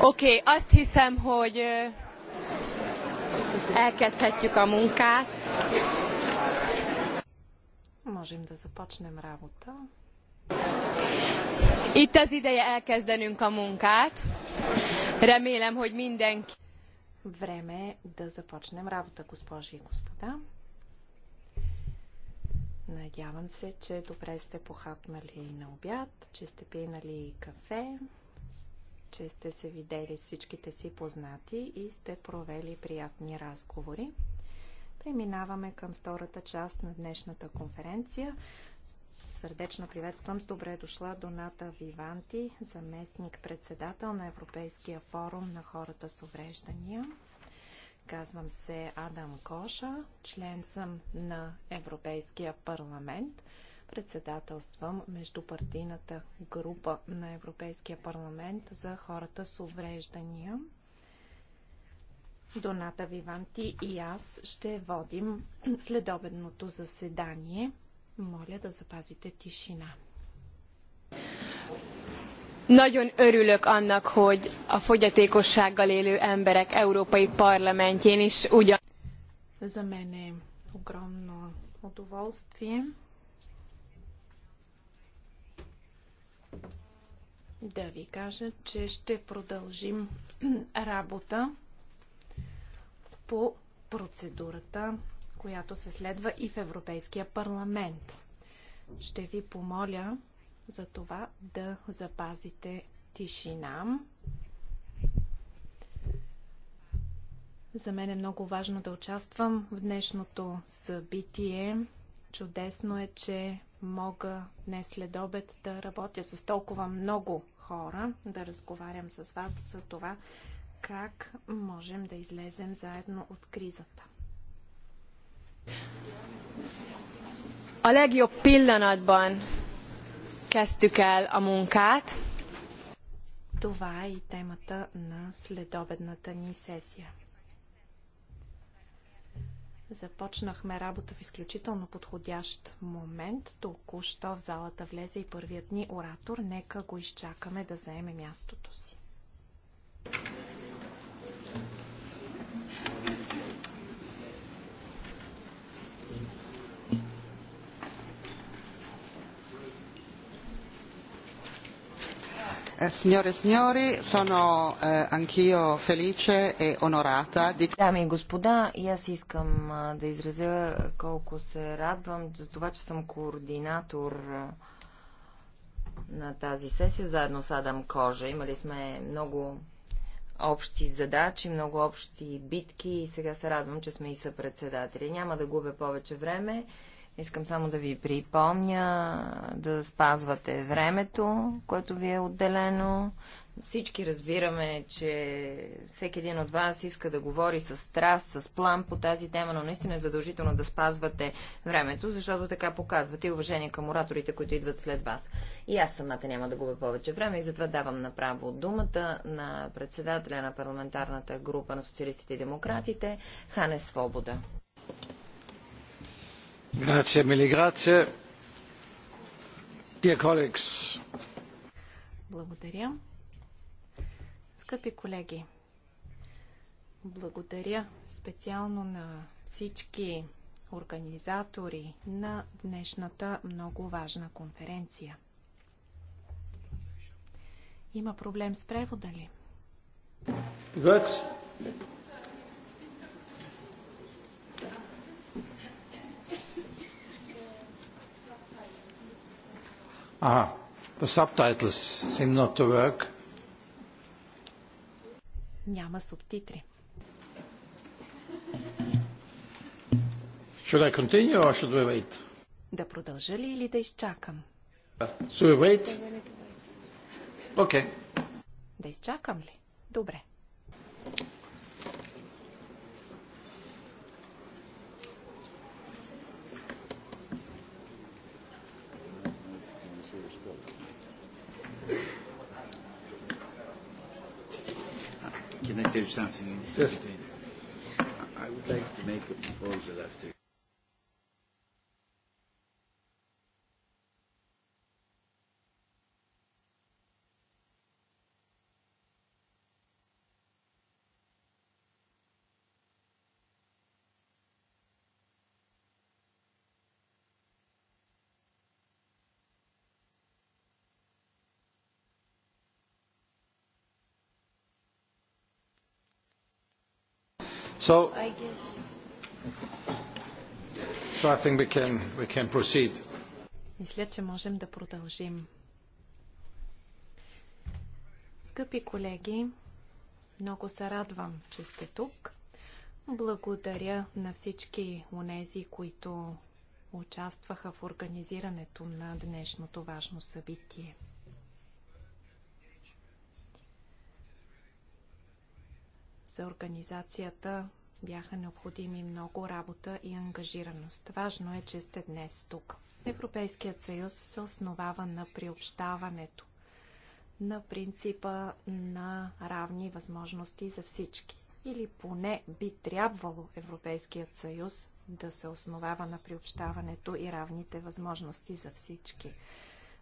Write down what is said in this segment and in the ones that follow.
Oké, okay, azt hiszem, hogy elkezdhetjük a munkát. Можем да започнем работа. Itt az ideje elkezdenünk a munkát. Remélem, hogy mindenki... Време е да започнем работа, госпожи и господа. Надявам се, че добре сте похапнали на обяд, че сте пинали кафе, че сте се видели всичките си познати и сте провели приятни разговори. Преминаваме към втората част на днешната конференция. Сърдечно приветствам с добре дошла Доната Виванти, заместник-председател на Европейския форум на хората с увреждания. Казвам се Адам Коша, член съм на Европейския парламент – Председателствам междупартийната група на Европейския парламент за хората с увреждания. Доната Виванти и аз ще водим следобедното заседание. Моля да запазите тишина. Nagyon örülök annak, hogy a fogyatékossággal élő emberek Európai Parlamentjén is ugyan... За мен е огромно удоволствие, да ви кажа, че ще продължим работа по процедурата, която се следва и в Европейския парламент. Ще ви помоля за това да запазите тишина. За мен е много важно да участвам в днешното събитие. Чудесно е, че мога днес след обед да работя с толкова много хора, да разговарям с вас за това как можем да излезем заедно от кризата. A legjobb pillanatban kezdtük el a munkát. Tovább a témata темата на следобедната ни сесия. Започнахме работа в изключително подходящ момент. Току-що в залата влезе и първият ни оратор. Нека го изчакаме да заеме мястото си. Eh, signore e signori, sono eh, anch'io felice e onorata di... Дами и господа, и аз искам да изразя колко се радвам за това, че съм координатор на тази сесия, заедно с Адам Кожа. Имали сме много общи задачи, много общи битки и сега се радвам, че сме и съпредседатели. Няма да губя повече време. Искам само да ви припомня да спазвате времето, което ви е отделено. Всички разбираме, че всеки един от вас иска да говори с страст, с план по тази тема, но наистина е задължително да спазвате времето, защото така показвате и уважение към ораторите, които идват след вас. И аз самата няма да губя повече време и затова давам направо думата на председателя на парламентарната група на социалистите и демократите Хане Свобода. Grazie mille, grazie. Dear colleagues. Благодаря. Скъпи колеги, благодаря специално на всички организатори на днешната много важна конференция. Има проблем с превода ли? Aha, the subtitles seem not to work. Няма субтитри. Should I continue or should we wait? Да продължа ли или да изчакам? Should we wait? Okay. Да изчакам ли? Добре. Can I tell something? Yes. I would like to make a proposal after. So I guess. So I think we can, we can proceed. Мисля, че можем да продължим. Скъпи колеги, много се радвам, че сте тук. Благодаря на всички онези, които участваха в организирането на днешното важно събитие. за организацията бяха необходими много работа и ангажираност. Важно е, че сте днес тук. Европейският съюз се основава на приобщаването, на принципа на равни възможности за всички. Или поне би трябвало Европейският съюз да се основава на приобщаването и равните възможности за всички.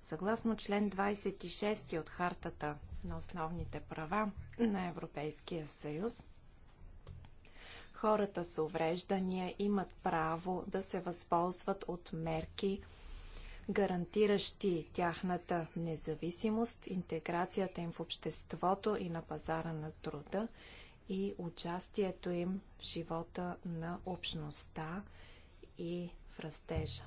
Съгласно член 26 от Хартата на основните права на Европейския съюз. Хората с увреждания имат право да се възползват от мерки, гарантиращи тяхната независимост, интеграцията им в обществото и на пазара на труда и участието им в живота на общността и в растежа.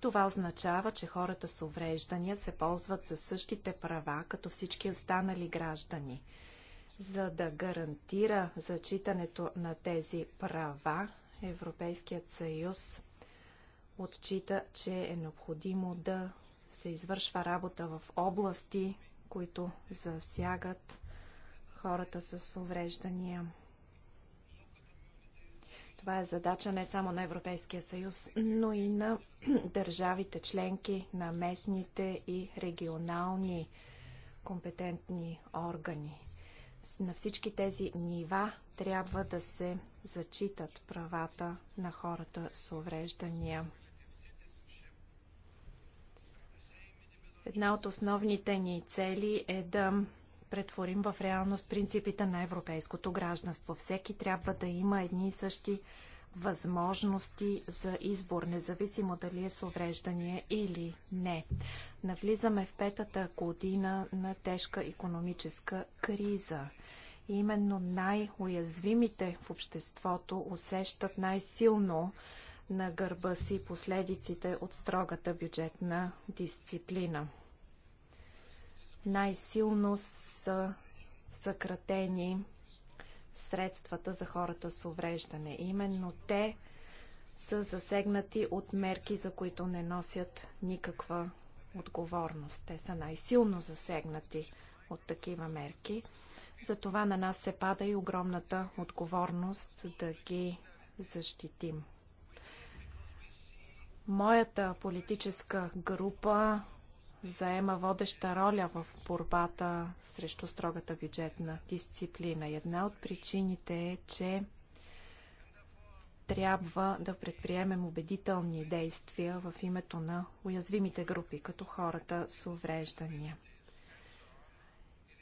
Това означава, че хората с увреждания се ползват със същите права, като всички останали граждани. За да гарантира зачитането на тези права, Европейският съюз отчита, че е необходимо да се извършва работа в области, които засягат хората с увреждания. Това е задача не само на Европейския съюз, но и на държавите членки, на местните и регионални компетентни органи. На всички тези нива трябва да се зачитат правата на хората с увреждания. Една от основните ни цели е да претворим в реалност принципите на европейското гражданство. Всеки трябва да има едни и същи възможности за избор, независимо дали е с увреждане или не. Навлизаме в петата година на тежка економическа криза. И именно най-уязвимите в обществото усещат най-силно на гърба си последиците от строгата бюджетна дисциплина най-силно са съкратени средствата за хората с увреждане. Именно те са засегнати от мерки, за които не носят никаква отговорност. Те са най-силно засегнати от такива мерки. Затова на нас се пада и огромната отговорност да ги защитим. Моята политическа група заема водеща роля в борбата срещу строгата бюджетна дисциплина. Една от причините е, че трябва да предприемем убедителни действия в името на уязвимите групи, като хората с увреждания.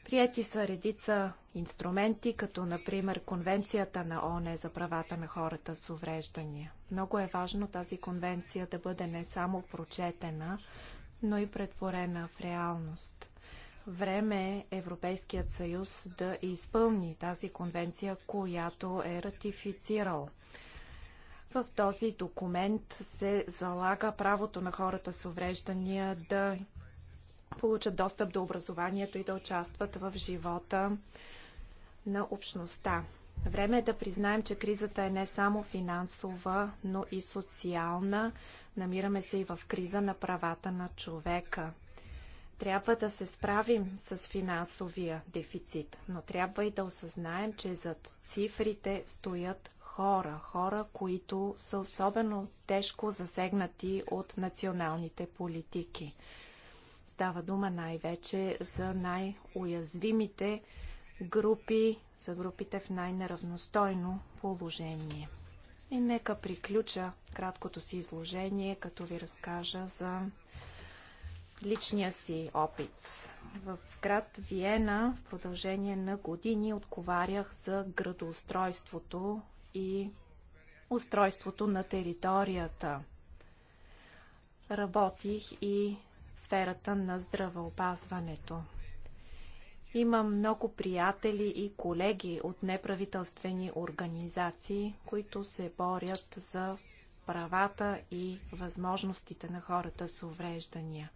Прияти са редица инструменти, като например Конвенцията на ОНЕ за правата на хората с увреждания. Много е важно тази конвенция да бъде не само прочетена, но и претворена в реалност. Време е Европейският съюз да изпълни тази конвенция, която е ратифицирал. В този документ се залага правото на хората с увреждания да получат достъп до образованието и да участват в живота на общността. Време е да признаем, че кризата е не само финансова, но и социална. Намираме се и в криза на правата на човека. Трябва да се справим с финансовия дефицит, но трябва и да осъзнаем, че зад цифрите стоят хора, хора, които са особено тежко засегнати от националните политики. Става дума най-вече за най-уязвимите групи, за групите в най-неравностойно положение. И нека приключа краткото си изложение, като ви разкажа за личния си опит. В град Виена в продължение на години отговарях за градоустройството и устройството на територията. Работих и в сферата на здравеопазването. Имам много приятели и колеги от неправителствени организации, които се борят за правата и възможностите на хората с увреждания.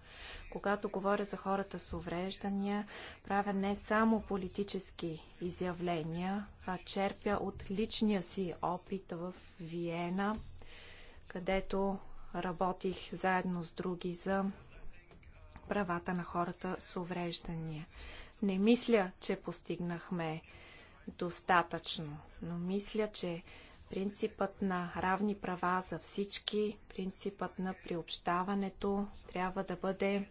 Когато говоря за хората с увреждания, правя не само политически изявления, а черпя от личния си опит в Виена, където работих заедно с други за правата на хората с увреждания. Не мисля, че постигнахме достатъчно, но мисля, че принципът на равни права за всички, принципът на приобщаването трябва да бъде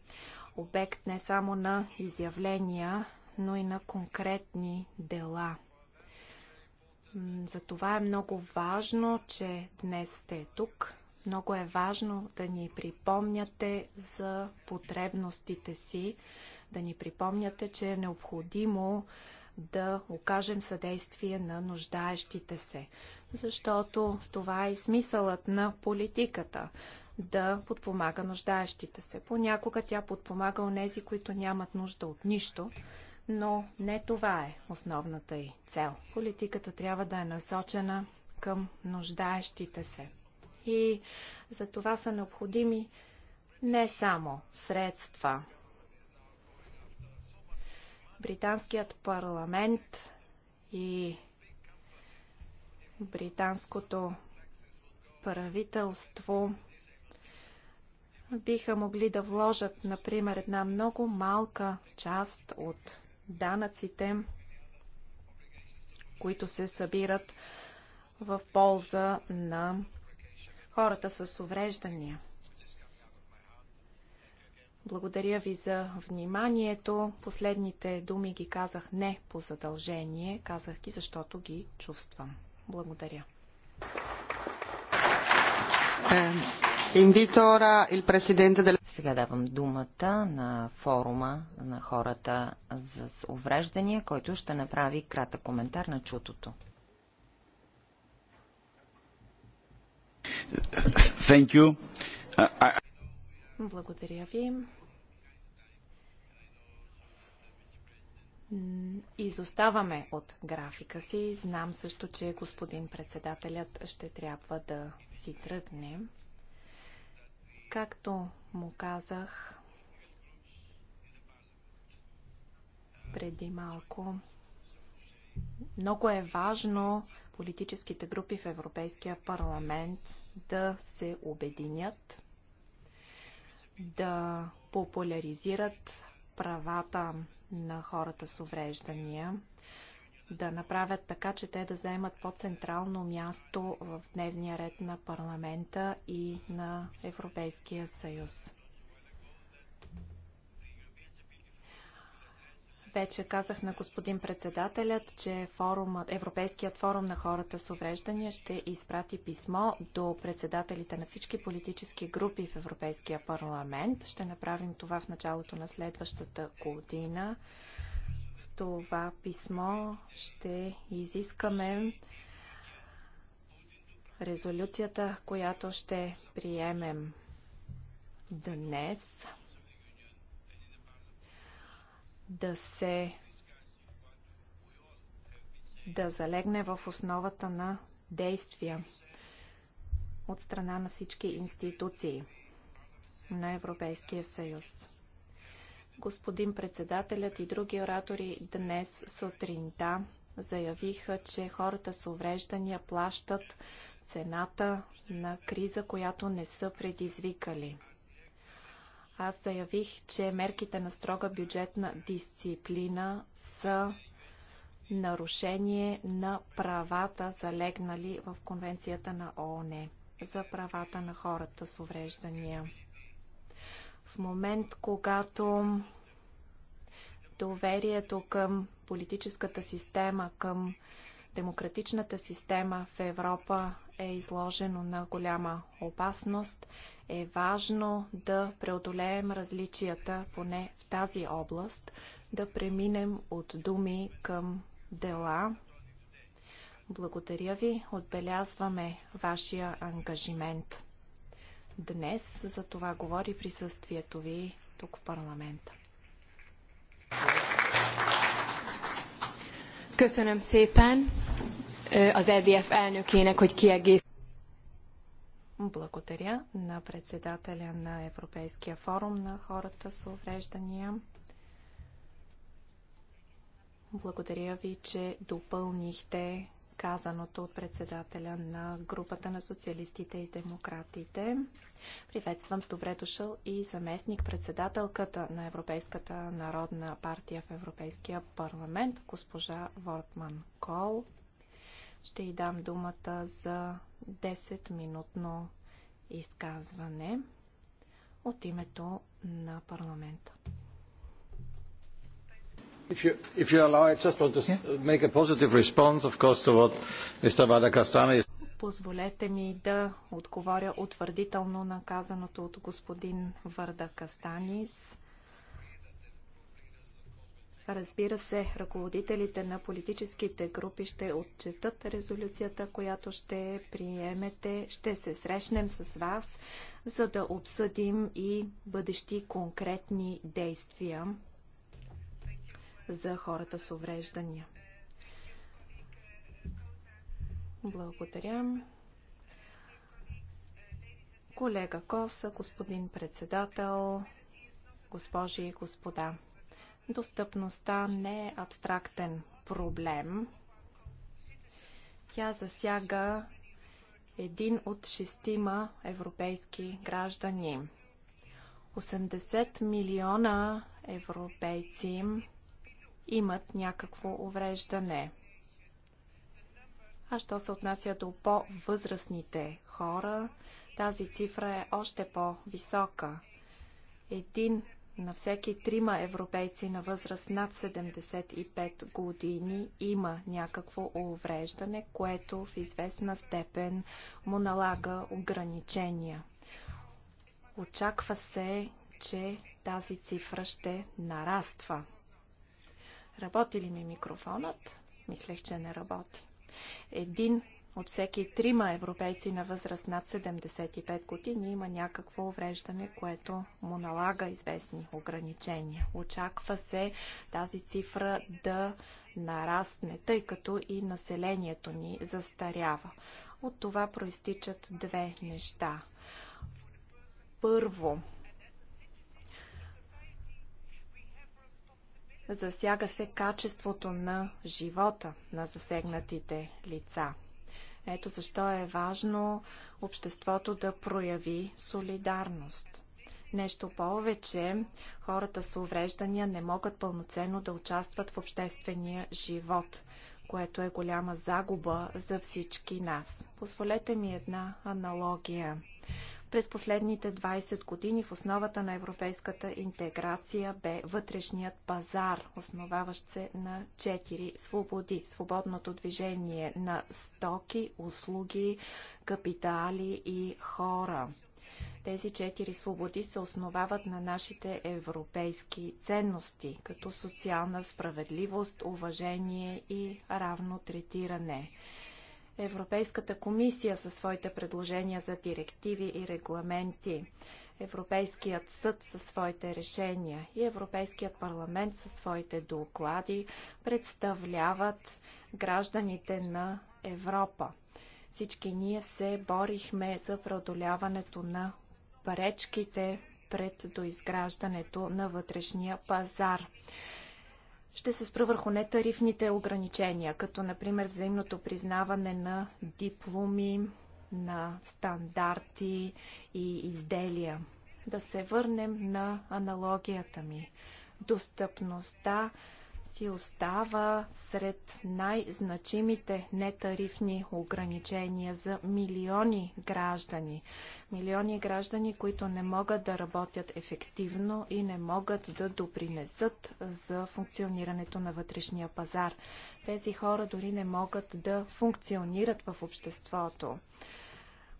обект не само на изявления, но и на конкретни дела. Затова е много важно, че днес сте тук. Много е важно да ни припомняте за потребностите си, да ни припомняте, че е необходимо да окажем съдействие на нуждаещите се. Защото това е и смисълът на политиката да подпомага нуждаещите се. Понякога тя подпомага онези, които нямат нужда от нищо, но не това е основната й цел. Политиката трябва да е насочена към нуждаещите се. И за това са необходими не само средства, Британският парламент и британското правителство биха могли да вложат, например, една много малка част от данъците, които се събират в полза на хората с увреждания. Благодаря ви за вниманието. Последните думи ги казах не по задължение, казах ги, защото ги чувствам. Благодаря. Сега давам думата на форума на хората с увреждания, който ще направи кратък коментар на чутото. Благодаря ви. изоставаме от графика си. Знам също, че господин председателят ще трябва да си тръгне. Както му казах преди малко, много е важно политическите групи в Европейския парламент да се обединят, да популяризират правата на хората с увреждания, да направят така, че те да заемат по-централно място в дневния ред на парламента и на Европейския съюз. Вече казах на господин председателят, че форумът, Европейският форум на хората с увреждания ще изпрати писмо до председателите на всички политически групи в Европейския парламент. Ще направим това в началото на следващата година. В това писмо ще изискаме резолюцията, която ще приемем днес да се да залегне в основата на действия от страна на всички институции на Европейския съюз. Господин председателят и други оратори днес сутринта заявиха, че хората с увреждания плащат цената на криза, която не са предизвикали аз заявих, че мерките на строга бюджетна дисциплина са нарушение на правата, залегнали в Конвенцията на ООН за правата на хората с увреждания. В момент, когато доверието към политическата система, към демократичната система в Европа е изложено на голяма опасност, е важно да преодолеем различията поне в тази област, да преминем от думи към дела. Благодаря ви, отбелязваме вашия ангажимент. Днес за това говори присъствието ви тук в парламента. Köszönöm szépen az EDF elnökének, hogy kiegész. Благодаря на председателя на Европейския форум на хората с увреждания. Благодаря ви, че допълнихте казаното от председателя на групата на социалистите и демократите. Приветствам с добре дошъл и заместник председателката на Европейската народна партия в Европейския парламент, госпожа Вортман Кол. Ще й дам думата за 10-минутно изказване от името на парламента. If you, if you allow, I just want to make a positive response, of course, to what Mr. Badakastani is позволете ми да отговоря утвърдително на казаното от господин Върда Кастанис. Разбира се, ръководителите на политическите групи ще отчетат резолюцията, която ще приемете. Ще се срещнем с вас, за да обсъдим и бъдещи конкретни действия за хората с увреждания. Благодаря. Колега Коса, господин председател, госпожи и господа. Достъпността не е абстрактен проблем. Тя засяга един от шестима европейски граждани. 80 милиона европейци имат някакво увреждане. А що се отнася до по-възрастните хора, тази цифра е още по-висока. Един на всеки трима европейци на възраст над 75 години има някакво увреждане, което в известна степен му налага ограничения. Очаква се, че тази цифра ще нараства. Работи ли ми микрофонът? Мислех, че не работи. Един от всеки трима европейци на възраст над 75 години има някакво увреждане, което му налага известни ограничения. Очаква се тази цифра да нарасне, тъй като и населението ни застарява. От това проистичат две неща. Първо, засяга се качеството на живота на засегнатите лица – ето защо е важно обществото да прояви солидарност. Нещо повече, хората с увреждания не могат пълноценно да участват в обществения живот, което е голяма загуба за всички нас. Позволете ми една аналогия. През последните 20 години в основата на европейската интеграция бе вътрешният пазар, основаващ се на 4 свободи. Свободното движение на стоки, услуги, капитали и хора. Тези четири свободи се основават на нашите европейски ценности, като социална справедливост, уважение и равно третиране. Европейската комисия със своите предложения за директиви и регламенти, Европейският съд със своите решения и Европейският парламент със своите доклади представляват гражданите на Европа. Всички ние се борихме за преодоляването на пречките пред доизграждането на вътрешния пазар. Ще се спра върху нетарифните ограничения, като например взаимното признаване на дипломи, на стандарти и изделия. Да се върнем на аналогията ми. Достъпността си остава сред най-значимите нетарифни ограничения за милиони граждани. Милиони граждани, които не могат да работят ефективно и не могат да допринесат за функционирането на вътрешния пазар. Тези хора дори не могат да функционират в обществото.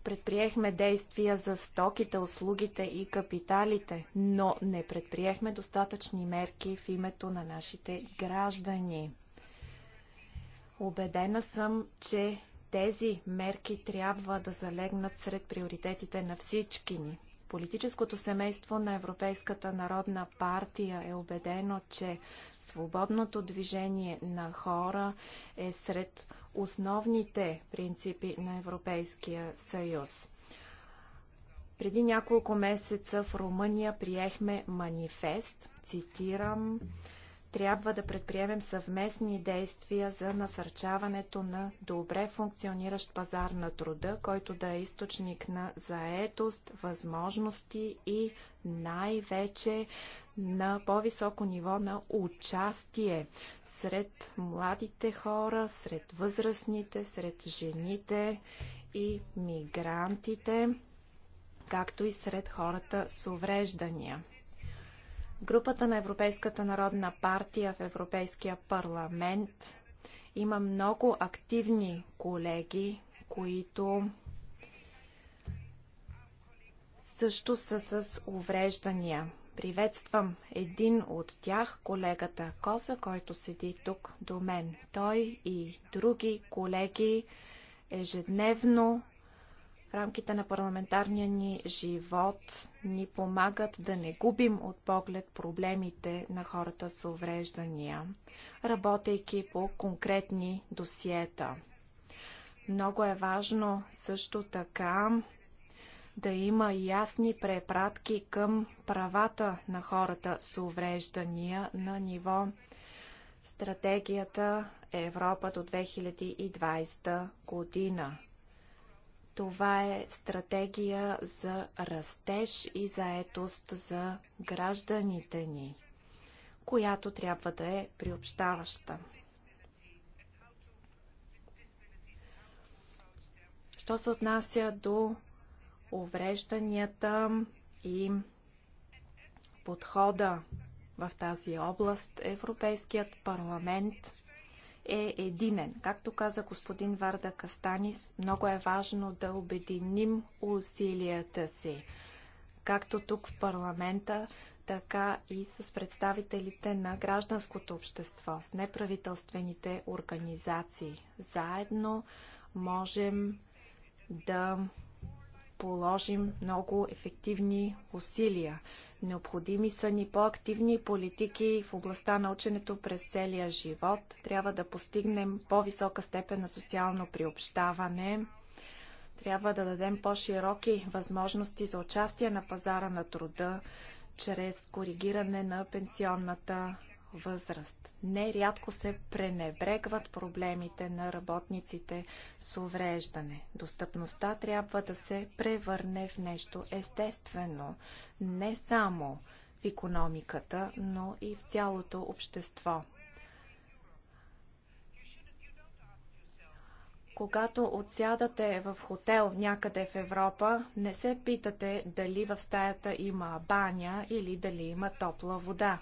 Предприехме действия за стоките, услугите и капиталите, но не предприехме достатъчни мерки в името на нашите граждани. Обедена съм, че тези мерки трябва да залегнат сред приоритетите на всички ни. Политическото семейство на Европейската народна партия е убедено, че свободното движение на хора е сред основните принципи на Европейския съюз. Преди няколко месеца в Румъния приехме манифест, цитирам, трябва да предприемем съвместни действия за насърчаването на добре функциониращ пазар на труда, който да е източник на заетост, възможности и най-вече на по-високо ниво на участие сред младите хора, сред възрастните, сред жените и мигрантите, както и сред хората с увреждания. Групата на Европейската народна партия в Европейския парламент има много активни колеги, които също са с увреждания. Приветствам един от тях, колегата Коса, който седи тук до мен. Той и други колеги ежедневно рамките на парламентарния ни живот ни помагат да не губим от поглед проблемите на хората с увреждания, работейки по конкретни досиета. Много е важно също така да има ясни препратки към правата на хората с увреждания на ниво стратегията Европа до 2020 година. Това е стратегия за растеж и заетост за гражданите ни, която трябва да е приобщаваща. Що се отнася до уврежданията и подхода в тази област, Европейският парламент е единен. Както каза господин Варда Кастанис, много е важно да обединим усилията си, както тук в парламента, така и с представителите на гражданското общество, с неправителствените организации. Заедно можем да положим много ефективни усилия. Необходими са ни по-активни политики в областта на ученето през целия живот. Трябва да постигнем по-висока степен на социално приобщаване. Трябва да дадем по-широки възможности за участие на пазара на труда чрез коригиране на пенсионната възраст. Нерядко се пренебрегват проблемите на работниците с увреждане. Достъпността трябва да се превърне в нещо естествено, не само в економиката, но и в цялото общество. когато отсядате в хотел някъде в Европа, не се питате дали в стаята има баня или дали има топла вода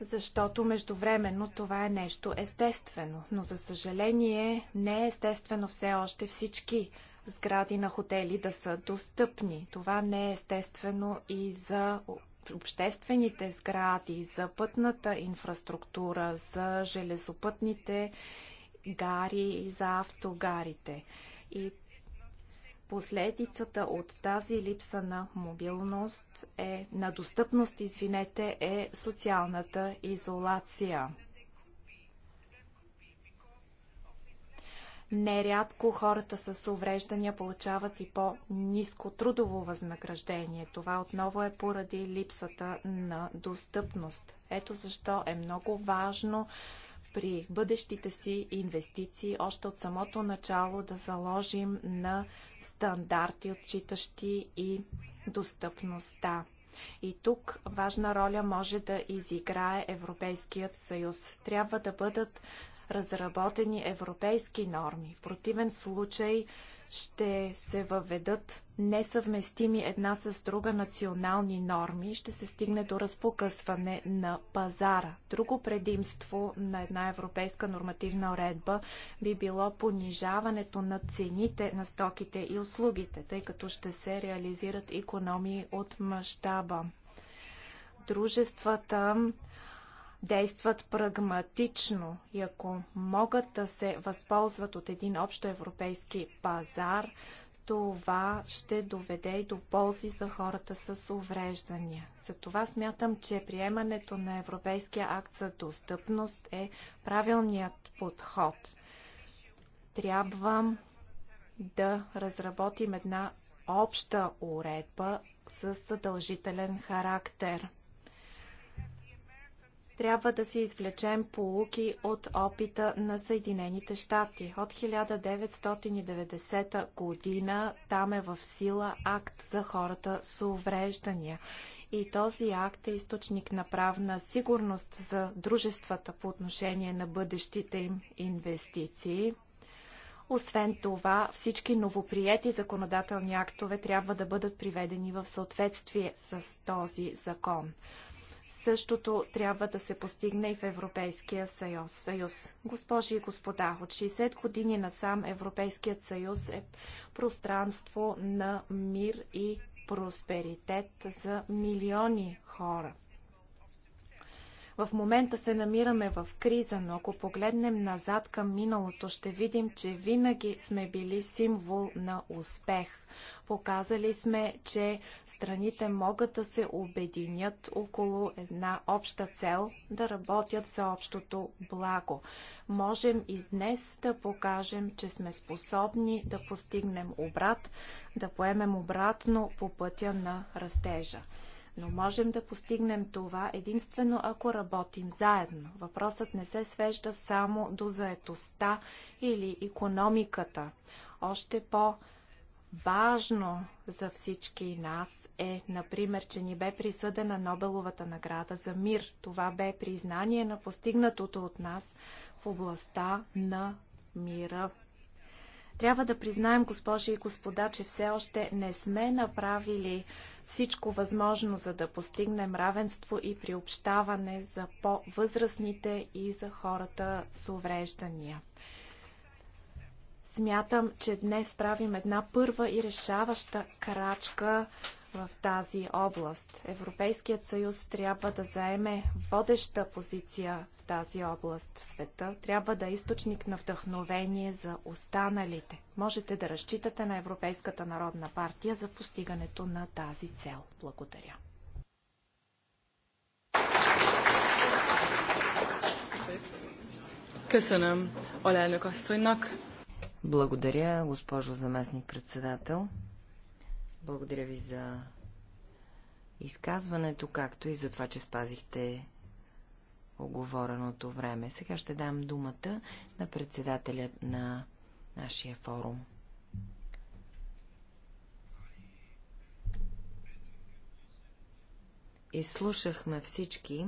защото междувременно това е нещо естествено. Но за съжаление не е естествено все още всички сгради на хотели да са достъпни. Това не е естествено и за обществените сгради, за пътната инфраструктура, за железопътните гари и за автогарите. И Последицата от тази липса на мобилност е, на достъпност, извинете, е социалната изолация. Нерядко хората с увреждания получават и по-низко трудово възнаграждение. Това отново е поради липсата на достъпност. Ето защо е много важно при бъдещите си инвестиции още от самото начало да заложим на стандарти, отчитащи и достъпността. И тук важна роля може да изиграе Европейският съюз. Трябва да бъдат разработени европейски норми. В противен случай ще се въведат несъвместими една с друга национални норми, ще се стигне до разпокъсване на пазара. Друго предимство на една европейска нормативна уредба би било понижаването на цените на стоките и услугите, тъй като ще се реализират економии от мащаба. Дружествата действат прагматично и ако могат да се възползват от един общо европейски пазар, това ще доведе и до ползи за хората с увреждания. Затова смятам, че приемането на Европейския акт за достъпност е правилният подход. Трябва да разработим една обща уредба с задължителен характер трябва да си извлечем полуки от опита на Съединените щати. От 1990 година там е в сила акт за хората с увреждания. И този акт е източник на правна сигурност за дружествата по отношение на бъдещите им инвестиции. Освен това, всички новоприети законодателни актове трябва да бъдат приведени в съответствие с този закон. Същото трябва да се постигне и в Европейския съюз. съюз. Госпожи и господа, от 60 години насам Европейският съюз е пространство на мир и просперитет за милиони хора. В момента се намираме в криза, но ако погледнем назад към миналото, ще видим, че винаги сме били символ на успех. Показали сме, че страните могат да се обединят около една обща цел, да работят за общото благо. Можем и днес да покажем, че сме способни да постигнем обрат, да поемем обратно по пътя на растежа но можем да постигнем това единствено ако работим заедно. Въпросът не се свежда само до заетостта или економиката. Още по- важно за всички нас е, например, че ни бе присъдена Нобеловата награда за мир. Това бе признание на постигнатото от нас в областта на мира. Трябва да признаем, госпожи и господа, че все още не сме направили всичко възможно, за да постигнем равенство и приобщаване за по-възрастните и за хората с увреждания. Смятам, че днес правим една първа и решаваща крачка в тази област. Европейският съюз трябва да заеме водеща позиция в тази област в света. Трябва да е източник на вдъхновение за останалите. Можете да разчитате на Европейската народна партия за постигането на тази цел. Благодаря. Благодаря, госпожо заместник-председател. Благодаря ви за изказването, както и за това, че спазихте оговореното време. Сега ще дам думата на председателя на нашия форум. Изслушахме всички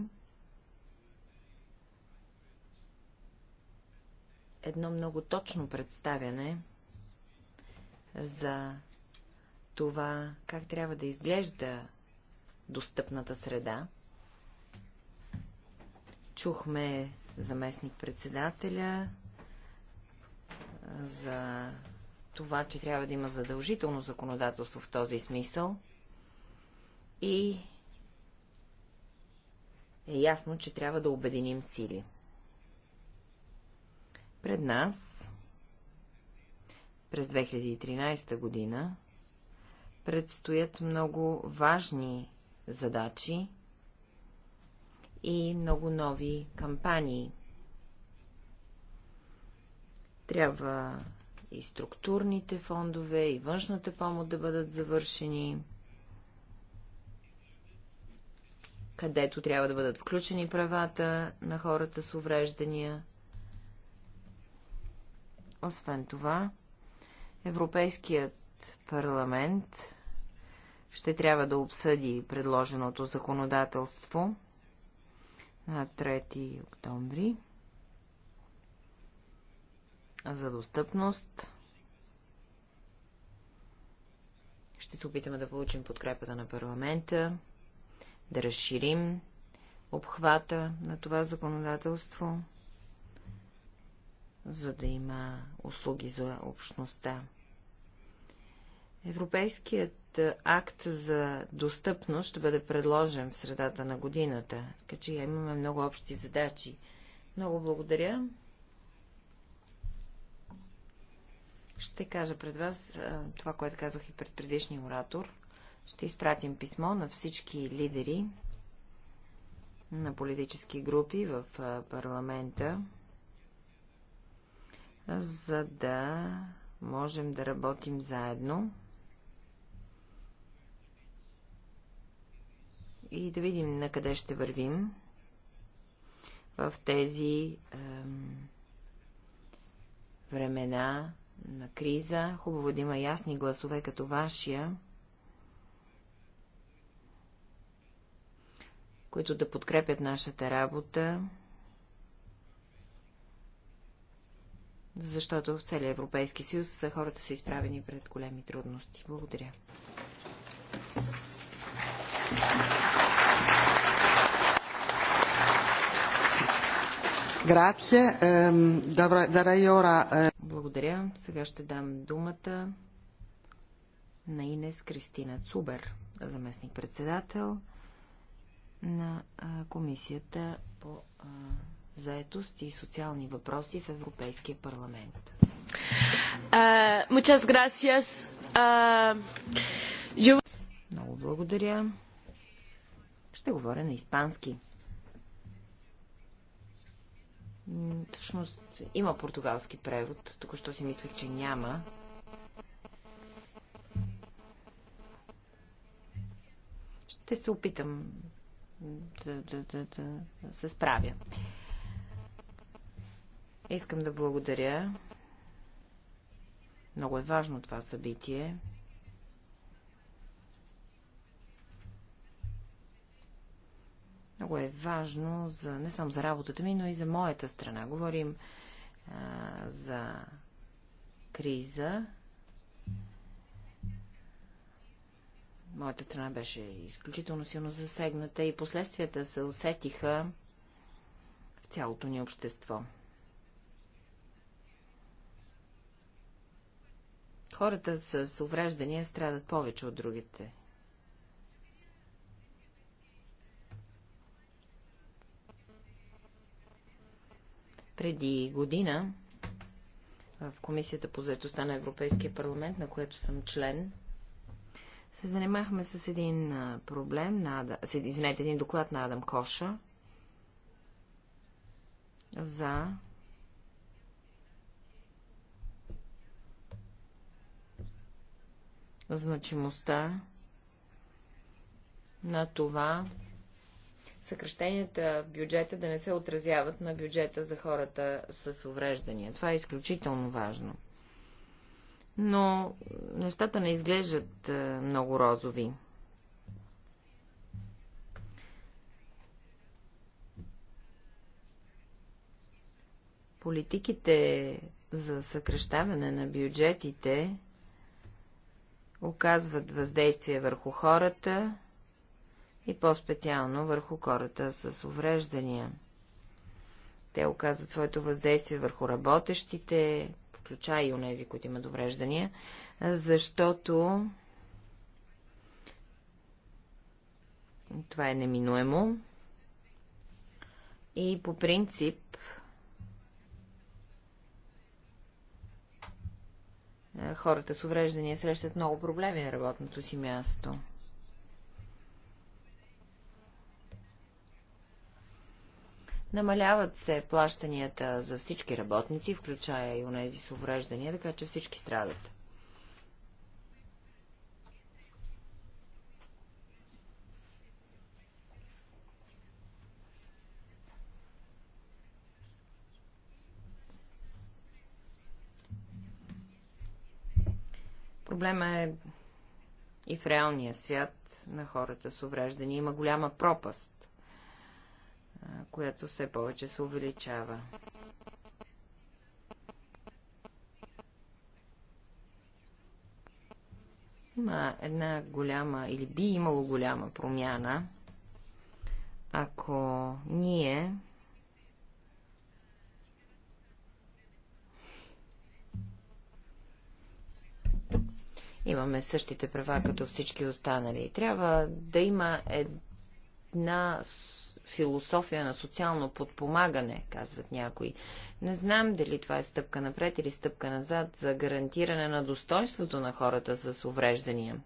едно много точно представяне за това как трябва да изглежда достъпната среда. Чухме заместник-председателя за това, че трябва да има задължително законодателство в този смисъл. И е ясно, че трябва да обединим сили. Пред нас през 2013 година предстоят много важни задачи и много нови кампании. Трябва и структурните фондове, и външната помощ да бъдат завършени, където трябва да бъдат включени правата на хората с увреждания. Освен това, Европейският парламент ще трябва да обсъди предложеното законодателство на 3 октомври за достъпност. Ще се опитаме да получим подкрепата на парламента, да разширим обхвата на това законодателство, за да има услуги за общността. Европейският е, акт за достъпност ще бъде предложен в средата на годината, така че имаме много общи задачи. Много благодаря. Ще кажа пред вас е, това, което казах и пред предишния оратор. Ще изпратим писмо на всички лидери на политически групи в е, парламента, за да можем да работим заедно и да видим на къде ще вървим в тези ем, времена на криза. Хубаво да има ясни гласове като вашия, които да подкрепят нашата работа, защото в целия Европейски съюз хората са изправени пред големи трудности. Благодаря. Thank you. Е. Благодаря. Сега ще дам думата на Инес Кристина Цубер, заместник-председател на Комисията по заетост и социални въпроси в Европейския парламент. Много благодаря. Ще говоря на испански. Всъщност има португалски превод. Току-що си мислех, че няма. Ще се опитам да, да, да, да, да се справя. Искам да благодаря. Много е важно това събитие. Много е важно за, не само за работата ми, но и за моята страна. Говорим а, за криза. Моята страна беше изключително силно засегната и последствията се усетиха в цялото ни общество. Хората с увреждания страдат повече от другите. Преди година в Комисията по заедостта на Европейския парламент, на което съм член, се занимахме с един проблем, на, извинете, един доклад на Адам Коша за значимостта на това съкръщенията в бюджета да не се отразяват на бюджета за хората с увреждания. Това е изключително важно. Но нещата не изглеждат е, много розови. Политиките за съкръщаване на бюджетите оказват въздействие върху хората, и по-специално върху хората с увреждания. Те оказват своето въздействие върху работещите, включая и нези, които имат увреждания, защото това е неминуемо и по принцип е, хората с увреждания срещат много проблеми на работното си място. Намаляват се плащанията за всички работници, включая и унези с увреждания, така че всички страдат. Проблема е и в реалния свят на хората с увреждания. Има голяма пропаст която все повече се увеличава. Има една голяма, или би имало голяма промяна, ако ние имаме същите права като всички останали. Трябва да има една философия на социално подпомагане, казват някои. Не знам дали това е стъпка напред или стъпка назад за гарантиране на достоинството на хората с увреждания.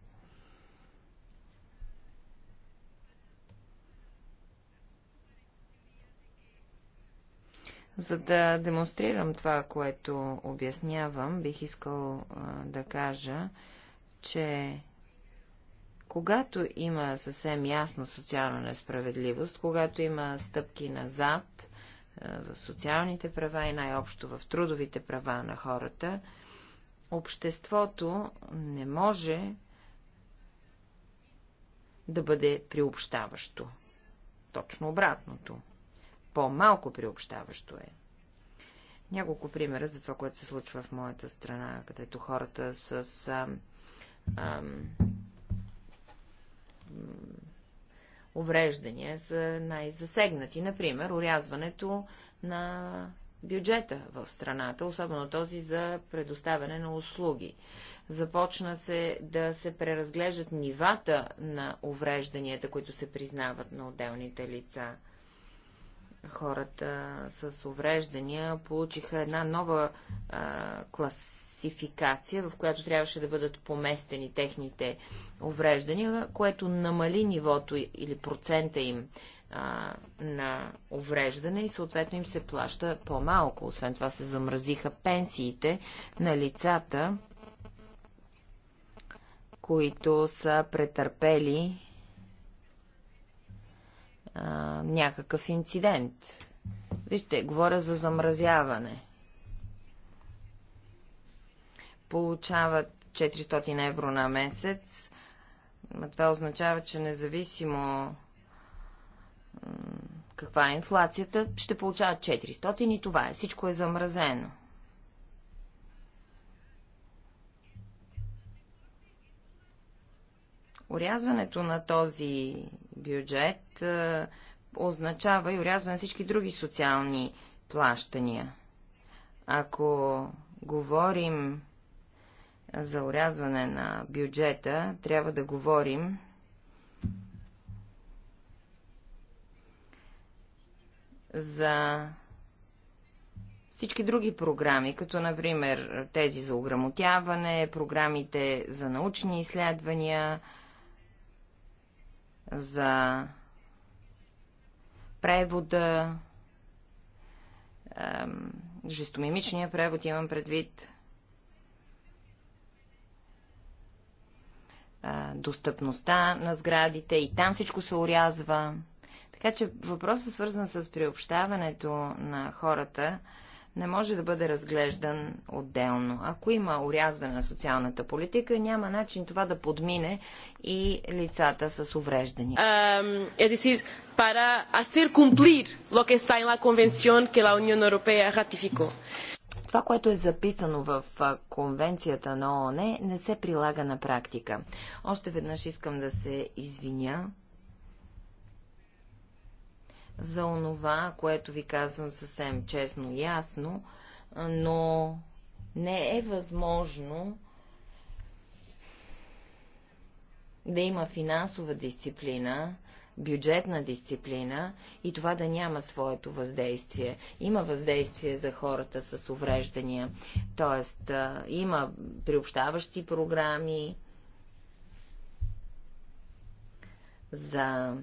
За да демонстрирам това, което обяснявам, бих искал а, да кажа, че когато има съвсем ясно социална несправедливост, когато има стъпки назад е, в социалните права и най-общо в трудовите права на хората, обществото не може да бъде приобщаващо. Точно обратното. По-малко приобщаващо е. Няколко примера за това, което се случва в моята страна, където хората с а, а, увреждания са най-засегнати. Например, урязването на бюджета в страната, особено този за предоставяне на услуги. Започна се да се преразглеждат нивата на уврежданията, които се признават на отделните лица хората с увреждания получиха една нова а, класификация, в която трябваше да бъдат поместени техните увреждания, което намали нивото или процента им а, на увреждане и съответно им се плаща по-малко. Освен това се замразиха пенсиите на лицата, които са претърпели а, някакъв инцидент. Вижте, говоря за замразяване. Получават 400 евро на месец. Това означава, че независимо каква е инфлацията, ще получават 400 и това е. Всичко е замразено. Орязването на този бюджет а, означава и орязване на всички други социални плащания. Ако говорим за орязване на бюджета, трябва да говорим за всички други програми, като например тези за ограмотяване, програмите за научни изследвания, за превода, жестомимичния превод имам предвид, достъпността на сградите и там всичко се урязва. Така че въпросът свързан с приобщаването на хората не може да бъде разглеждан отделно. Ако има урязване на социалната политика, няма начин това да подмине и лицата с увреждания. decir, para hacer cumplir lo que está en la convención que la Unión Europea ratificó. Това, което е записано в конвенцията на ООН, не се прилага на практика. Още веднъж искам да се извиня за онова, което ви казвам съвсем честно и ясно, но не е възможно да има финансова дисциплина, бюджетна дисциплина и това да няма своето въздействие. Има въздействие за хората с увреждания, т.е. има приобщаващи програми за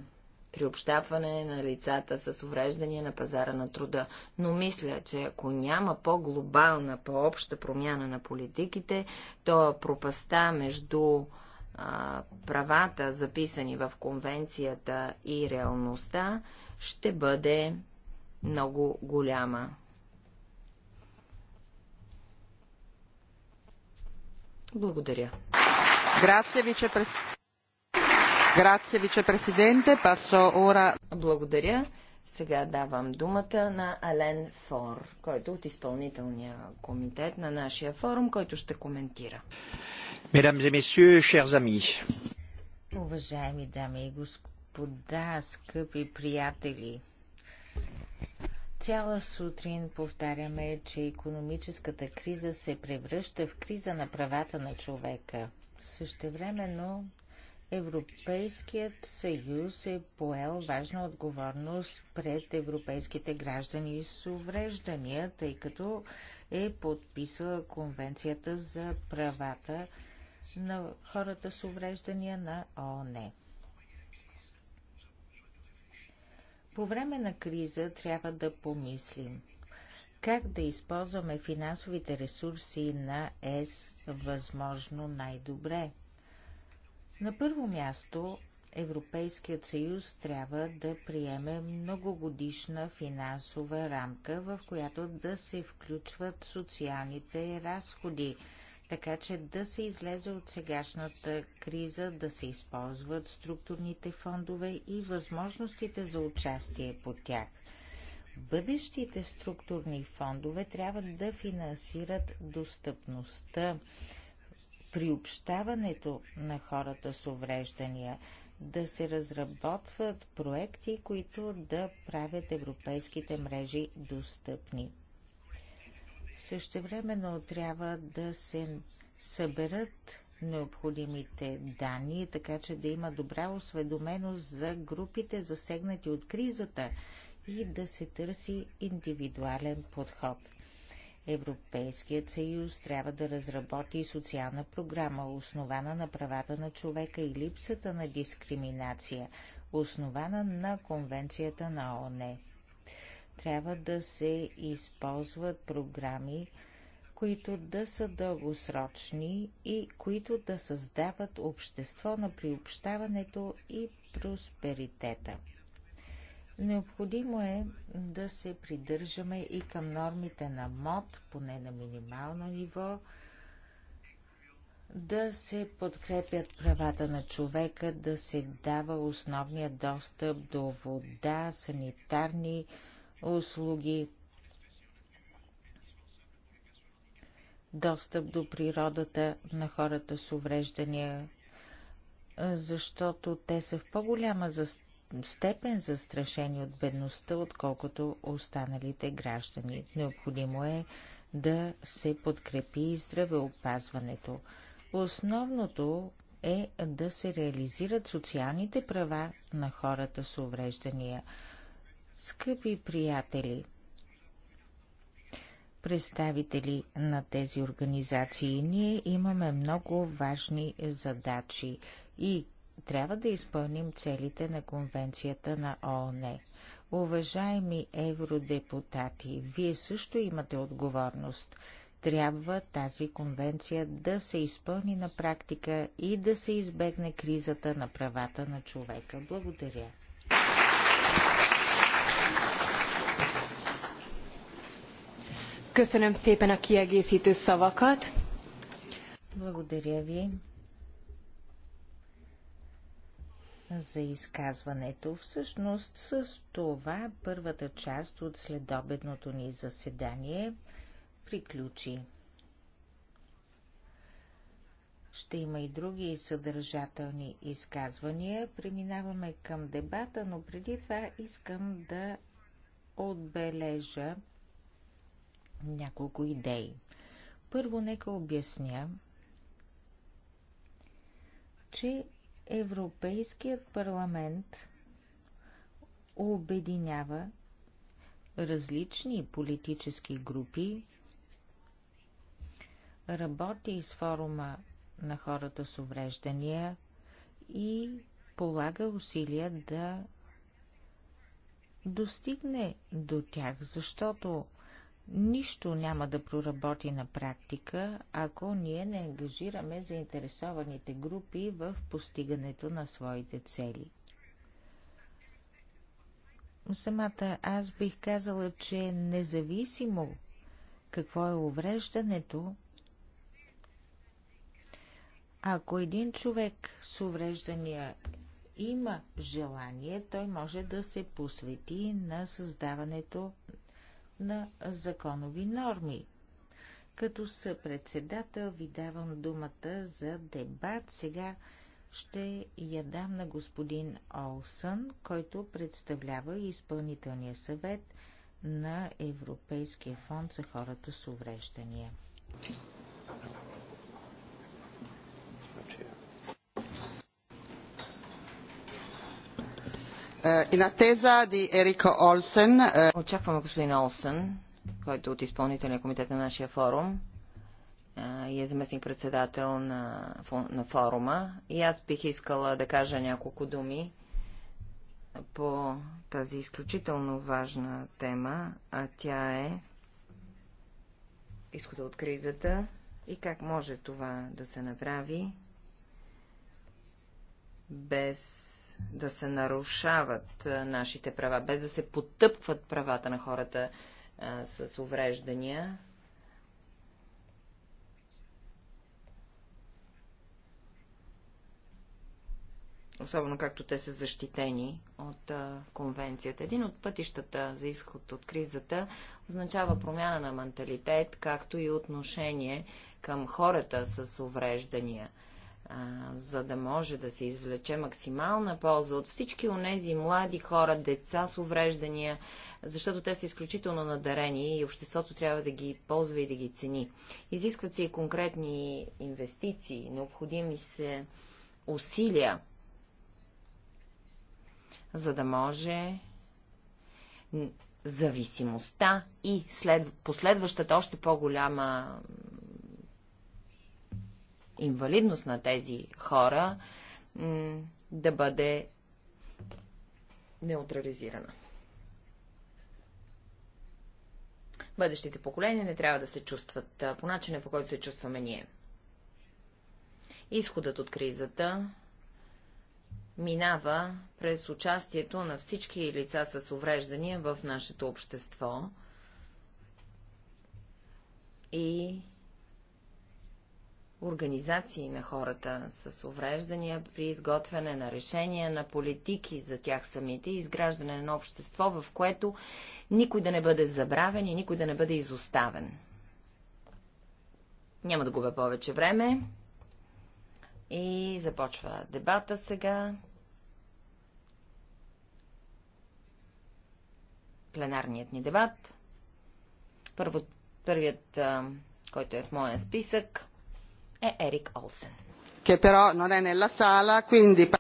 приобщаване на лицата с увреждания на пазара на труда. Но мисля, че ако няма по-глобална, по-обща промяна на политиките, то пропаста между а, правата, записани в конвенцията и реалността, ще бъде много голяма. Благодаря. Грация, вичепред. Благодаря. Сега давам думата на Ален Фор, който е от изпълнителния комитет на нашия форум, който ще коментира. Mesdames et messieurs, chers Уважаеми дами и господа, скъпи приятели, Цяла сутрин повтаряме, че економическата криза се превръща в криза на правата на човека. времено. Европейският съюз е поел важна отговорност пред европейските граждани с увреждания, тъй като е подписала Конвенцията за правата на хората с увреждания на ООН. По време на криза трябва да помислим как да използваме финансовите ресурси на ЕС възможно най-добре. На първо място, Европейският съюз трябва да приеме многогодишна финансова рамка, в която да се включват социалните разходи, така че да се излезе от сегашната криза, да се използват структурните фондове и възможностите за участие по тях. Бъдещите структурни фондове трябва да финансират достъпността приобщаването на хората с увреждания, да се разработват проекти, които да правят европейските мрежи достъпни. Същевременно трябва да се съберат необходимите данни, така че да има добра осведоменост за групите засегнати от кризата и да се търси индивидуален подход. Европейският съюз трябва да разработи социална програма, основана на правата на човека и липсата на дискриминация, основана на Конвенцията на ООН. Трябва да се използват програми, които да са дългосрочни и които да създават общество на приобщаването и просперитета. Необходимо е да се придържаме и към нормите на МОД, поне на минимално ниво, да се подкрепят правата на човека, да се дава основния достъп до вода, санитарни услуги, достъп до природата на хората с увреждания, защото те са в по-голяма степен застрашени от бедността, отколкото останалите граждани. Необходимо е да се подкрепи и здравеопазването. Основното е да се реализират социалните права на хората с увреждания. Скъпи приятели, представители на тези организации, ние имаме много важни задачи и трябва да изпълним целите на Конвенцията на ООН. Уважаеми евродепутати, вие също имате отговорност. Трябва тази конвенция да се изпълни на практика и да се избегне кризата на правата на човека. Благодаря. Köszönöm szépen a kiegészítő szavakat. Благодаря ви. за изказването. Всъщност с това първата част от следобедното ни заседание приключи. Ще има и други съдържателни изказвания. Преминаваме към дебата, но преди това искам да отбележа няколко идеи. Първо, нека обясня, че Европейският парламент обединява различни политически групи, работи с форума на хората с увреждания и полага усилия да достигне до тях, защото Нищо няма да проработи на практика, ако ние не ангажираме заинтересованите групи в постигането на своите цели. Самата аз бих казала, че независимо какво е увреждането, ако един човек с увреждания има желание, той може да се посвети на създаването на законови норми. Като съпредседател ви давам думата за дебат. Сега ще я дам на господин Олсън, който представлява изпълнителния съвет на Европейския фонд за хората с увреждания. In attesa di Олсен. Е, Очакваме господин Олсен, който е от изпълнителния комитет на нашия форум е, и е заместник-председател на, на форума. И аз бих искала да кажа няколко думи по тази изключително важна тема, а тя е изхода от кризата и как може това да се направи без да се нарушават нашите права, без да се потъпкват правата на хората а, с увреждания. Особено както те са защитени от а, конвенцията. Един от пътищата за изход от кризата означава промяна на менталитет, както и отношение към хората с увреждания – за да може да се извлече максимална полза от всички онези млади хора, деца с увреждания, защото те са изключително надарени и обществото трябва да ги ползва и да ги цени. Изискват се и конкретни инвестиции, необходими се усилия, за да може зависимостта и след последващата още по-голяма инвалидност на тези хора да бъде неутрализирана. Бъдещите поколения не трябва да се чувстват по начина, по който се чувстваме ние. Изходът от кризата минава през участието на всички лица с увреждания в нашето общество и организации на хората с увреждания при изготвяне на решения, на политики за тях самите и изграждане на общество, в което никой да не бъде забравен и никой да не бъде изоставен. Няма да губя повече време. И започва дебата сега. Пленарният ни дебат. Първо, първият, който е в моя списък, е Ерик Олсен.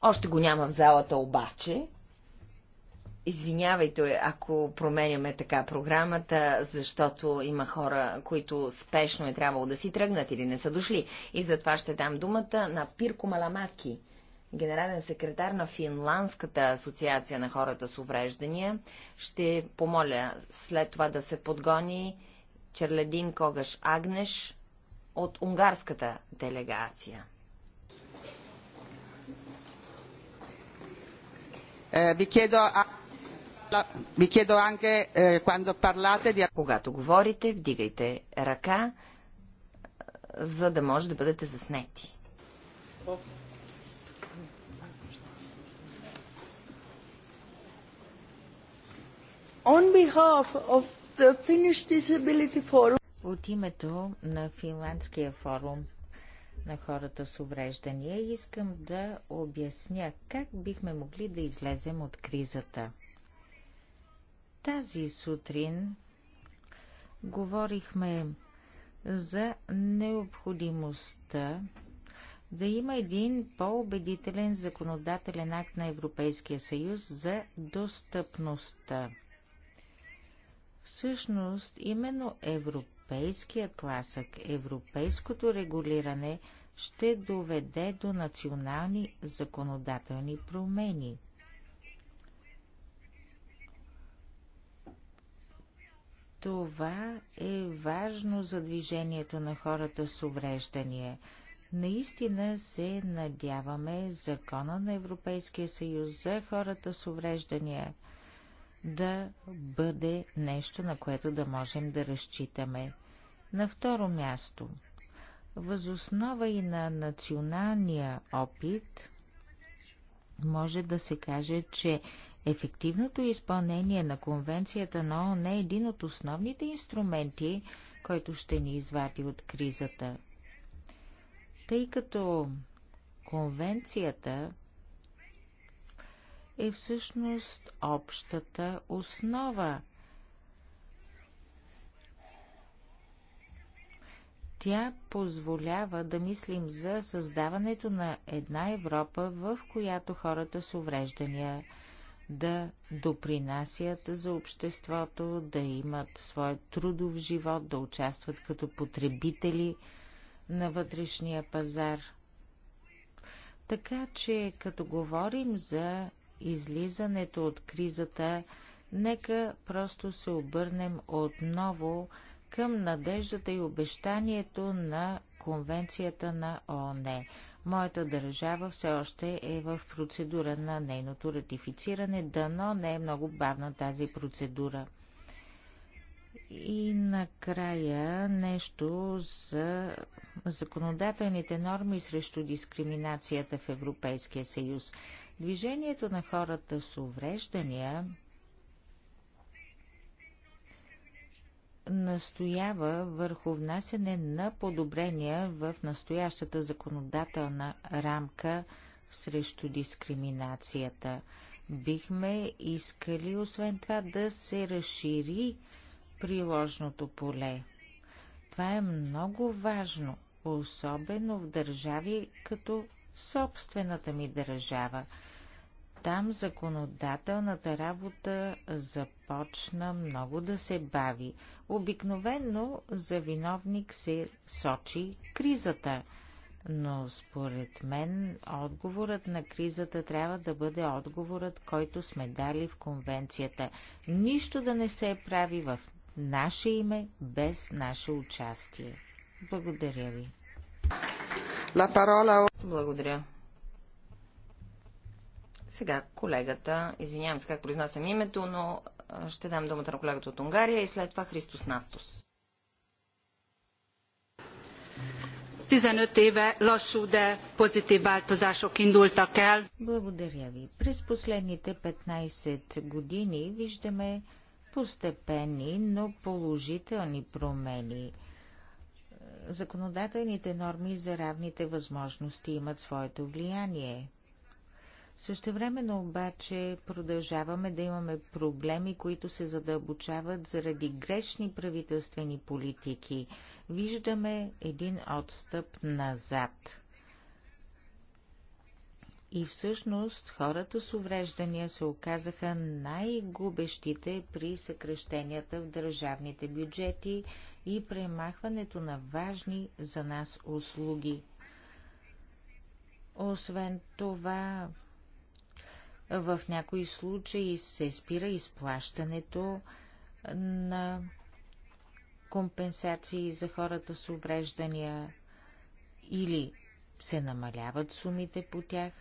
Още го няма в залата обаче. Извинявайте, ако променяме така програмата, защото има хора, които спешно е трябвало да си тръгнат или не са дошли. И затова ще дам думата на Пирко Маламаки, генерален секретар на Финландската асоциация на хората с увреждания. Ще помоля след това да се подгони Черледин Когаш Агнеш, от унгарската делегация. Eh, eh, Когато говорите, вдигайте ръка, за да може да бъдете заснети. On behalf of the Finnish Disability Forum, от името на Финландския форум на хората с увреждания искам да обясня как бихме могли да излезем от кризата. Тази сутрин говорихме за необходимостта да има един по-убедителен законодателен акт на Европейския съюз за достъпността. Всъщност, именно Европейския европейският тласък, европейското регулиране ще доведе до национални законодателни промени. Това е важно за движението на хората с увреждания. Наистина се надяваме закона на Европейския съюз за хората с увреждания да бъде нещо, на което да можем да разчитаме. На второ място, възоснова и на националния опит може да се каже, че ефективното изпълнение на Конвенцията на ООН е един от основните инструменти, който ще ни извади от кризата. Тъй като Конвенцията е всъщност общата основа Тя позволява да мислим за създаването на една Европа, в която хората с увреждания да допринасят за обществото, да имат своят трудов живот, да участват като потребители на вътрешния пазар. Така че, като говорим за излизането от кризата, нека просто се обърнем отново към надеждата и обещанието на Конвенцията на ООН. Моята държава все още е в процедура на нейното ратифициране, дано не е много бавна тази процедура. И накрая нещо за законодателните норми срещу дискриминацията в Европейския съюз. Движението на хората с увреждания настоява върху внасяне на подобрения в настоящата законодателна рамка срещу дискриминацията. Бихме искали, освен това, да се разшири приложното поле. Това е много важно, особено в държави като собствената ми държава – там законодателната работа започна много да се бави. Обикновенно за виновник се сочи кризата, но според мен отговорът на кризата трябва да бъде отговорът, който сме дали в конвенцията. Нищо да не се прави в наше име без наше участие. Благодаря ви. Благодаря. Сега колегата, извинявам се как произнасям името, но ще дам думата на колегата от Унгария и след това Христос Настос. 15 éve lassú, de pozitív változások indultak el. Благодаря ви. През последните 15 години виждаме постепенни, но положителни промени. Законодателните норми за равните възможности имат своето влияние. Същевременно обаче продължаваме да имаме проблеми, които се задълбочават заради грешни правителствени политики. Виждаме един отстъп назад. И всъщност хората с увреждания се оказаха най-губещите при съкрещенията в държавните бюджети и премахването на важни за нас услуги. Освен това, в някои случаи се спира изплащането на компенсации за хората с увреждания или се намаляват сумите по тях.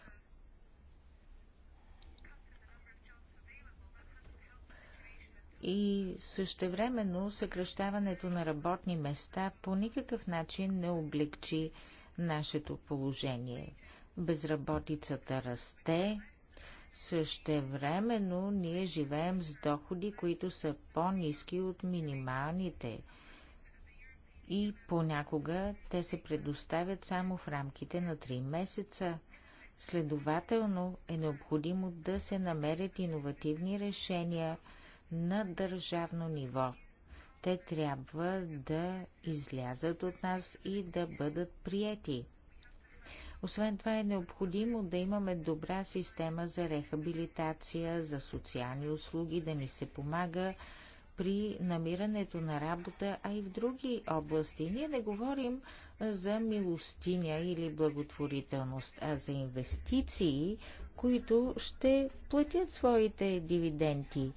И същевременно съкръщаването на работни места по никакъв начин не облегчи нашето положение. Безработицата расте, Същевременно ние живеем с доходи, които са по-низки от минималните и понякога те се предоставят само в рамките на 3 месеца. Следователно е необходимо да се намерят иновативни решения на държавно ниво. Те трябва да излязат от нас и да бъдат приети. Освен това е необходимо да имаме добра система за рехабилитация, за социални услуги, да ни се помага при намирането на работа, а и в други области. Ние не говорим за милостиня или благотворителност, а за инвестиции, които ще платят своите дивиденти.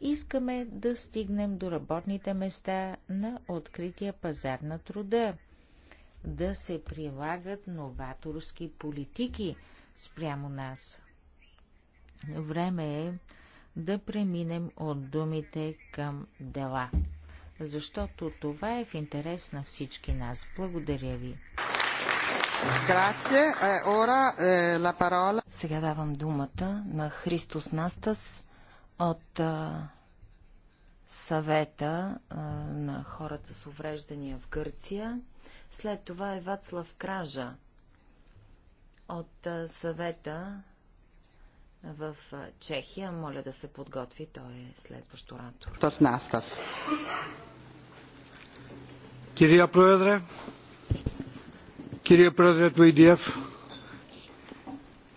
Искаме да стигнем до работните места на открития пазар на труда да се прилагат новаторски политики спрямо нас. Време е да преминем от думите към дела, защото това е в интерес на всички нас. Благодаря ви. Е, е, Сега давам думата на Христос Настас от съвета на хората с увреждания в Гърция. След това е Вацлав Кража от съвета в Чехия. Моля да се подготви, той е следващ оратор. настас. Кирия Проедре, Кирия Проедре Туидиев,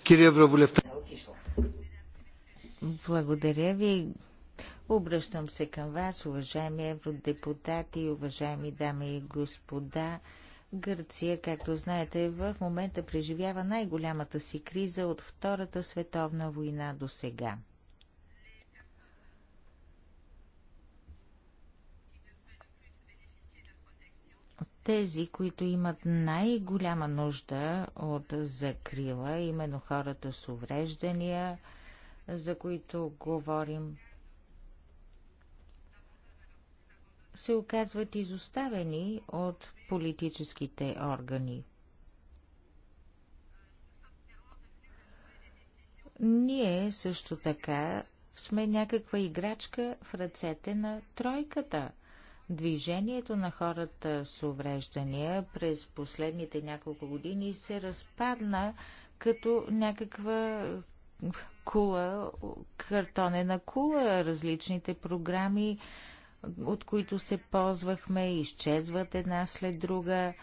Кирия Враволевта. Благодаря ви, Обръщам се към вас, уважаеми евродепутати, уважаеми дами и господа. Гърция, както знаете, в момента преживява най-голямата си криза от Втората световна война до сега. Тези, които имат най-голяма нужда от закрила, именно хората с увреждания, за които говорим се оказват изоставени от политическите органи. Ние също така сме някаква играчка в ръцете на тройката. Движението на хората с увреждания през последните няколко години се разпадна като някаква кула, картонена кула. Различните програми от които се ползвахме, изчезват една след друга.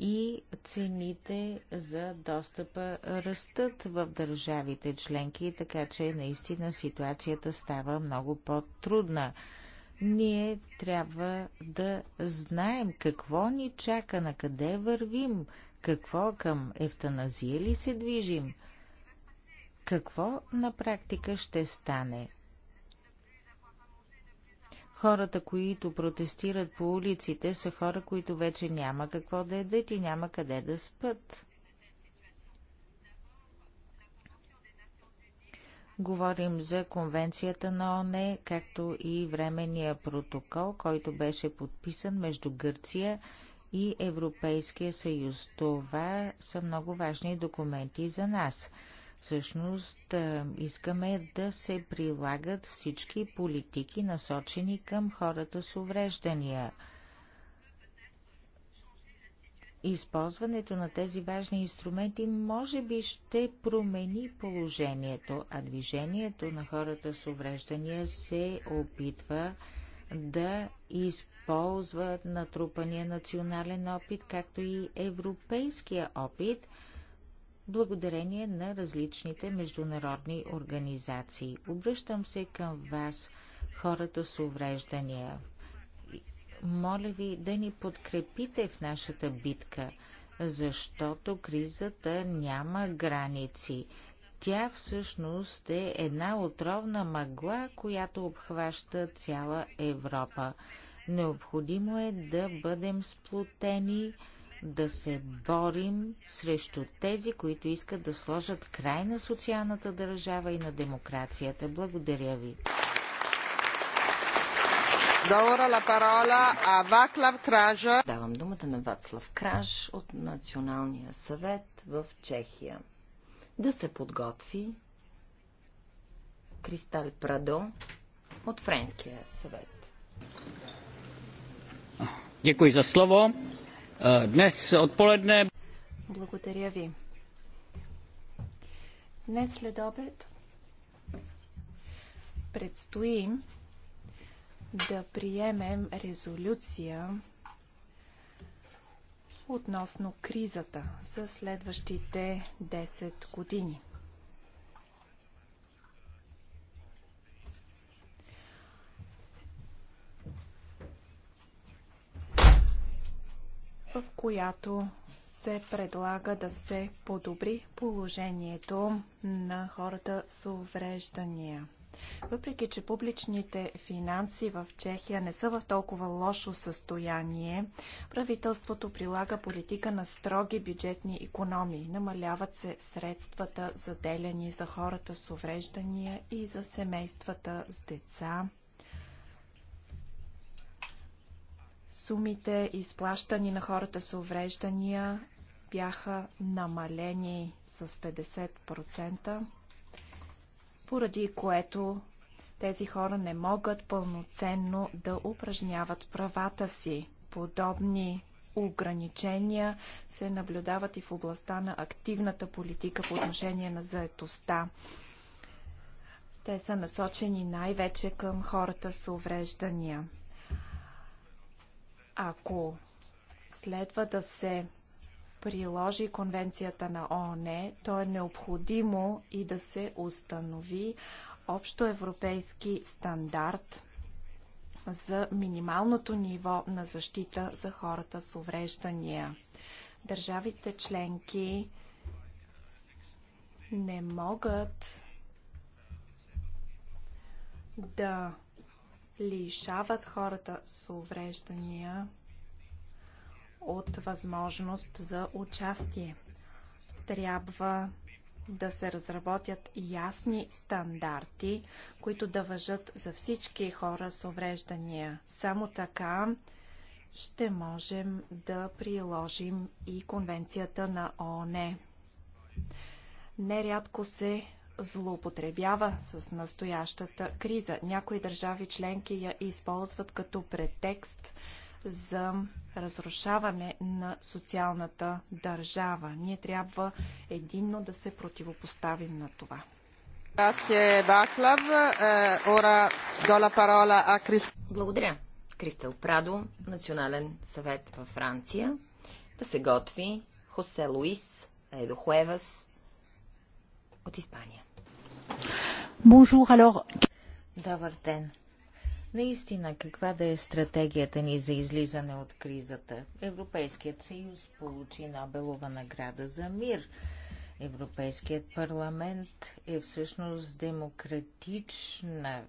И цените за достъпа растат в държавите членки, така че наистина ситуацията става много по-трудна ние трябва да знаем какво ни чака, на къде вървим, какво към ефтаназия ли се движим. Какво на практика ще стане? Хората, които протестират по улиците, са хора, които вече няма какво да едат и няма къде да спят. Говорим за конвенцията на ОНЕ, както и временния протокол, който беше подписан между Гърция и Европейския съюз. Това са много важни документи за нас – Всъщност искаме да се прилагат всички политики, насочени към хората с увреждания. Използването на тези важни инструменти може би ще промени положението, а движението на хората с увреждания се опитва да използва натрупания национален опит, както и европейския опит – благодарение на различните международни организации. Обръщам се към вас, хората с увреждания. Моля ви да ни подкрепите в нашата битка, защото кризата няма граници. Тя всъщност е една отровна мъгла, която обхваща цяла Европа. Необходимо е да бъдем сплутени, да се борим срещу тези, които искат да сложат край на социалната държава и на демокрацията. Благодаря ви. Давам думата на Вацлав Краж от Националния съвет в Чехия. Да се подготви Кристал Прадо от Френския съвет. Дякую за слово. Днес Благодаря ви. Днес след обед предстои да приемем резолюция относно кризата за следващите 10 години. в която се предлага да се подобри положението на хората с увреждания. Въпреки, че публичните финанси в Чехия не са в толкова лошо състояние, правителството прилага политика на строги бюджетни економии. Намаляват се средствата заделени за хората с увреждания и за семействата с деца. Сумите, изплащани на хората с увреждания, бяха намалени с 50%, поради което тези хора не могат пълноценно да упражняват правата си. Подобни ограничения се наблюдават и в областта на активната политика по отношение на заетостта. Те са насочени най-вече към хората с увреждания. Ако следва да се приложи конвенцията на ООН, то е необходимо и да се установи общоевропейски стандарт за минималното ниво на защита за хората с увреждания. Държавите членки не могат да лишават хората с увреждания от възможност за участие. Трябва да се разработят ясни стандарти, които да въжат за всички хора с увреждания. Само така ще можем да приложим и конвенцията на ООН. Нерядко се злоупотребява с настоящата криза. Някои държави членки я използват като претекст за разрушаване на социалната държава. Ние трябва единно да се противопоставим на това. Е, Благодаря. Кристел Прадо, Национален съвет във Франция. Да се готви Хосе Луис Едохуевас от Испания. Bonjour, alors... Добър ден. Наистина, каква да е стратегията ни за излизане от кризата? Европейският съюз получи Нобелова награда за мир. Европейският парламент е всъщност демократична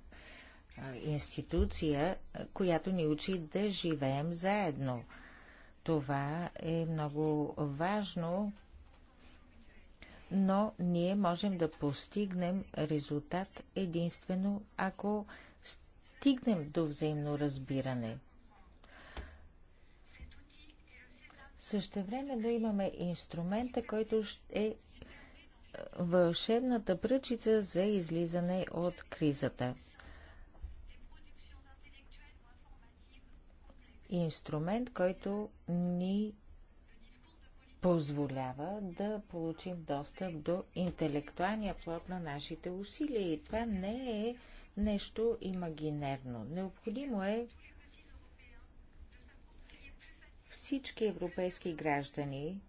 институция, която ни учи да живеем заедно. Това е много важно но ние можем да постигнем резултат единствено, ако стигнем до взаимно разбиране. да имаме инструмента, който е вълшебната пръчица за излизане от кризата. Инструмент, който ни позволява да получим достъп до интелектуалния плод на нашите усилия. И това не е нещо имагинерно. Необходимо е всички европейски граждани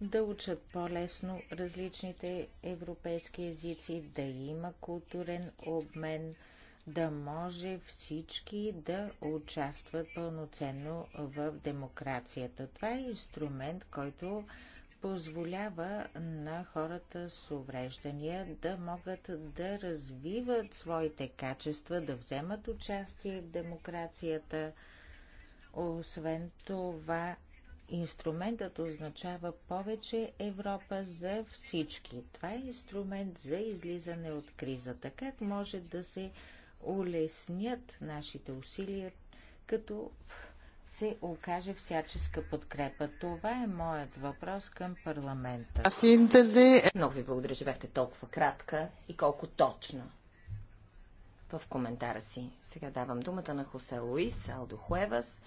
да учат по-лесно различните европейски езици, да има културен обмен – да може всички да участват пълноценно в демокрацията. Това е инструмент, който позволява на хората с увреждания да могат да развиват своите качества, да вземат участие в демокрацията. Освен това, инструментът означава повече Европа за всички. Това е инструмент за излизане от кризата. Как може да се улеснят нашите усилия, като се окаже всяческа подкрепа. Това е моят въпрос към парламента. Синтези. Много ви благодаря, живете толкова кратка и колко точна в коментара си. Сега давам думата на Хосе Луис Алдо Хуевас,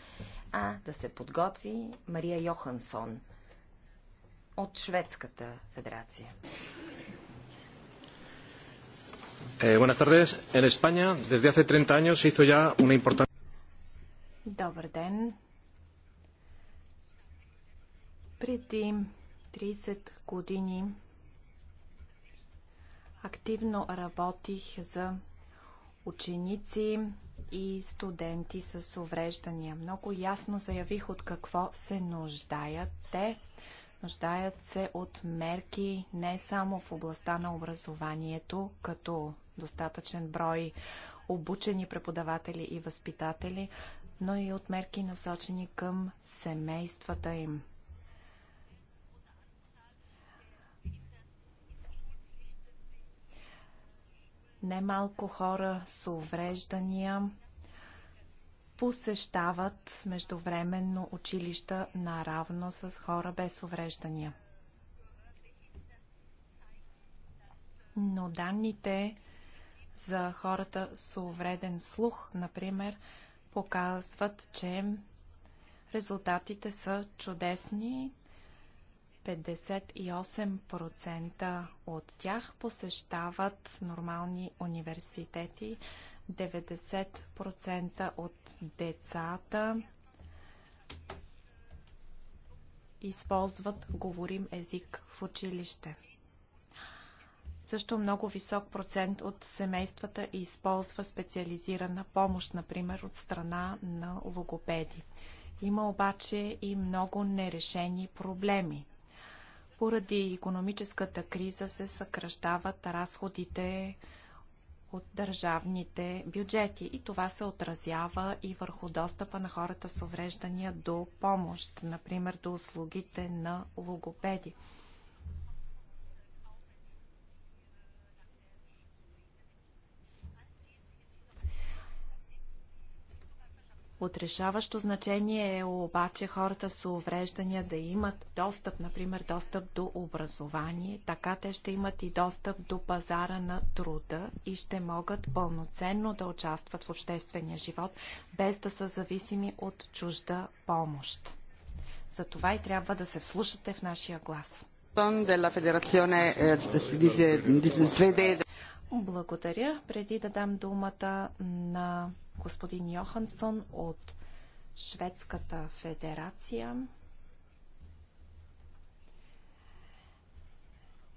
а да се подготви Мария Йохансон от Шведската федерация. Eh, buenas tardes. En España, desde hace 30 años, se hizo ya una importante. Добър ден. Преди 30 години активно работих за ученици и студенти с увреждания. Много ясно заявих от какво се нуждаят те. Нуждаят се от мерки не само в областта на образованието, като достатъчен брой обучени преподаватели и възпитатели, но и от мерки насочени към семействата им. Немалко хора с увреждания посещават междувременно училища наравно с хора без увреждания. Но данните за хората с увреден слух, например, показват, че резултатите са чудесни. 58% от тях посещават нормални университети. 90% от децата използват говорим език в училище. Също много висок процент от семействата използва специализирана помощ, например от страна на логопеди. Има обаче и много нерешени проблеми. Поради економическата криза се съкръщават разходите от държавните бюджети и това се отразява и върху достъпа на хората с увреждания до помощ, например до услугите на логопеди. Отрешаващо значение е обаче хората с увреждания да имат достъп, например достъп до образование, така те ще имат и достъп до пазара на труда и ще могат пълноценно да участват в обществения живот, без да са зависими от чужда помощ. За това и трябва да се вслушате в нашия глас. Благодаря. Преди да дам думата на господин Йохансон от Шведската федерация,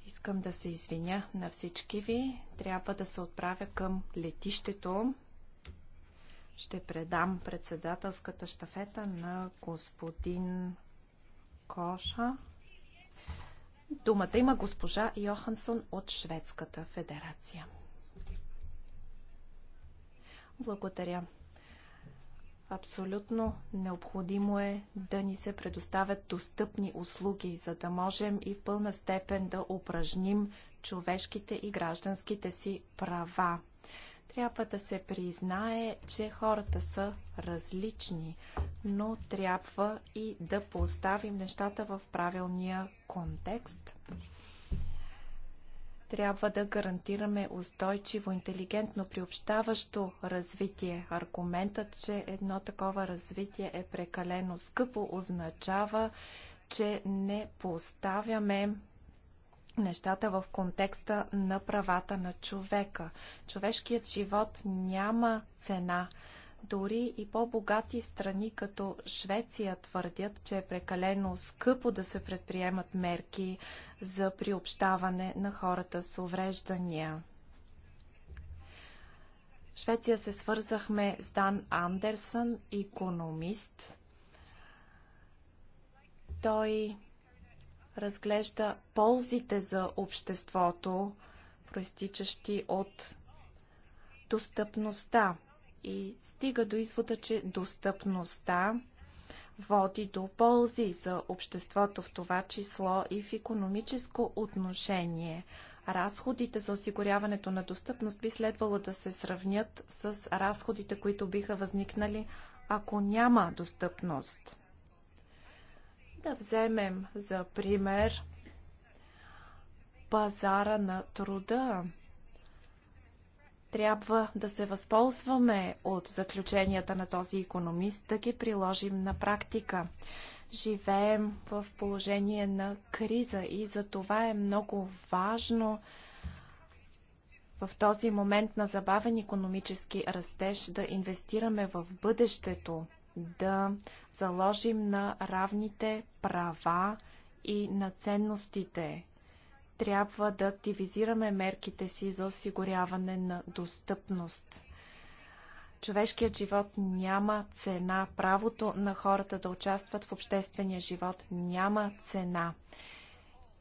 искам да се извиня на всички ви. Трябва да се отправя към летището. Ще предам председателската щафета на господин Коша. Думата има госпожа Йохансон от Шведската федерация. Благодаря. Абсолютно необходимо е да ни се предоставят достъпни услуги, за да можем и в пълна степен да упражним човешките и гражданските си права. Трябва да се признае, че хората са различни, но трябва и да поставим нещата в правилния контекст. Трябва да гарантираме устойчиво, интелигентно, приобщаващо развитие. Аргументът, че едно такова развитие е прекалено скъпо, означава, че не поставяме нещата в контекста на правата на човека. Човешкият живот няма цена. Дори и по-богати страни като Швеция твърдят, че е прекалено скъпо да се предприемат мерки за приобщаване на хората с увреждания. В Швеция се свързахме с Дан Андерсън, економист. Той разглежда ползите за обществото, проистичащи от достъпността и стига до извода, че достъпността води до ползи за обществото, в това число и в економическо отношение. Разходите за осигуряването на достъпност би следвало да се сравнят с разходите, които биха възникнали, ако няма достъпност. Да вземем за пример пазара на труда. Трябва да се възползваме от заключенията на този економист, да ги приложим на практика. Живеем в положение на криза и за това е много важно в този момент на забавен економически растеж да инвестираме в бъдещето, да заложим на равните права и на ценностите. Трябва да активизираме мерките си за осигуряване на достъпност. Човешкият живот няма цена. Правото на хората да участват в обществения живот няма цена.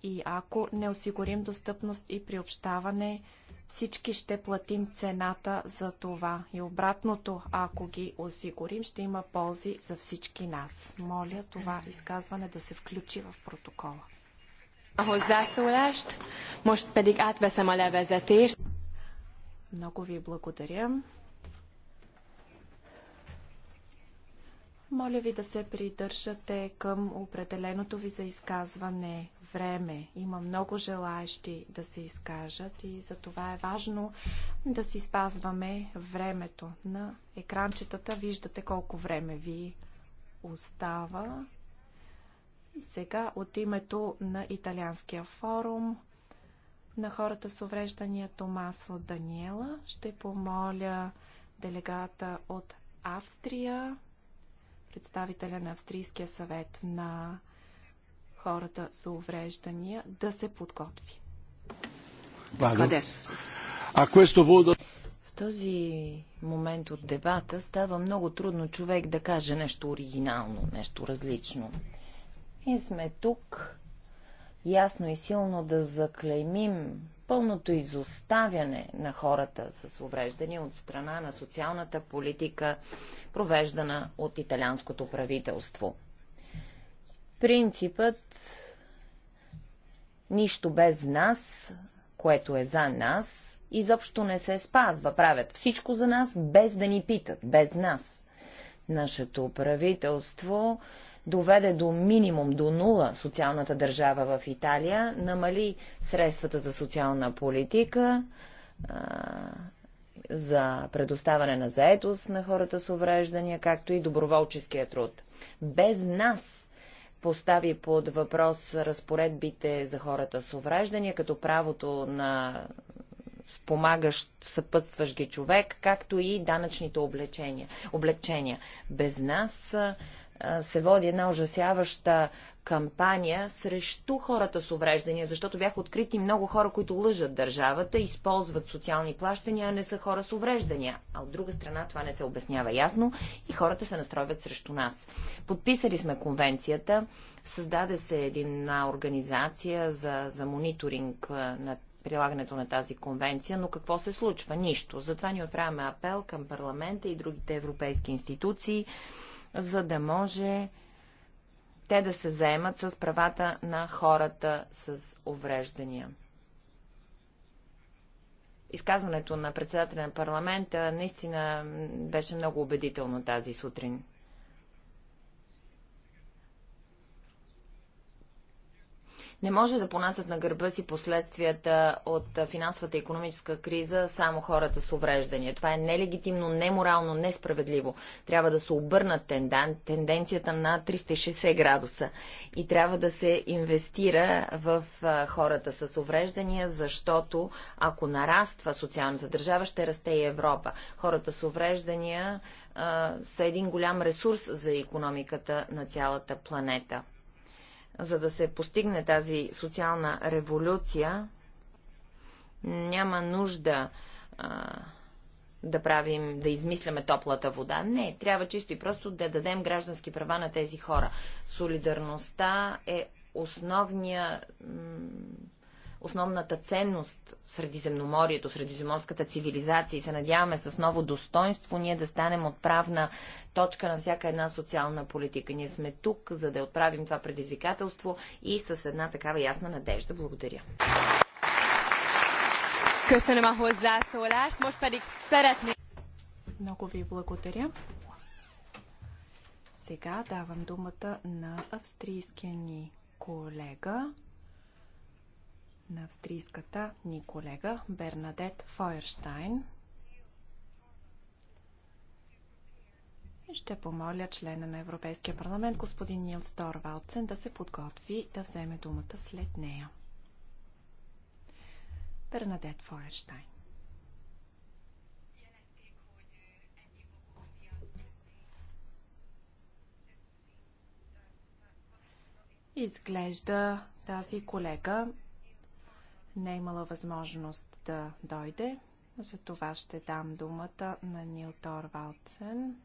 И ако не осигурим достъпност и приобщаване, всички ще платим цената за това. И обратното, ако ги осигурим, ще има ползи за всички нас. Моля това изказване да се включи в протокола. Много ви благодаря. Моля ви да се придържате към определеното ви за изказване време. Има много желаящи да се изкажат и за това е важно да си спазваме времето. На екранчетата виждате колко време ви остава. сега от името на Италианския форум на хората с увреждания Томасо Даниела ще помоля делегата от Австрия представителя на Австрийския съвет на хората с увреждания да се подготви. В този момент от дебата става много трудно човек да каже нещо оригинално, нещо различно. Ние сме тук ясно и силно да заклеймим пълното изоставяне на хората с увреждания от страна на социалната политика, провеждана от италианското правителство. Принципът нищо без нас, което е за нас, изобщо не се спазва. Правят всичко за нас, без да ни питат, без нас. Нашето правителство доведе до минимум, до нула социалната държава в Италия, намали средствата за социална политика, за предоставяне на заетост на хората с увреждания, както и доброволческия труд. Без нас постави под въпрос разпоредбите за хората с увреждания, като правото на спомагащ, съпътстващ ги човек, както и данъчните облечения. облегчения. Без нас се води една ужасяваща кампания срещу хората с увреждания, защото бяха открити много хора, които лъжат държавата, използват социални плащания, а не са хора с увреждания. А от друга страна това не се обяснява ясно и хората се настройват срещу нас. Подписали сме конвенцията, създаде се една организация за, за мониторинг на прилагането на тази конвенция, но какво се случва? Нищо. Затова ни отправяме апел към парламента и другите европейски институции за да може те да се заемат с правата на хората с увреждания. Изказването на председателя на парламента наистина беше много убедително тази сутрин. Не може да понасят на гърба си последствията от финансовата и економическа криза само хората с увреждания. Това е нелегитимно, неморално, несправедливо. Трябва да се обърнат тенден, тенденцията на 360 градуса и трябва да се инвестира в хората с увреждания, защото ако нараства социалната държава, ще расте и Европа. Хората с увреждания са един голям ресурс за економиката на цялата планета за да се постигне тази социална революция, няма нужда а, да правим, да измисляме топлата вода. Не, трябва чисто и просто да дадем граждански права на тези хора. Солидарността е основния основната ценност в Средиземноморието, Средиземноморската цивилизация и се надяваме с ново достоинство ние да станем отправна точка на всяка една социална политика. Ние сме тук, за да отправим това предизвикателство и с една такава ясна надежда. Благодаря. Много ви благодаря. Сега давам думата на австрийския ни колега на австрийската ни колега Бернадет Фойерштайн. Ще помоля члена на Европейския парламент, господин Нилс Торвалдсен, да се подготви да вземе думата след нея. Бернадет Фойерштайн. Изглежда тази колега не е имала възможност да дойде. За това ще дам думата на Нил Торвалдсен,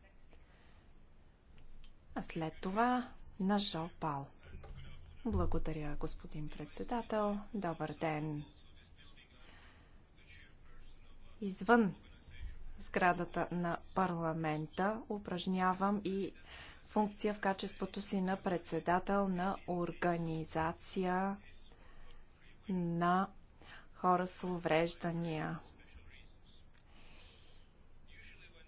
а след това на Жо Пал. Благодаря, господин председател. Добър ден. Извън сградата на парламента упражнявам и функция в качеството си на председател на организация на хора с увреждания.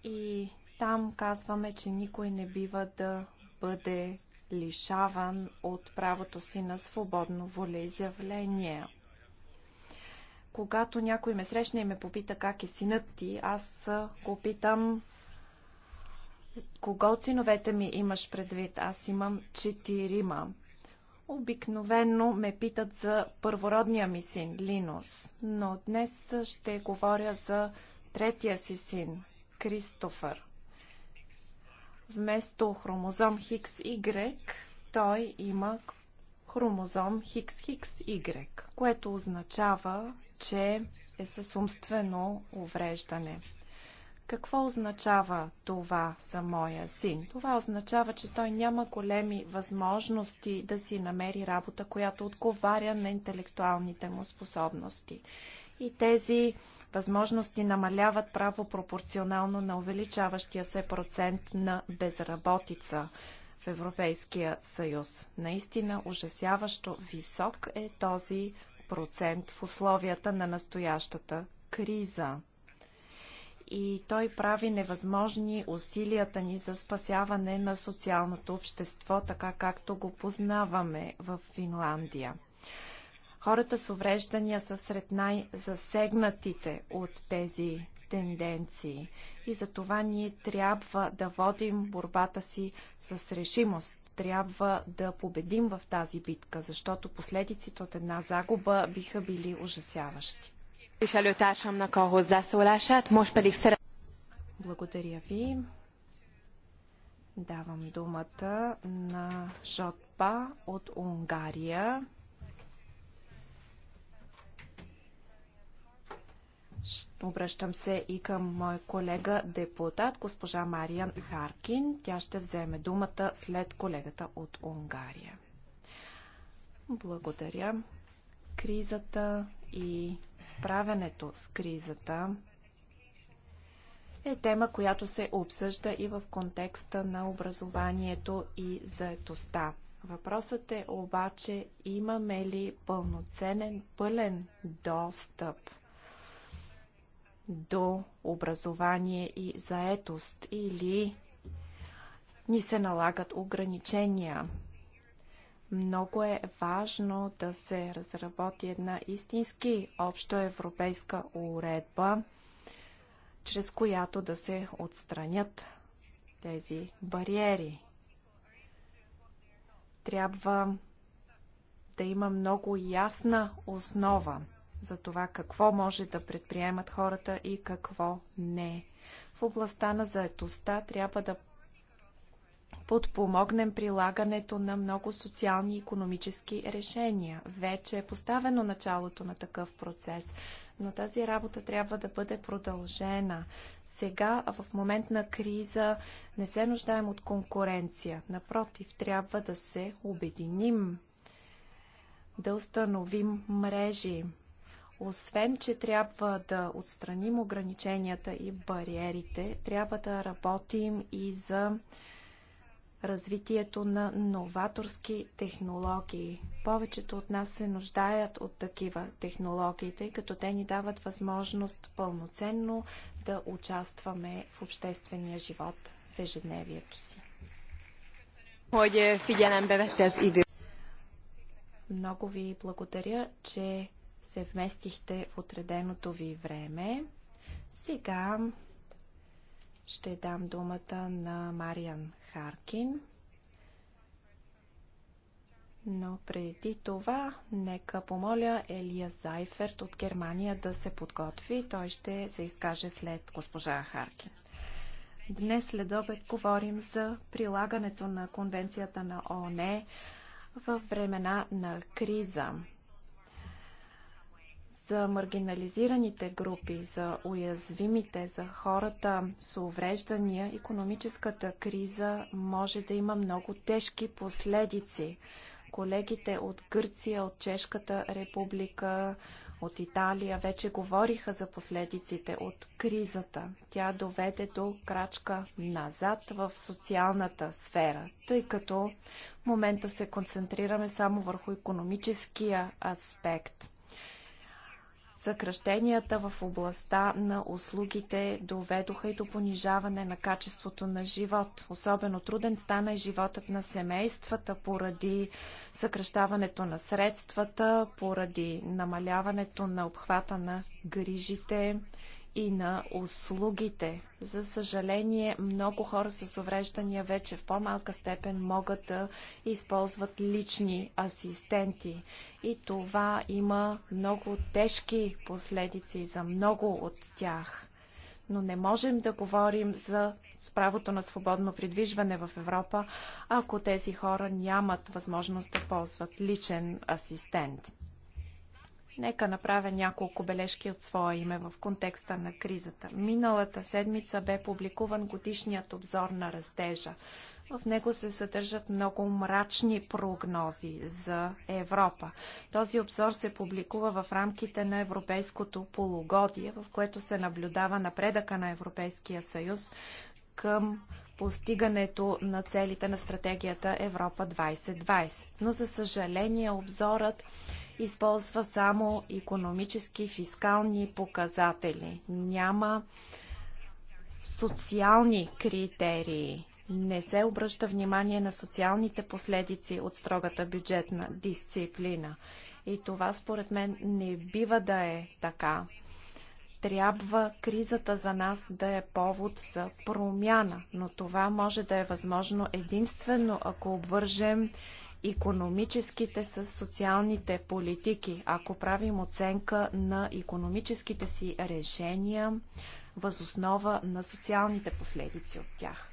И там казваме, че никой не бива да бъде лишаван от правото си на свободно волеизявление. Когато някой ме срещне и ме попита как е синът ти, аз го питам кого от синовете ми имаш предвид. Аз имам четирима. Обикновено ме питат за първородния ми син, Линус, но днес ще говоря за третия си син, Кристофър. Вместо хромозом Хикс Y, той има хромозом Хикс Хикс Y, което означава, че е със умствено увреждане. Какво означава това за моя син? Това означава, че той няма големи възможности да си намери работа, която отговаря на интелектуалните му способности. И тези възможности намаляват право пропорционално на увеличаващия се процент на безработица в Европейския съюз. Наистина ужасяващо висок е този процент в условията на настоящата криза и той прави невъзможни усилията ни за спасяване на социалното общество, така както го познаваме в Финландия. Хората с увреждания са сред най-засегнатите от тези тенденции и за това ние трябва да водим борбата си с решимост. Трябва да победим в тази битка, защото последиците от една загуба биха били ужасяващи. Благодаря ви. Давам думата на Жотпа от Унгария. Обръщам се и към мой колега депутат, госпожа Мариан Харкин. Тя ще вземе думата след колегата от Унгария. Благодаря кризата и справянето с кризата е тема, която се обсъжда и в контекста на образованието и заетостта. Въпросът е обаче имаме ли пълноценен, пълен достъп до образование и заетост или ни се налагат ограничения много е важно да се разработи една истински общоевропейска уредба, чрез която да се отстранят тези бариери. Трябва да има много ясна основа за това какво може да предприемат хората и какво не. В областта на заетостта трябва да подпомогнем прилагането на много социални и економически решения. Вече е поставено началото на такъв процес, но тази работа трябва да бъде продължена. Сега, в момент на криза, не се нуждаем от конкуренция. Напротив, трябва да се обединим, да установим мрежи, освен, че трябва да отстраним ограниченията и бариерите, трябва да работим и за развитието на новаторски технологии. Повечето от нас се нуждаят от такива технологии, тъй като те ни дават възможност пълноценно да участваме в обществения живот в ежедневието си. Е, Много ви благодаря, че се вместихте в отреденото ви време. Сега ще дам думата на Мариан Харкин. Но преди това, нека помоля Елия Зайферт от Германия да се подготви. Той ще се изкаже след госпожа Харкин. Днес след обед говорим за прилагането на Конвенцията на ООН във времена на криза за маргинализираните групи, за уязвимите, за хората с увреждания, економическата криза може да има много тежки последици. Колегите от Гърция, от Чешката република, от Италия вече говориха за последиците от кризата. Тя доведе до крачка назад в социалната сфера, тъй като в момента се концентрираме само върху економическия аспект. Съкръщенията в областта на услугите доведоха и до понижаване на качеството на живот. Особено труден стана и животът на семействата поради съкръщаването на средствата, поради намаляването на обхвата на грижите, и на услугите. За съжаление, много хора с увреждания вече в по-малка степен могат да използват лични асистенти. И това има много тежки последици за много от тях. Но не можем да говорим за правото на свободно придвижване в Европа, ако тези хора нямат възможност да ползват личен асистент. Нека направя няколко бележки от своя име в контекста на кризата. Миналата седмица бе публикуван годишният обзор на растежа. В него се съдържат много мрачни прогнози за Европа. Този обзор се публикува в рамките на европейското полугодие, в което се наблюдава напредъка на Европейския съюз към постигането на целите на стратегията Европа 2020. Но за съжаление обзорът използва само економически, фискални показатели. Няма социални критерии. Не се обръща внимание на социалните последици от строгата бюджетна дисциплина. И това според мен не бива да е така. Трябва кризата за нас да е повод за промяна, но това може да е възможно единствено ако обвържем економическите с социалните политики. Ако правим оценка на економическите си решения, възоснова на социалните последици от тях.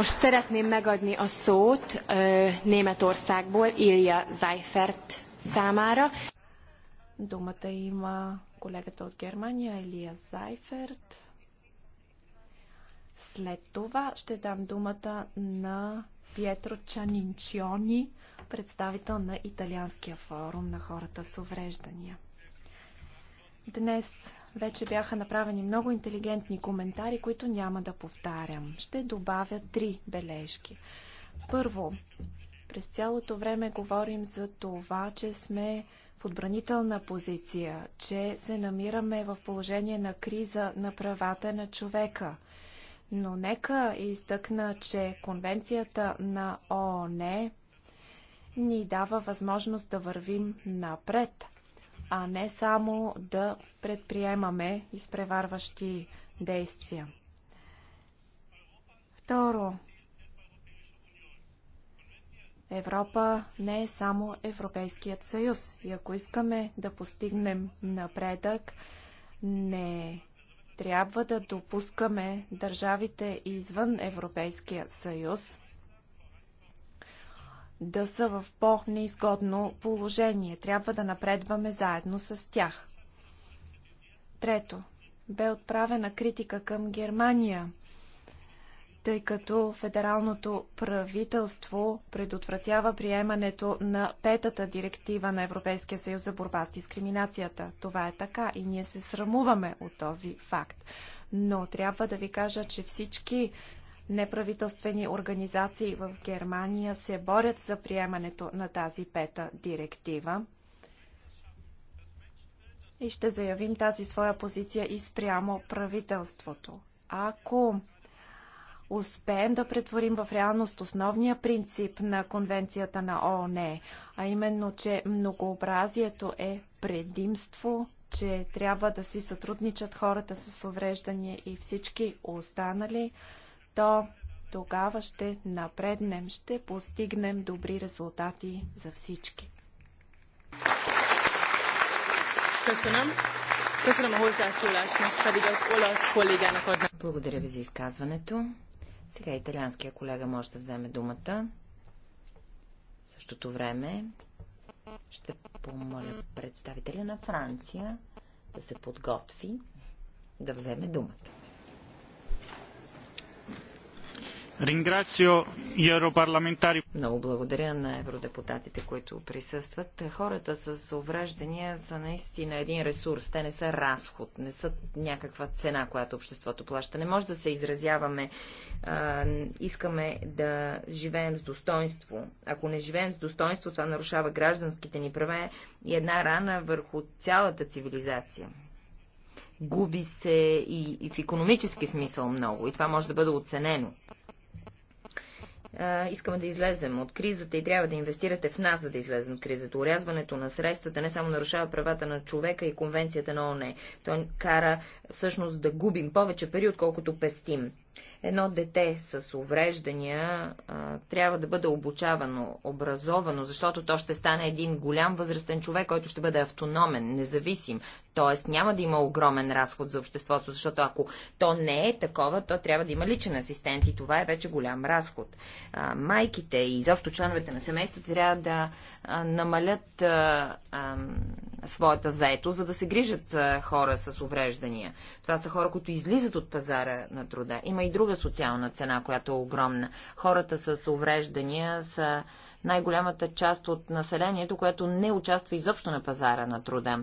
Most szeretném megadni a szót ö, Németországból Ilja Zeifert számára. Думата има колегата от Германия Илия Зайферт. След това ще дам думата на Пьетро Чанинчиони, представител на Италианския форум на хората с увреждания. Днес вече бяха направени много интелигентни коментари, които няма да повтарям. Ще добавя три бележки. Първо, през цялото време говорим за това, че сме в отбранителна позиция, че се намираме в положение на криза на правата на човека – но нека изтъкна, че конвенцията на ООН ни дава възможност да вървим напред, а не само да предприемаме изпреварващи действия. Второ, Европа не е само Европейският съюз. И ако искаме да постигнем напредък, не е трябва да допускаме държавите извън Европейския съюз да са в по-неизгодно положение. Трябва да напредваме заедно с тях. Трето, бе отправена критика към Германия – тъй като федералното правителство предотвратява приемането на петата директива на Европейския съюз за борба с дискриминацията. Това е така и ние се срамуваме от този факт. Но трябва да ви кажа, че всички неправителствени организации в Германия се борят за приемането на тази пета директива. И ще заявим тази своя позиция и спрямо правителството. Ако успеем да претворим в реалност основния принцип на Конвенцията на ООН, а именно, че многообразието е предимство, че трябва да си сътрудничат хората с увреждания и всички останали, то тогава ще напреднем, ще постигнем добри резултати за всички. Благодаря ви за изказването. Сега италианския колега може да вземе думата. В същото време ще помоля представителя на Франция да се подготви да вземе думата. Много благодаря на евродепутатите, които присъстват. Хората с увреждания са наистина един ресурс. Те не са разход, не са някаква цена, която обществото плаща. Не може да се изразяваме. А, искаме да живеем с достоинство. Ако не живеем с достоинство, това нарушава гражданските ни права и една рана върху цялата цивилизация губи се и, и в економически смисъл много. И това може да бъде оценено искаме да излезем от кризата и трябва да инвестирате в нас, за да излезем от кризата. Урязването на средствата не само нарушава правата на човека и конвенцията на ОНЕ, Той кара всъщност да губим повече пари, отколкото пестим. Едно дете с увреждания а, трябва да бъде обучавано, образовано, защото то ще стане един голям възрастен човек, който ще бъде автономен, независим. Тоест няма да има огромен разход за обществото, защото ако то не е такова, то трябва да има личен асистент и това е вече голям разход. А, майките и изобщо членовете на семейството трябва да а, намалят а, а, своята заето, за да се грижат а, хора с увреждания. Това са хора, които излизат от пазара на труда. Има и друга друга социална цена, която е огромна. Хората с увреждания са най-голямата част от населението, което не участва изобщо на пазара на труда.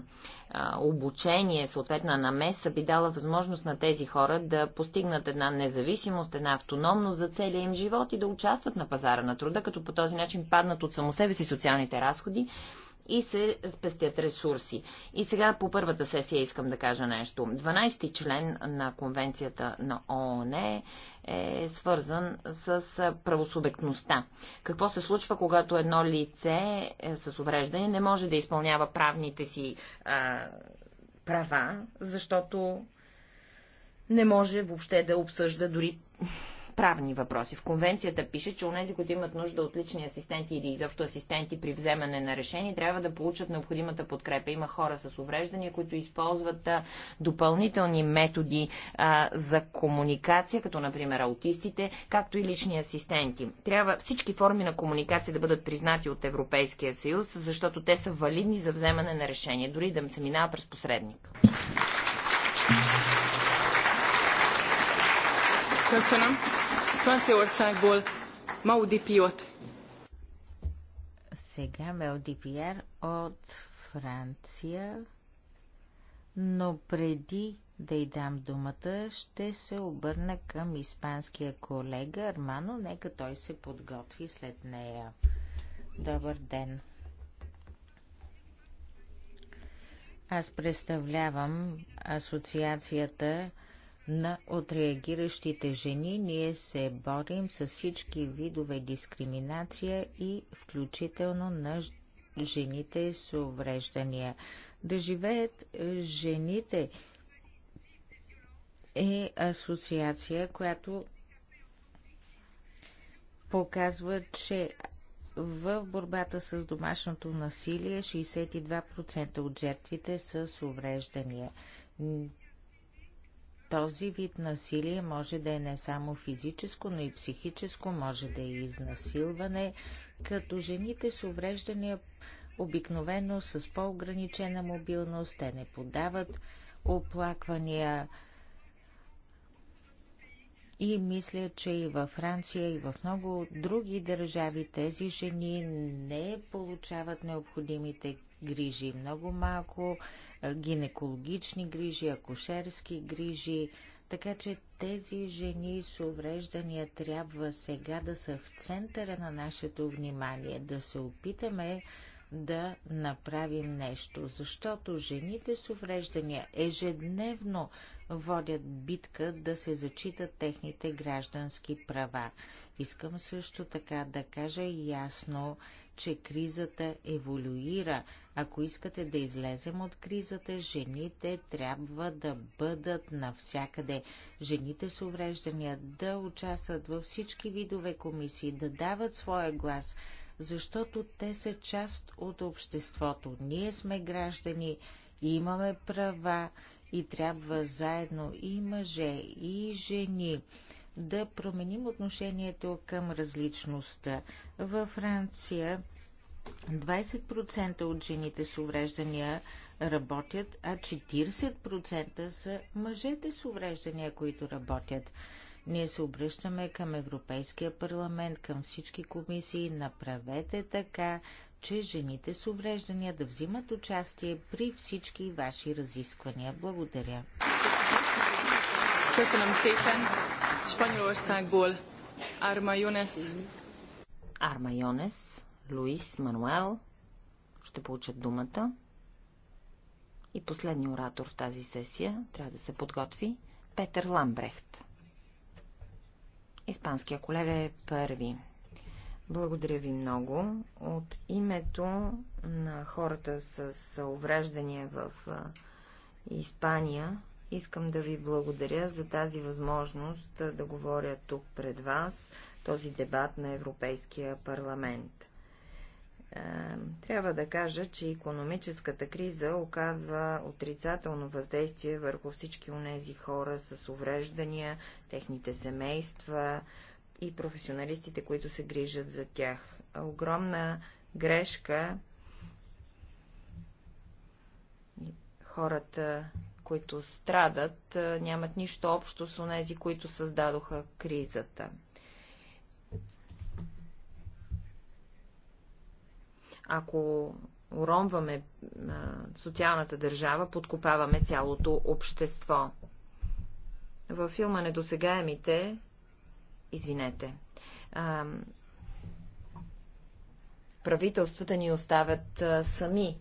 Обучение, съответна намеса би дала възможност на тези хора да постигнат една независимост, една автономност за целия им живот и да участват на пазара на труда, като по този начин паднат от само себе си социалните разходи и се спестят ресурси. И сега по първата сесия искам да кажа нещо. 12-ти член на конвенцията на ООН е свързан с правосубектността. Какво се случва, когато едно лице е, с увреждане не може да изпълнява правните си а, права, защото не може въобще да обсъжда дори правни въпроси. В конвенцията пише, че онези, които имат нужда от лични асистенти или изобщо асистенти при вземане на решение, трябва да получат необходимата подкрепа. Има хора с увреждания, които използват допълнителни методи а, за комуникация, като например аутистите, както и лични асистенти. Трябва всички форми на комуникация да бъдат признати от Европейския съюз, защото те са валидни за вземане на решение, дори да се минава през посредник. Köszönöm. Franciaországból Мауди Пиот. Сега Мелди Пиер от Франция, но преди да й дам думата, ще се обърна към испанския колега Армано, нека той се подготви след нея. Добър ден! Аз представлявам асоциацията на отреагиращите жени. Ние се борим с всички видове дискриминация и включително на жените с увреждания. Да живеят е, жените е асоциация, която показва, че в борбата с домашното насилие 62% от жертвите са с увреждания. Този вид насилие може да е не само физическо, но и психическо, може да е изнасилване, като жените с увреждания обикновено с по-ограничена мобилност, те не подават оплаквания. И мисля, че и във Франция, и в много други държави тези жени не получават необходимите грижи много малко, гинекологични грижи, акушерски грижи. Така че тези жени с увреждания трябва сега да са в центъра на нашето внимание, да се опитаме да направим нещо, защото жените с увреждания ежедневно водят битка да се зачитат техните граждански права. Искам също така да кажа ясно, че кризата еволюира. Ако искате да излезем от кризата, жените трябва да бъдат навсякъде. Жените с увреждания да участват във всички видове комисии, да дават своя глас, защото те са част от обществото. Ние сме граждани, имаме права и трябва заедно и мъже, и жени да променим отношението към различността. Във Франция 20% от жените с увреждания работят, а 40% са мъжете с увреждания, които работят. Ние се обръщаме към Европейския парламент, към всички комисии. Направете така, че жените с увреждания да взимат участие при всички ваши разисквания. Благодаря. Spanyolországból Arma Jones. Арма Йонес, Луис, Мануел ще получат думата. И последният оратор в тази сесия трябва да се подготви Петър Ламбрехт. Испанския колега е първи. Благодаря ви много. От името на хората с увреждания в Испания Искам да ви благодаря за тази възможност да говоря тук пред вас, този дебат на Европейския парламент. Е, трябва да кажа, че економическата криза оказва отрицателно въздействие върху всички нези хора с увреждания, техните семейства и професионалистите, които се грижат за тях. Огромна грешка хората които страдат, нямат нищо общо с онези, които създадоха кризата. Ако уронваме социалната държава, подкопаваме цялото общество. Във филма Недосегаемите, извинете, правителствата ни оставят сами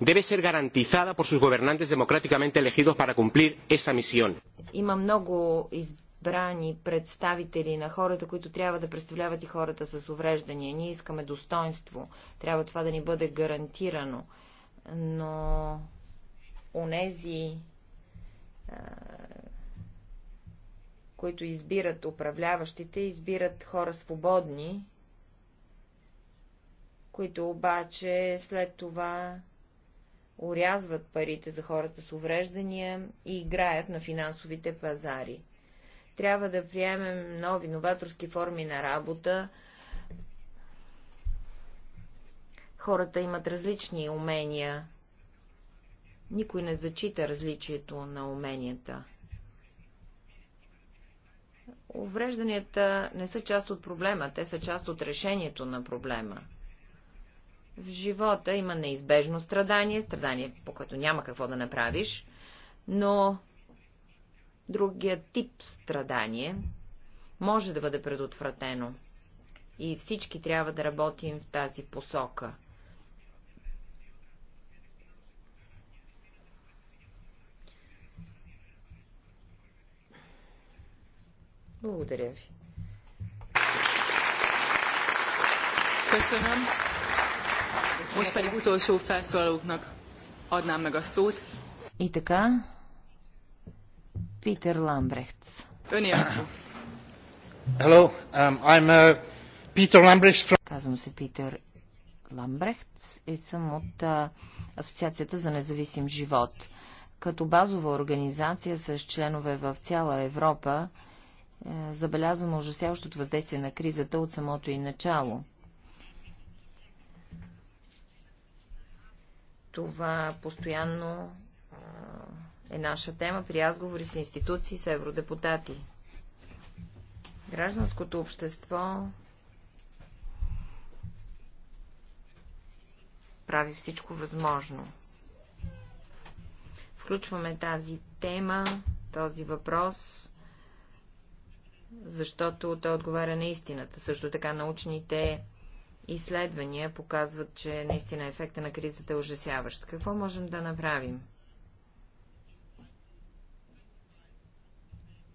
debe ser garantizada por sus gobernantes democráticamente elegidos para cumplir esa misión. Има много избрани представители на хората, които трябва да представляват и хората с увреждания. Ние искаме достоинство. Трябва това да ни бъде гарантирано. Но онези, които избират управляващите, избират хора свободни, които обаче след това урязват парите за хората с увреждания и играят на финансовите пазари. Трябва да приемем нови новаторски форми на работа. Хората имат различни умения. Никой не зачита различието на уменията. Уврежданията не са част от проблема, те са част от решението на проблема. В живота има неизбежно страдание, страдание, по което няма какво да направиш, но другия тип страдание може да бъде предотвратено. И всички трябва да работим в тази посока. Благодаря ви. you. Most pedig utolsó felszólalóknak adnám meg a szót. И така, Питер Öné a szó. Hello, um, I'm uh, Peter Lambrechts from... Казвам се Питер Ламбрехтс и съм от Асоциацията за независим живот. Като базова организация с членове в цяла Европа, е, забелязваме ужасяващото въздействие на кризата от самото и начало – Това постоянно е наша тема при разговори с институции, с евродепутати. Гражданското общество прави всичко възможно. Включваме тази тема, този въпрос, защото той отговаря на истината. Също така научните изследвания показват, че наистина ефекта на кризата е ужасяващ. Какво можем да направим?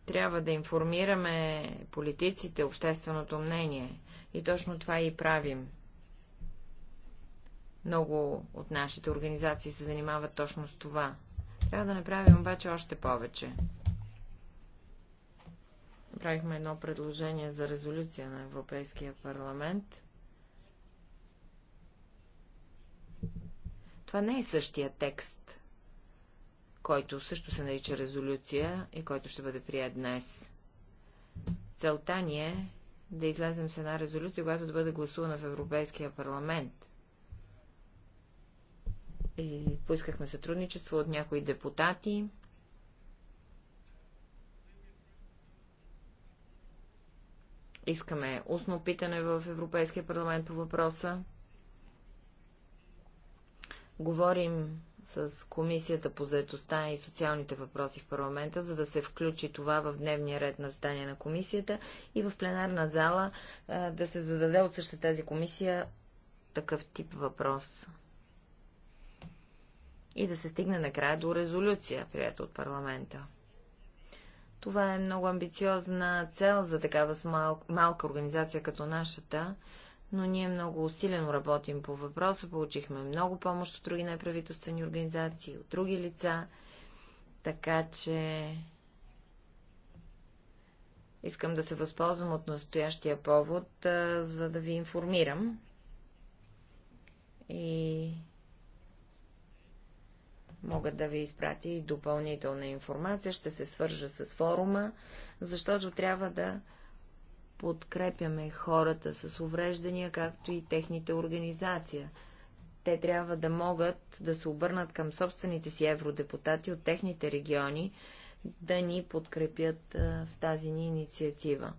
Трябва да информираме политиците, общественото мнение. И точно това и правим. Много от нашите организации се занимават точно с това. Трябва да направим обаче още повече. Правихме едно предложение за резолюция на Европейския парламент – Това не е същия текст, който също се нарича резолюция и който ще бъде прият днес. Целта ни е да излезем с една резолюция, която да бъде гласувана в Европейския парламент. И поискахме сътрудничество от някои депутати, Искаме устно питане в Европейския парламент по въпроса. Говорим с Комисията по заедостта и социалните въпроси в парламента, за да се включи това в дневния ред на здание на комисията и в пленарна зала да се зададе от същата тази комисия такъв тип въпрос. И да се стигне накрая до резолюция, прията от парламента. Това е много амбициозна цел за такава малка организация като нашата, но ние много усилено работим по въпроса, получихме много помощ от други неправителствени организации, от други лица, така че искам да се възползвам от настоящия повод, за да ви информирам. И мога да ви изпрати допълнителна информация, ще се свържа с форума, защото трябва да подкрепяме хората с увреждания, както и техните организация. Те трябва да могат да се обърнат към собствените си евродепутати от техните региони, да ни подкрепят в тази ни инициатива.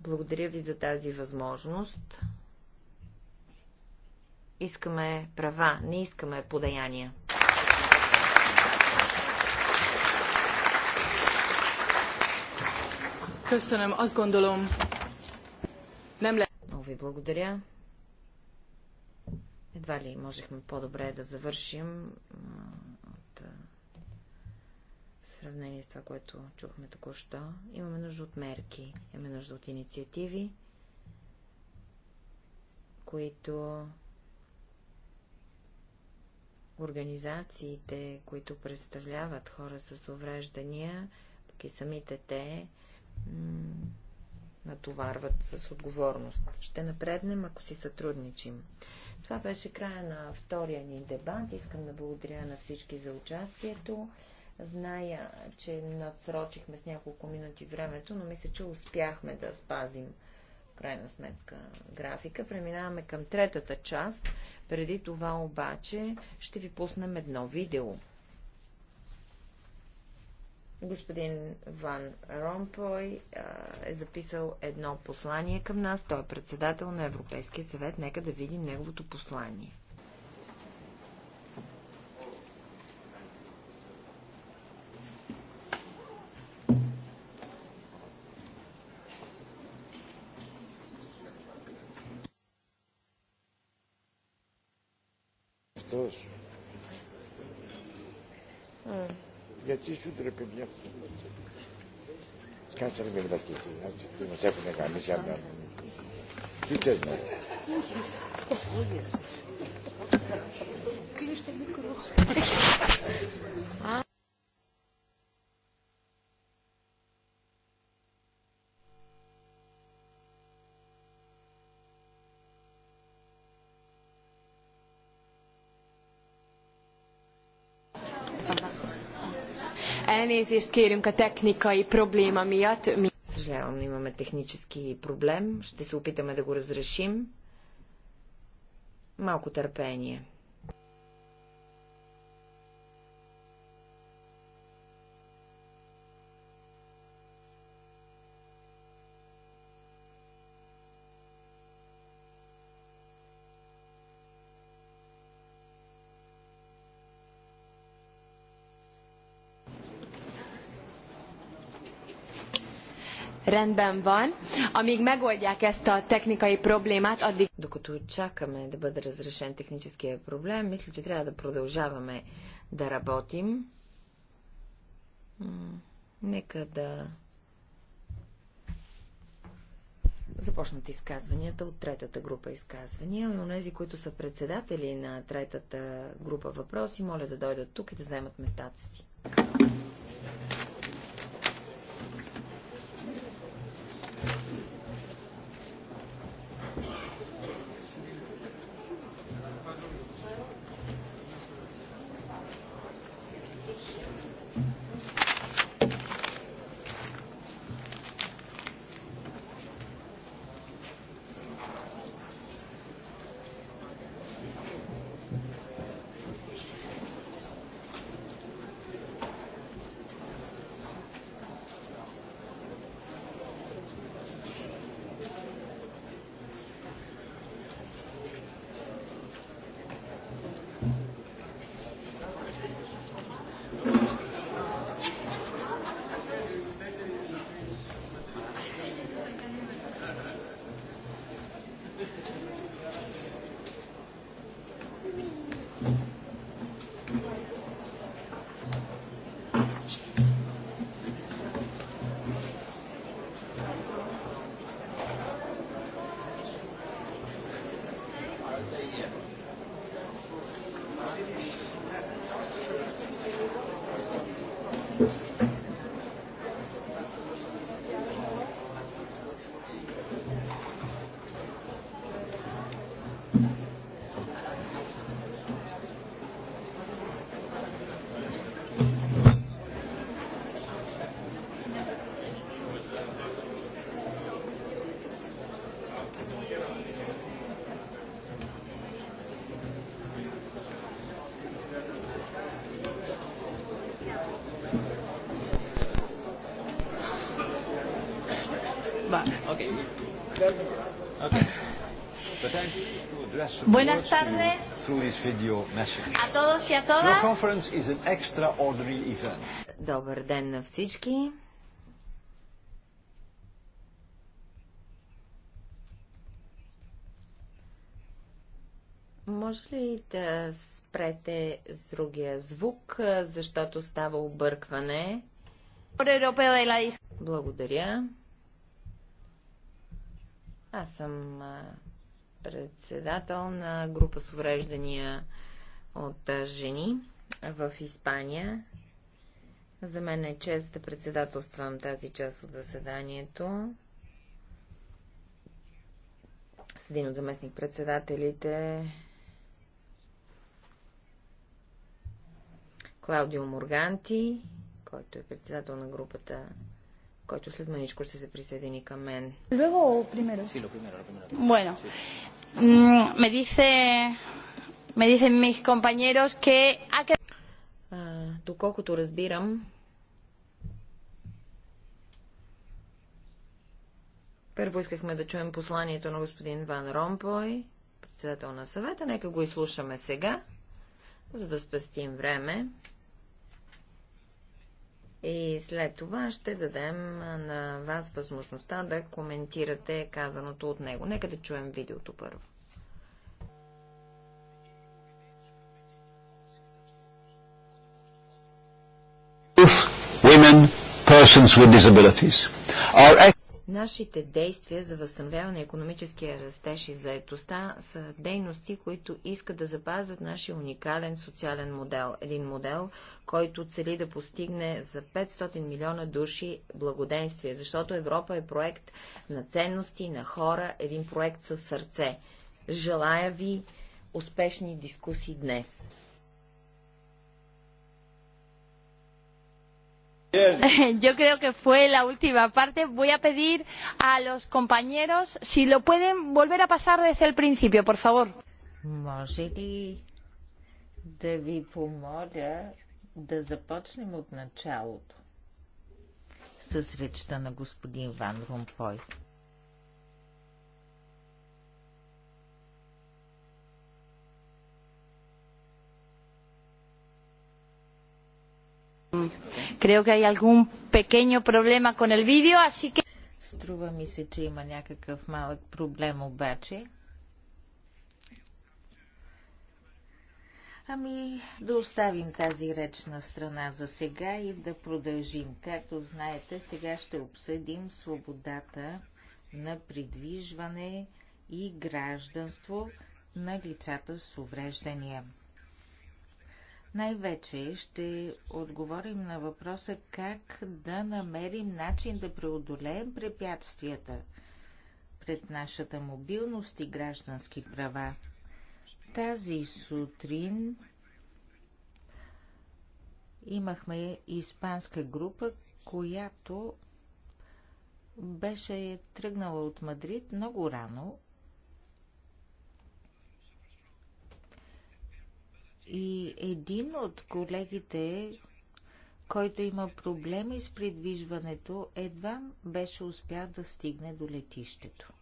Благодаря ви за тази възможност. Искаме права, не искаме подаяния. Köszönöm, azt gondolom, много ви благодаря. Едва ли можехме по-добре да завършим от в сравнение с това, което чухме току-що. Имаме нужда от мерки, имаме нужда от инициативи, които организациите, които представляват хора с увреждания, пък и самите те, натоварват с отговорност. Ще напреднем, ако си сътрудничим. Това беше края на втория ни дебат. Искам да благодаря на всички за участието. Зная, че надсрочихме с няколко минути времето, но мисля, че успяхме да спазим крайна сметка графика. Преминаваме към третата част. Преди това обаче ще ви пуснем едно видео. Господин Ван Ромпой а, е записал едно послание към нас. Той е председател на Европейския съвет. Нека да видим неговото послание. sarebbe bien. Quand sarebbe bien così, non c'è come cambia, ci abbiamo. Chi c'è? Chi c'è? Elnézést kérünk a technikai probléma miatt. Съжалявам, имаме технически проблем. Ще се опитаме да го разрешим. Малко търпение. Rendben van. Amíg megoldják ezt a technikai problémát, addig... Докато чакаме да бъде разрешен техническия проблем, мисля, че трябва да продължаваме да работим. Нека да започнат изказванията от третата група изказвания и онези, които са председатели на третата група въпроси, моля да дойдат тук и да вземат местата си. Buenas tardes a todos y a todas. Добър ден на всички. Може ли да спрете с другия звук, защото става объркване? Благодаря. Аз съм председател на група с увреждания от жени в Испания. За мен е чест да председателствам тази част от заседанието. С един от заместник-председателите Клаудио Морганти, който е председател на групата който след маничко ще се присъедини към мен. Luego o primero? Sí, lo primero, lo primero. Bueno, mm, me dice me dicen mis compañeros que Доколкото разбирам, първо искахме да чуем посланието на господин Ван Ромпой, председател на съвета. Нека го изслушаме сега, за да спестим време. И след това ще дадем на вас възможността да коментирате казаното от него. Нека да чуем видеото първо. women, persons with disabilities are Нашите действия за възстановяване на економическия растеж и заетостта са дейности, които искат да запазят нашия уникален социален модел. Един модел, който цели да постигне за 500 милиона души благоденствие, защото Европа е проект на ценности, на хора, един проект със сърце. Желая ви успешни дискусии днес. Yo creo que fue la última parte. Voy a pedir a los compañeros si lo pueden volver a pasar desde el principio, por favor. да ви помоля да започнем от началото с речта на господин Ван Creo que hay algún pequeño problema con el así que... Струва ми се, че има някакъв малък проблем обаче. Ами да оставим тази реч на страна за сега и да продължим. Както знаете, сега ще обсъдим свободата на придвижване и гражданство на лицата с увреждания. Най-вече ще отговорим на въпроса как да намерим начин да преодолеем препятствията пред нашата мобилност и граждански права. Тази сутрин имахме испанска група, която беше тръгнала от Мадрид много рано И един от колегите, който има проблеми с придвижването, едва беше успял да стигне до летището.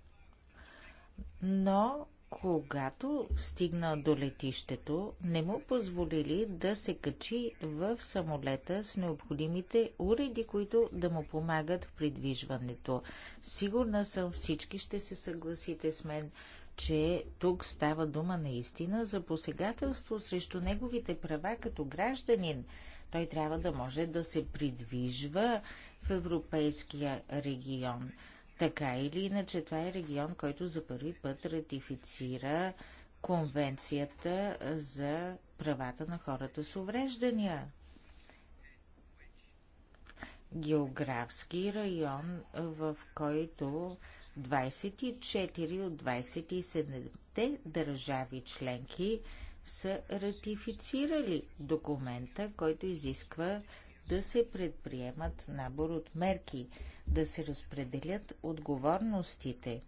Но когато стигна до летището, не му позволили да се качи в самолета с необходимите уреди, които да му помагат в придвижването. Сигурна съм всички ще се съгласите с мен, че тук става дума наистина за посегателство срещу неговите права като гражданин. Той трябва да може да се придвижва в европейския регион. Така или иначе, това е регион, който за първи път ратифицира Конвенцията за правата на хората с увреждания. Географски район, в който 24 от 27-те държави членки са ратифицирали документа, който изисква да се предприемат набор от мерки, да се разпределят отговорностите.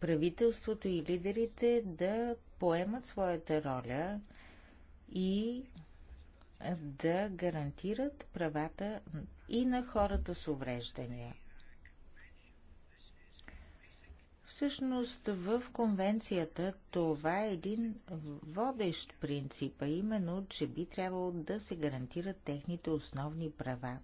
Правителството и лидерите да поемат своята роля и да гарантират правата и на хората с увреждания. Всъщност в конвенцията това е един водещ принцип, а именно, че би трябвало да се гарантират техните основни права.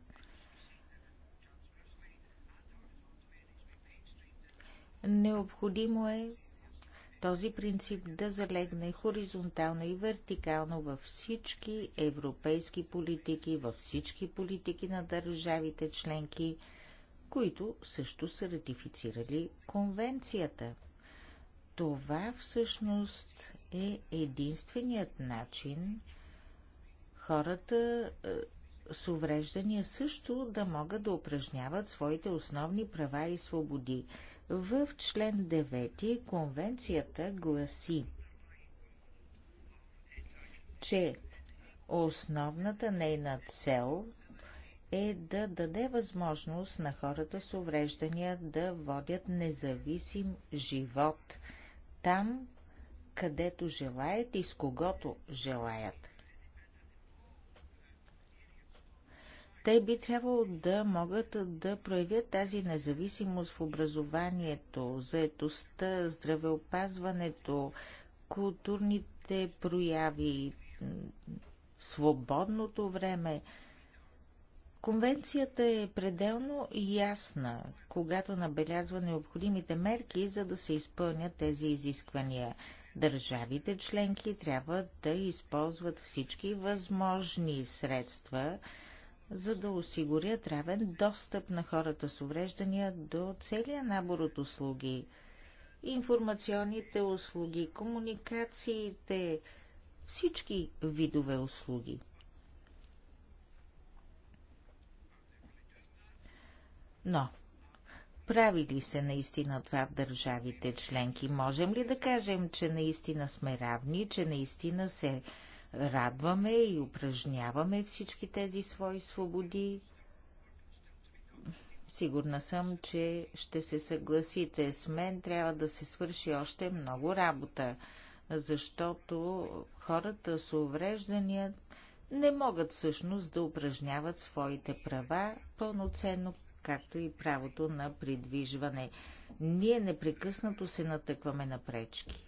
Необходимо е този принцип да залегне хоризонтално и вертикално във всички европейски политики, във всички политики на държавите членки – които също са ратифицирали конвенцията. Това всъщност е единственият начин хората е, с увреждания също да могат да упражняват своите основни права и свободи. В член 9 конвенцията гласи, че основната нейна цел е да даде възможност на хората с увреждания да водят независим живот там, където желаят и с когото желаят. Те би трябвало да могат да проявят тази независимост в образованието, заетостта, здравеопазването, културните прояви, свободното време – Конвенцията е пределно ясна, когато набелязва необходимите мерки, за да се изпълнят тези изисквания. Държавите членки трябва да използват всички възможни средства, за да осигурят равен достъп на хората с увреждания до целия набор от услуги. Информационните услуги, комуникациите, всички видове услуги. Но прави ли се наистина това в държавите членки? Можем ли да кажем, че наистина сме равни, че наистина се радваме и упражняваме всички тези свои свободи? Сигурна съм, че ще се съгласите с мен. Трябва да се свърши още много работа, защото хората с увреждания не могат всъщност да упражняват своите права пълноценно както и правото на придвижване. Ние непрекъснато се натъкваме на пречки.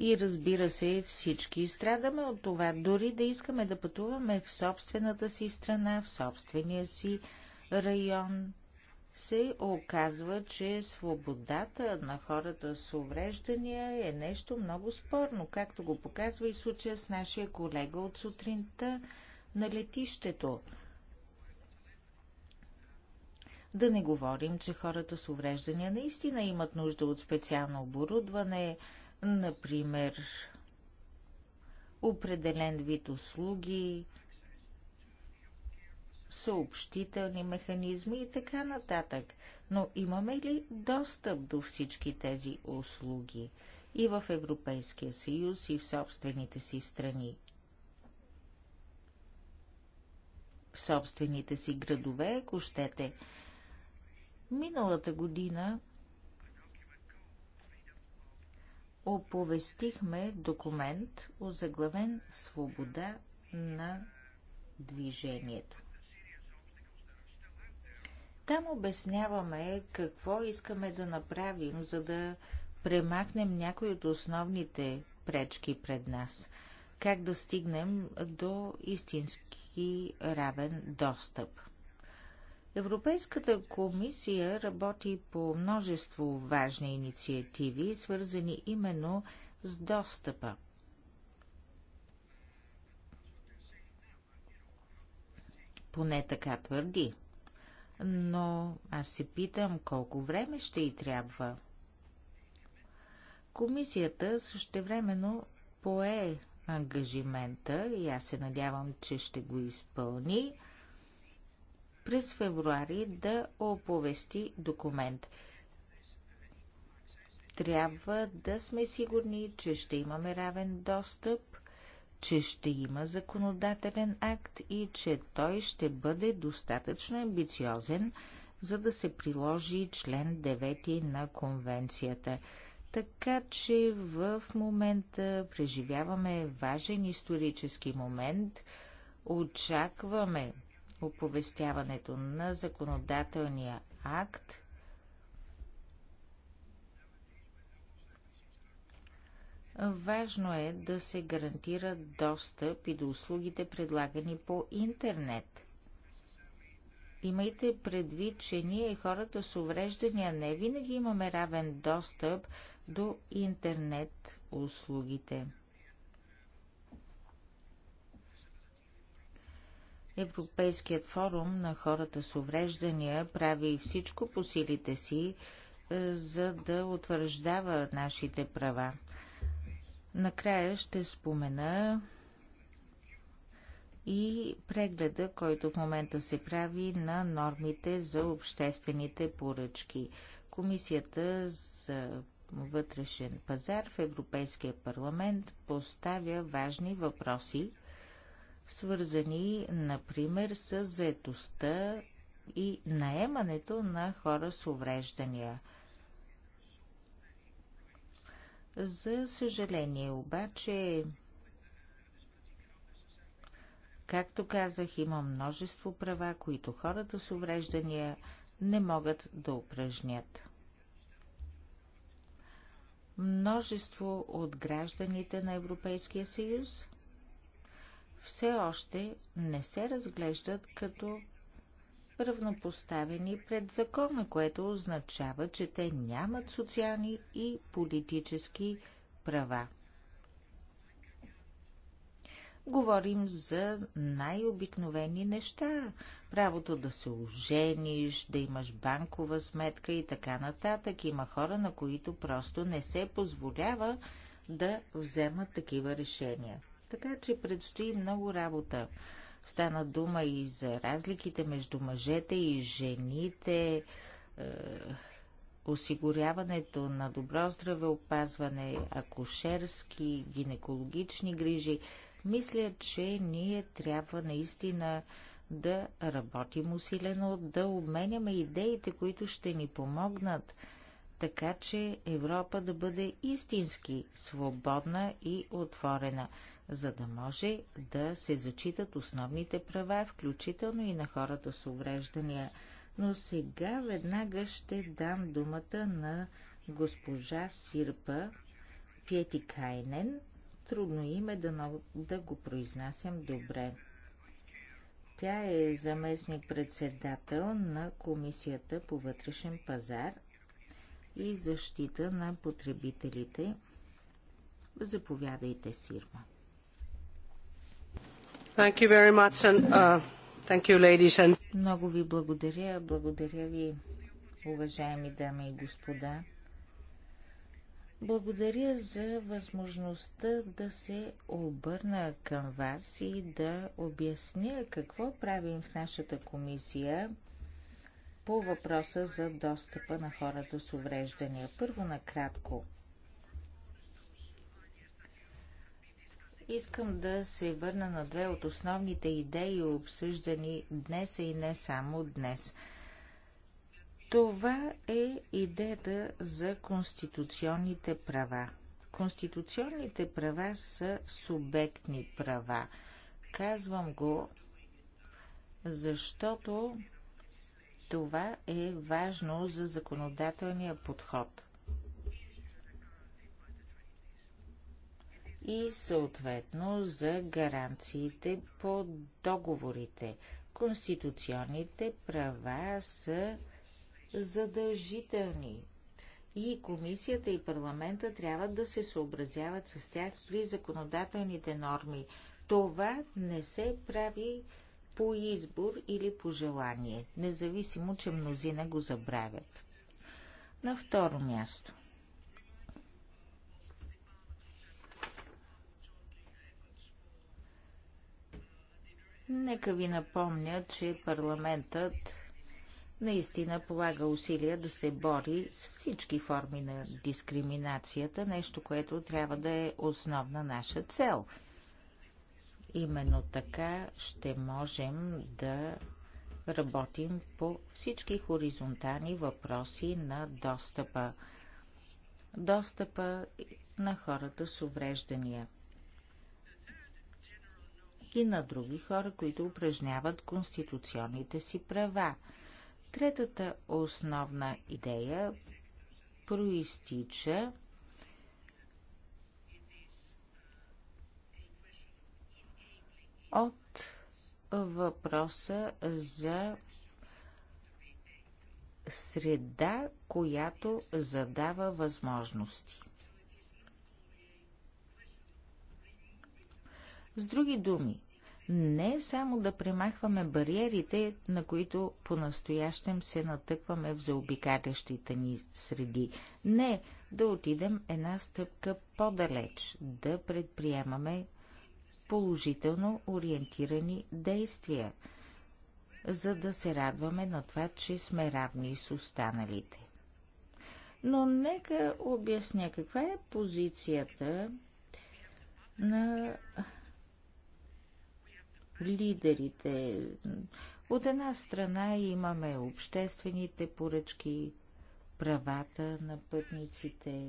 И разбира се, всички страдаме от това, дори да искаме да пътуваме в собствената си страна, в собствения си район, се оказва, че свободата на хората с увреждания е нещо много спорно, както го показва и случая с нашия колега от сутринта на летището. Да не говорим, че хората с увреждания наистина имат нужда от специално оборудване, например определен вид услуги, съобщителни механизми и така нататък. Но имаме ли достъп до всички тези услуги и в Европейския съюз, и в собствените си страни? В собствените си градове, ако щете. Миналата година оповестихме документ, озаглавен Свобода на движението. Там обясняваме какво искаме да направим, за да премахнем някои от основните пречки пред нас. Как да стигнем до истински равен достъп. Европейската комисия работи по множество важни инициативи, свързани именно с достъпа. Поне така твърди но аз се питам колко време ще й трябва. Комисията същевременно пое ангажимента и аз се надявам, че ще го изпълни през февруари да оповести документ. Трябва да сме сигурни, че ще имаме равен достъп че ще има законодателен акт и че той ще бъде достатъчно амбициозен, за да се приложи член 9 на конвенцията. Така че в момента преживяваме важен исторически момент. Очакваме оповестяването на законодателния акт Важно е да се гарантира достъп и до услугите предлагани по интернет. Имайте предвид, че ние хората с увреждания не винаги имаме равен достъп до интернет услугите. Европейският форум на хората с увреждания прави всичко по силите си, е, за да утвърждава нашите права. Накрая ще спомена и прегледа, който в момента се прави на нормите за обществените поръчки. Комисията за вътрешен пазар в Европейския парламент поставя важни въпроси, свързани, например, с заетостта и наемането на хора с увреждания. За съжаление обаче, както казах, има множество права, които хората с увреждания не могат да упражнят. Множество от гражданите на Европейския съюз все още не се разглеждат като равнопоставени пред закона, което означава, че те нямат социални и политически права. Говорим за най-обикновени неща. Правото да се ожениш, да имаш банкова сметка и така нататък. Има хора, на които просто не се позволява да вземат такива решения. Така че предстои много работа. Стана дума и за разликите между мъжете и жените, е, осигуряването на добро здравеопазване, акушерски, гинекологични грижи. Мисля, че ние трябва наистина да работим усилено, да обменяме идеите, които ще ни помогнат, така че Европа да бъде истински свободна и отворена за да може да се зачитат основните права, включително и на хората с увреждания. Но сега веднага ще дам думата на госпожа Сирпа Пети Кайнен. Трудно е име да, да го произнасям добре. Тя е заместник председател на Комисията по вътрешен пазар и защита на потребителите. Заповядайте, Сирма. Uh, Много ви благодаря. Благодаря ви, уважаеми дами и господа. Благодаря за възможността да се обърна към вас и да обясня какво правим в нашата комисия по въпроса за достъпа на хората с увреждания. Първо накратко – Искам да се върна на две от основните идеи, обсъждани днес и не само днес. Това е идеята за конституционните права. Конституционните права са субектни права. Казвам го, защото това е важно за законодателния подход – и съответно за гаранциите по договорите. Конституционните права са задължителни и комисията и парламента трябва да се съобразяват с тях при законодателните норми. Това не се прави по избор или по желание, независимо, че мнозина го забравят. На второ място. Нека ви напомня, че парламентът наистина полага усилия да се бори с всички форми на дискриминацията, нещо, което трябва да е основна наша цел. Именно така ще можем да работим по всички хоризонтални въпроси на достъпа. Достъпа на хората с увреждания – и на други хора, които упражняват конституционните си права. Третата основна идея проистича от въпроса за среда, която задава възможности. С други думи, не само да премахваме бариерите, на които по-настоящем се натъкваме в заобикалящите ни среди. Не, да отидем една стъпка по-далеч, да предприемаме положително ориентирани действия, за да се радваме на това, че сме равни с останалите. Но нека обясня каква е позицията на лидерите. От една страна имаме обществените поръчки, правата на пътниците,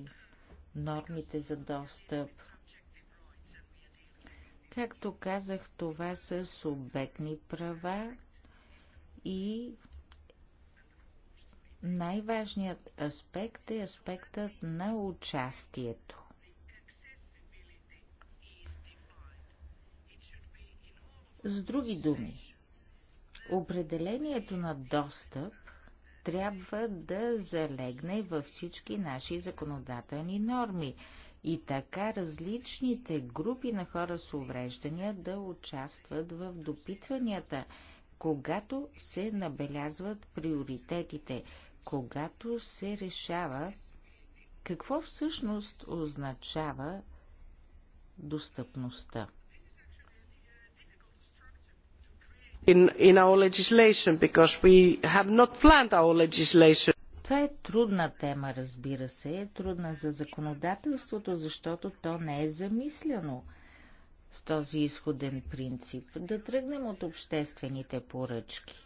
нормите за достъп. Както казах, това са субектни права и най-важният аспект е аспектът на участието. С други думи, определението на достъп трябва да залегне във всички наши законодателни норми и така различните групи на хора с увреждания да участват в допитванията, когато се набелязват приоритетите, когато се решава какво всъщност означава достъпността. in our legislation because we have not planned our legislation. Това е трудна тема, разбира се. Е трудна за законодателството, защото то не е замислено с този изходен принцип. Да тръгнем от обществените поръчки.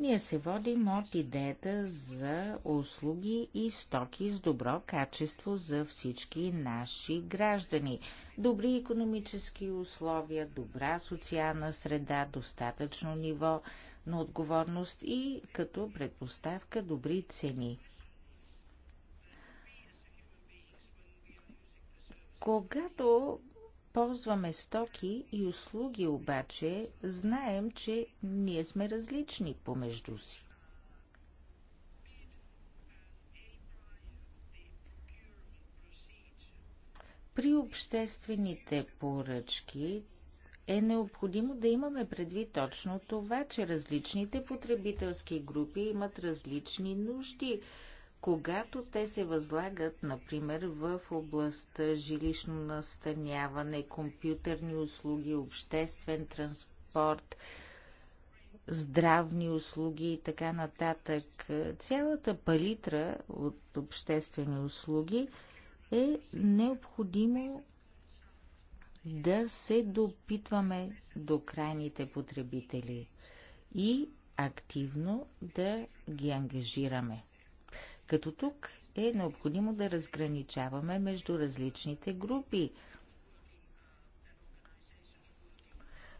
Ние се водим от идеята за услуги и стоки с добро качество за всички наши граждани. Добри економически условия, добра социална среда, достатъчно ниво на отговорност и като предпоставка добри цени. Когато ползваме стоки и услуги, обаче знаем, че ние сме различни помежду си. При обществените поръчки е необходимо да имаме предвид точно това, че различните потребителски групи имат различни нужди. Когато те се възлагат, например, в областта жилищно настаняване, компютърни услуги, обществен транспорт, здравни услуги и така нататък, цялата палитра от обществени услуги е необходимо да се допитваме до крайните потребители и активно да ги ангажираме. Като тук е необходимо да разграничаваме между различните групи.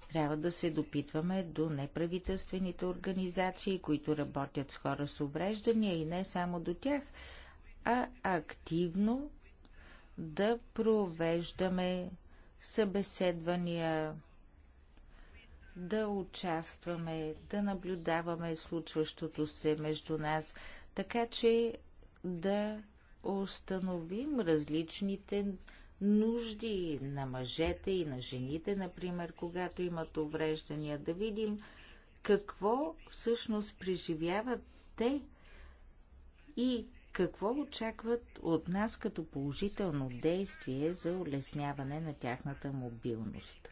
Трябва да се допитваме до неправителствените организации, които работят с хора с увреждания и не само до тях, а активно да провеждаме събеседвания, да участваме, да наблюдаваме случващото се между нас – така че да установим различните нужди на мъжете и на жените, например, когато имат увреждания, да видим какво всъщност преживяват те и какво очакват от нас като положително действие за улесняване на тяхната мобилност.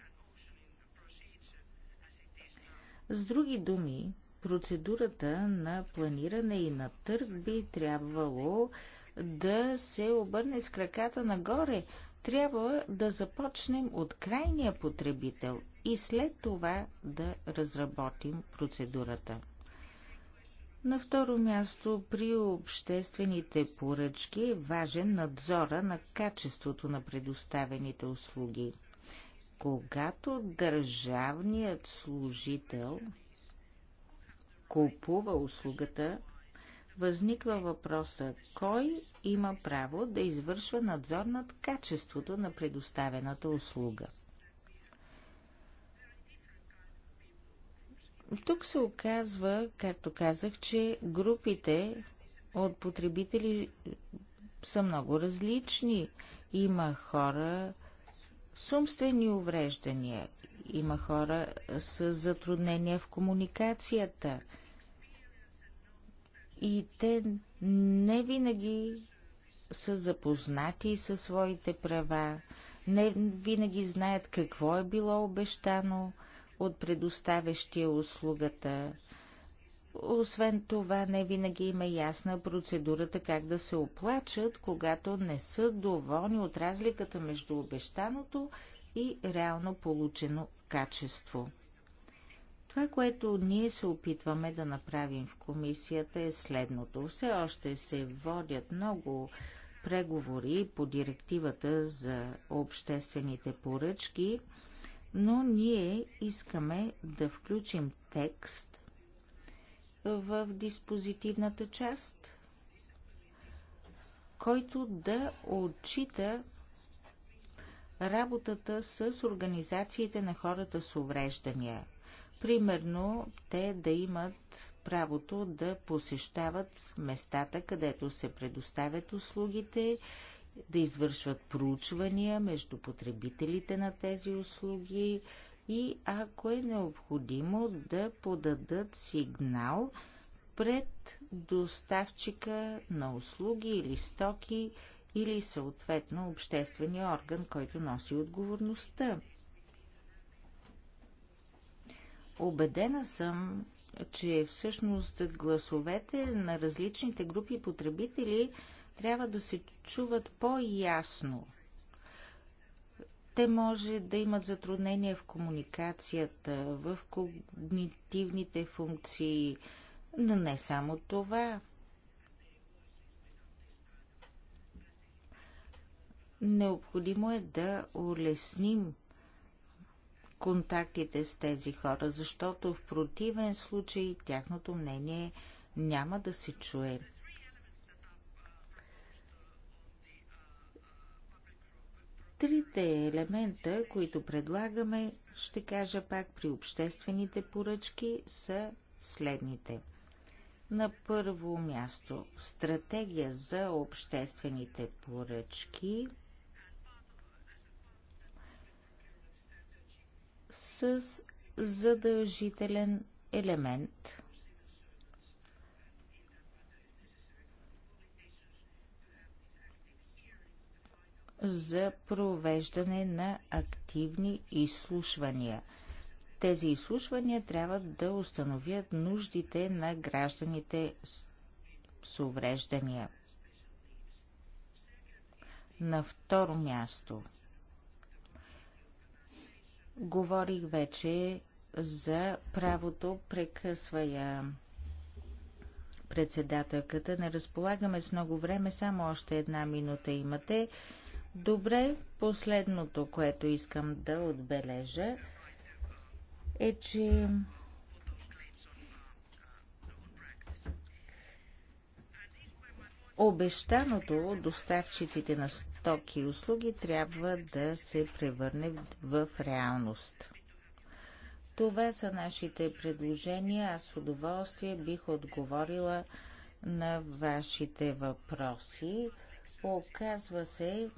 С други думи, Процедурата на планиране и на търг би трябвало да се обърне с краката нагоре. Трябва да започнем от крайния потребител и след това да разработим процедурата. На второ място при обществените поръчки е важен надзора на качеството на предоставените услуги. Когато държавният служител купува услугата, възниква въпроса кой има право да извършва надзор над качеството на предоставената услуга. Тук се оказва, както казах, че групите от потребители са много различни. Има хора с умствени увреждания, има хора с затруднения в комуникацията. И те не винаги са запознати със своите права, не винаги знаят какво е било обещано от предоставящия услугата. Освен това, не винаги има ясна процедурата как да се оплачат, когато не са доволни от разликата между обещаното и реално получено качество. Това, което ние се опитваме да направим в комисията е следното. Все още се водят много преговори по директивата за обществените поръчки, но ние искаме да включим текст в диспозитивната част, който да отчита работата с организациите на хората с увреждания. Примерно, те да имат правото да посещават местата, където се предоставят услугите, да извършват проучвания между потребителите на тези услуги и, ако е необходимо, да подадат сигнал пред доставчика на услуги или стоки, или съответно обществения орган, който носи отговорността. Обедена съм, че всъщност гласовете на различните групи потребители трябва да се чуват по-ясно. Те може да имат затруднения в комуникацията, в когнитивните функции, но не само това. Необходимо е да улесним контактите с тези хора, защото в противен случай тяхното мнение няма да се чуе. Трите елемента, които предлагаме, ще кажа пак при обществените поръчки, са следните. На първо място стратегия за обществените поръчки – с задължителен елемент. за провеждане на активни изслушвания. Тези изслушвания трябва да установят нуждите на гражданите с увреждания. На второ място – Говорих вече за правото прекъсва председателката. Не разполагаме с много време, само още една минута имате. Добре, последното, което искам да отбележа е, че обещаното доставчиците на стоки и услуги трябва да се превърне в реалност. Това са нашите предложения. Аз с удоволствие бих отговорила на вашите въпроси. Оказва се,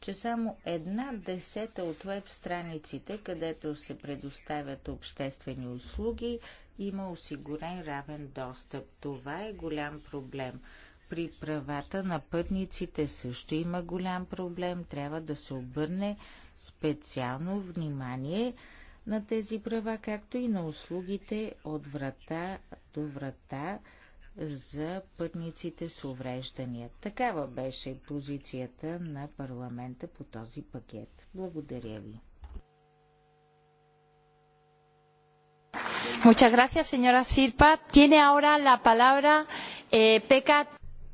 че само една десета от веб страниците, където се предоставят обществени услуги, има осигурен равен достъп. Това е голям проблем. При правата на пътниците също има голям проблем. Трябва да се обърне специално внимание на тези права, както и на услугите от врата до врата за пътниците с увреждания. Такава беше позицията на парламента по този пакет. Благодаря ви. Muchas gracias, señora Sirpa. Tiene ahora la palabra eh, Pekat.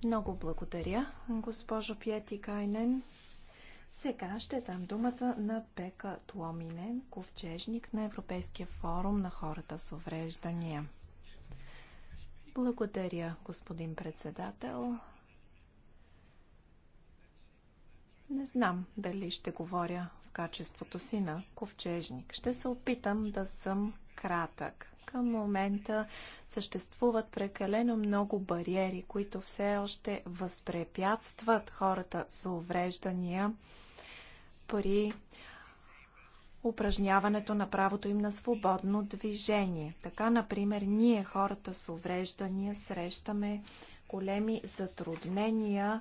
Много благодаря, госпожо Пети Кайнен. Сега ще дам думата на Пека Туоминен, ковчежник на Европейския форум на хората с увреждания. Благодаря, господин председател. Не знам дали ще говоря в качеството си на ковчежник. Ще се опитам да съм кратък. Към момента съществуват прекалено много бариери, които все още възпрепятстват хората с увреждания при упражняването на правото им на свободно движение. Така, например, ние, хората с увреждания, срещаме големи затруднения,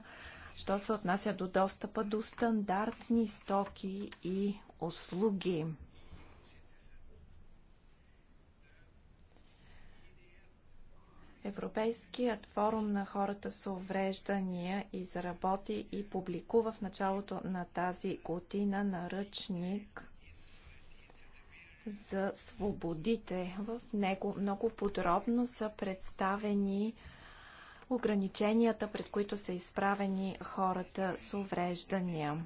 що се отнася до достъпа до стандартни стоки и услуги. Европейският форум на хората с увреждания изработи и публикува в началото на тази година наръчник за свободите. В него много подробно са представени ограниченията, пред които са изправени хората с увреждания.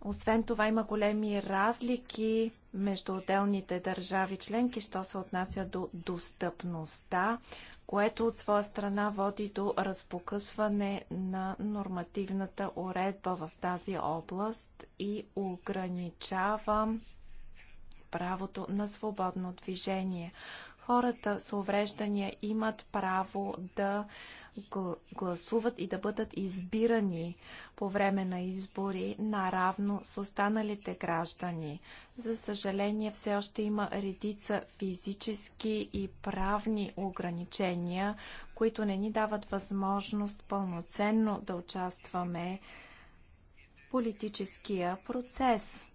Освен това има големи разлики между отделните държави членки, що се отнася до достъпността, което от своя страна води до разпокъсване на нормативната уредба в тази област и ограничава правото на свободно движение. Хората с увреждания имат право да гласуват и да бъдат избирани по време на избори наравно с останалите граждани. За съжаление, все още има редица физически и правни ограничения, които не ни дават възможност пълноценно да участваме в политическия процес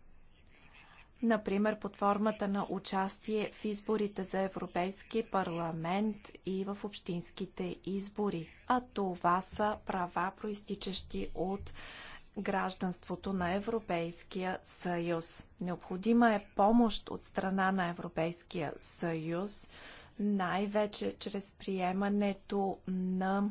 например под формата на участие в изборите за Европейски парламент и в общинските избори. А това са права, проистичащи от гражданството на Европейския съюз. Необходима е помощ от страна на Европейския съюз, най-вече чрез приемането на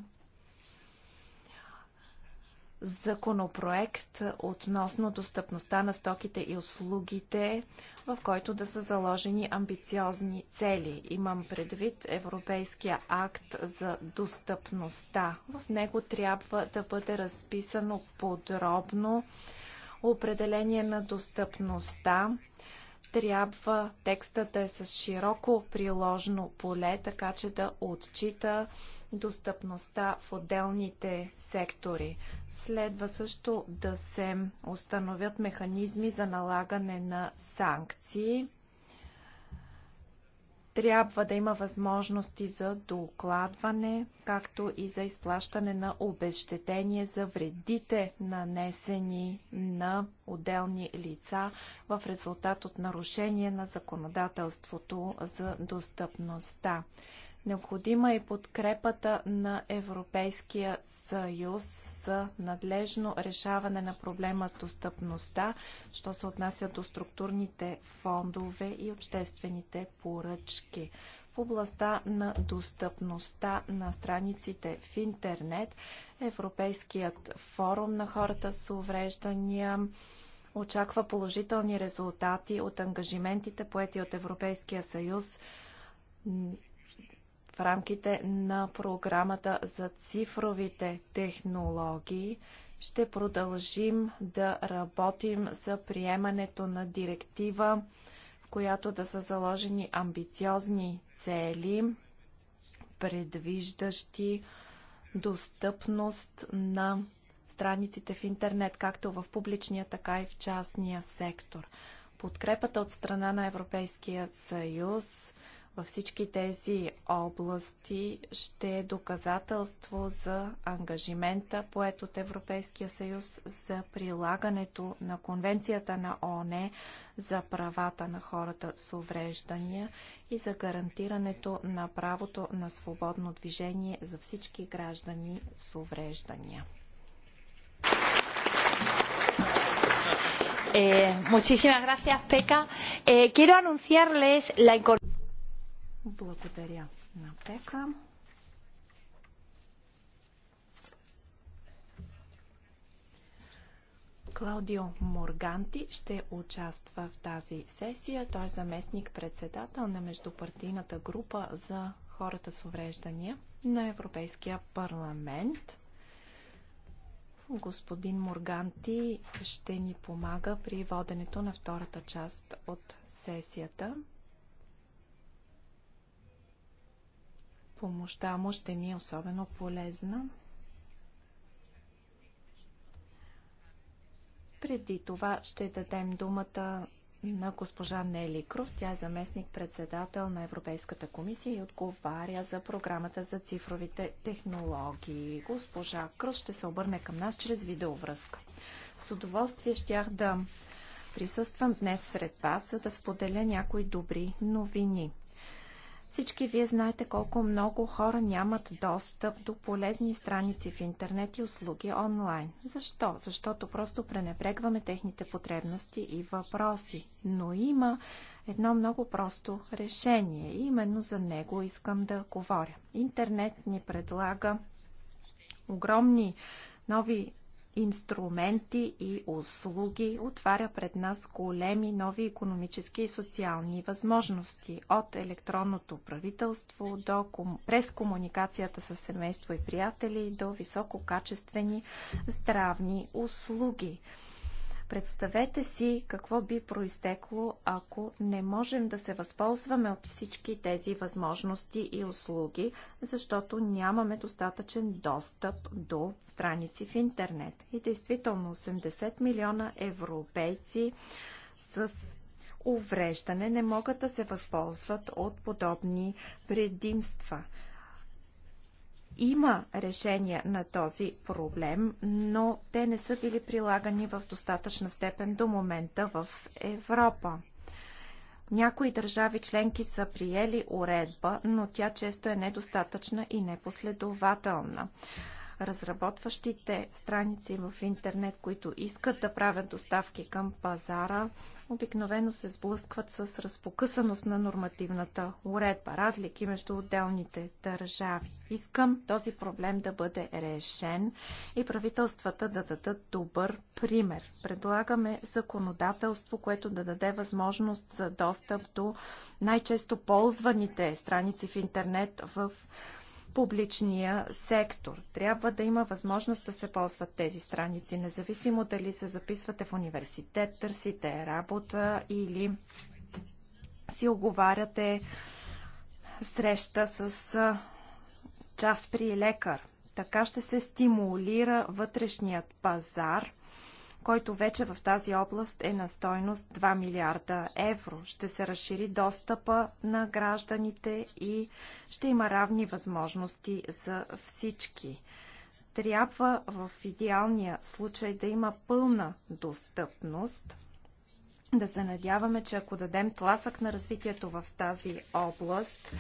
законопроект относно достъпността на стоките и услугите, в който да са заложени амбициозни цели. Имам предвид Европейския акт за достъпността. В него трябва да бъде разписано подробно определение на достъпността. Трябва текстът да е с широко приложно поле, така че да отчита достъпността в отделните сектори. Следва също да се установят механизми за налагане на санкции. Трябва да има възможности за докладване, както и за изплащане на обещетение за вредите, нанесени на отделни лица в резултат от нарушение на законодателството за достъпността. Необходима е подкрепата на Европейския съюз за надлежно решаване на проблема с достъпността, що се отнася до структурните фондове и обществените поръчки. В областта на достъпността на страниците в интернет, Европейският форум на хората с увреждания, очаква положителни резултати от ангажиментите, поети от Европейския съюз в рамките на програмата за цифровите технологии ще продължим да работим за приемането на директива, в която да са заложени амбициозни цели, предвиждащи достъпност на страниците в интернет, както в публичния, така и в частния сектор. Подкрепата от страна на Европейския съюз във всички тези области ще е доказателство за ангажимента, поет от Европейския съюз за прилагането на Конвенцията на ООН за правата на хората с увреждания и за гарантирането на правото на свободно движение за всички граждани с увреждания. Eh, muchísimas gracias, Peca. Eh, quiero anunciarles la благодаря на Пека. Клаудио Морганти ще участва в тази сесия. Той е заместник-председател на Междупартийната група за хората с увреждания на Европейския парламент. Господин Морганти ще ни помага при воденето на втората част от сесията. Помощта му ще ми е особено полезна. Преди това ще дадем думата на госпожа Нели Крус. Тя е заместник-председател на Европейската комисия и отговаря за програмата за цифровите технологии. Госпожа Крус ще се обърне към нас чрез видеовръзка. С удоволствие щях да присъствам днес сред вас, за да споделя някои добри новини. Всички вие знаете колко много хора нямат достъп до полезни страници в интернет и услуги онлайн. Защо? Защото просто пренебрегваме техните потребности и въпроси. Но има едно много просто решение и именно за него искам да говоря. Интернет ни предлага огромни нови инструменти и услуги отваря пред нас големи нови економически и социални възможности от електронното правителство до ком... през комуникацията с семейство и приятели до висококачествени здравни услуги. Представете си какво би произтекло, ако не можем да се възползваме от всички тези възможности и услуги, защото нямаме достатъчен достъп до страници в интернет. И действително 80 милиона европейци с увреждане не могат да се възползват от подобни предимства. Има решения на този проблем, но те не са били прилагани в достатъчна степен до момента в Европа. Някои държави членки са приели уредба, но тя често е недостатъчна и непоследователна разработващите страници в интернет, които искат да правят доставки към пазара, обикновено се сблъскват с разпокъсаност на нормативната уредба, разлики между отделните държави. Искам този проблем да бъде решен и правителствата да дадат добър пример. Предлагаме законодателство, което да даде възможност за достъп до най-често ползваните страници в интернет в публичния сектор. Трябва да има възможност да се ползват тези страници, независимо дали се записвате в университет, търсите работа или си оговаряте среща с час при лекар. Така ще се стимулира вътрешният пазар – който вече в тази област е на стойност 2 милиарда евро. Ще се разшири достъпа на гражданите и ще има равни възможности за всички. Трябва в идеалния случай да има пълна достъпност. Да се надяваме, че ако дадем тласък на развитието в тази област,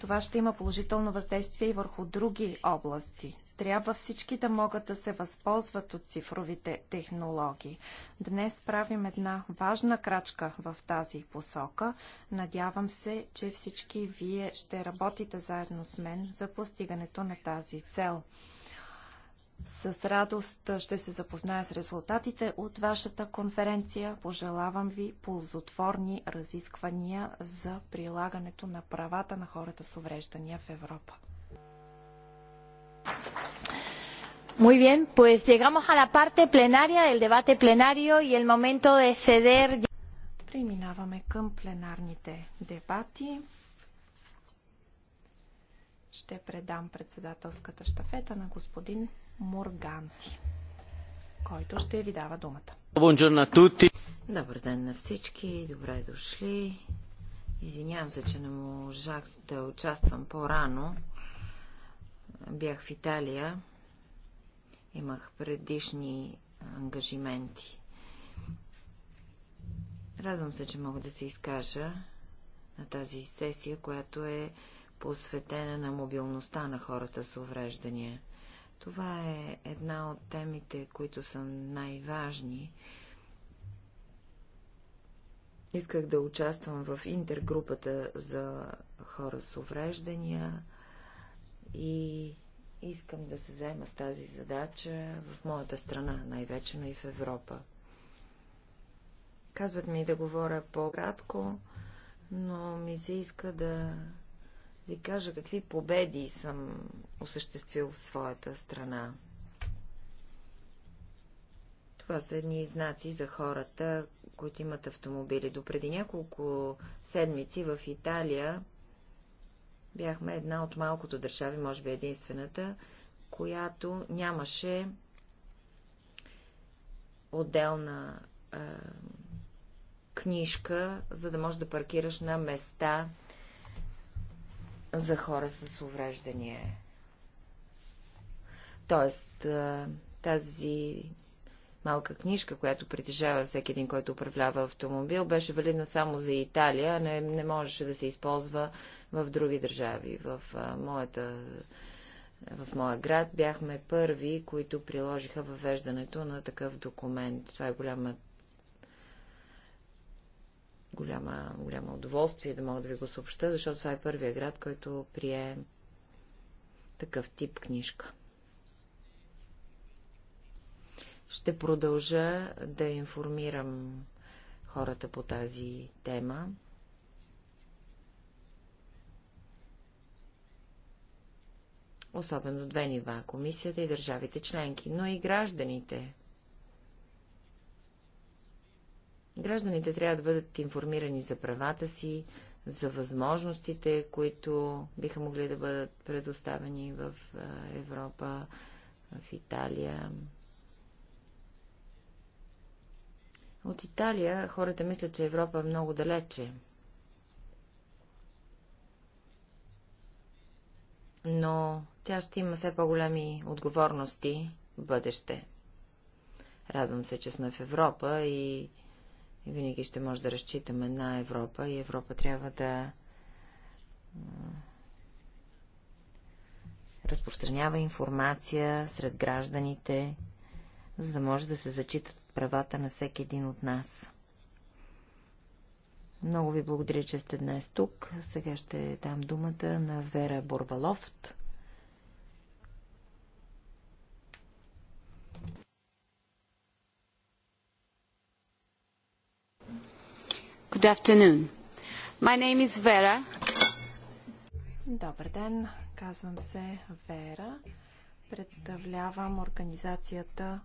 това ще има положително въздействие и върху други области. Трябва всички да могат да се възползват от цифровите технологии. Днес правим една важна крачка в тази посока. Надявам се, че всички вие ще работите заедно с мен за постигането на тази цел. С радост ще се запозная с резултатите от вашата конференция. Пожелавам ви ползотворни разисквания за прилагането на правата на хората с увреждания в Европа. Muy bien, pues llegamos a la parte plenaria del debate plenario y el momento de ceder. Преминаваме към пленарните дебати. Ще предам председателската щафета на господин Морганти, който ще ви дава думата. Добър ден на всички, добре дошли. Извинявам се, че не можах да участвам по-рано. Бях в Италия Имах предишни ангажименти. Радвам се, че мога да се изкажа на тази сесия, която е посветена на мобилността на хората с увреждания. Това е една от темите, които са най-важни. Исках да участвам в интергрупата за хора с увреждания и Искам да се заема с тази задача в моята страна, най-вече, но и в Европа. Казват ми да говоря по-кратко, но ми се иска да ви кажа какви победи съм осъществил в своята страна. Това са едни знаци за хората, които имат автомобили. До преди няколко седмици в Италия Бяхме една от малкото държави, може би единствената, която нямаше отделна е, книжка, за да можеш да паркираш на места за хора с увреждания. Тоест, е, тази малка книжка, която притежава всеки един, който управлява автомобил, беше валидна само за Италия, а не, не можеше да се използва в други държави. В а, моята в моя град бяхме първи, които приложиха въвеждането на такъв документ. Това е голяма голяма, голямо удоволствие да мога да ви го съобща, защото това е първия град, който прие такъв тип книжка. Ще продължа да информирам хората по тази тема. Особено две нива – комисията и държавите членки, но и гражданите. Гражданите трябва да бъдат информирани за правата си, за възможностите, които биха могли да бъдат предоставени в Европа, в Италия, От Италия хората мислят, че Европа е много далече. Но тя ще има все по-големи отговорности в бъдеще. Радвам се, че сме в Европа и винаги ще може да разчитаме на Европа и Европа трябва да разпространява информация сред гражданите, за да може да се зачитат правата на всеки един от нас. Много ви благодаря, че сте днес тук. Сега ще дам думата на Вера Борбаловт. Good afternoon. My name is Vera. Добър ден, казвам се Вера. Представлявам организацията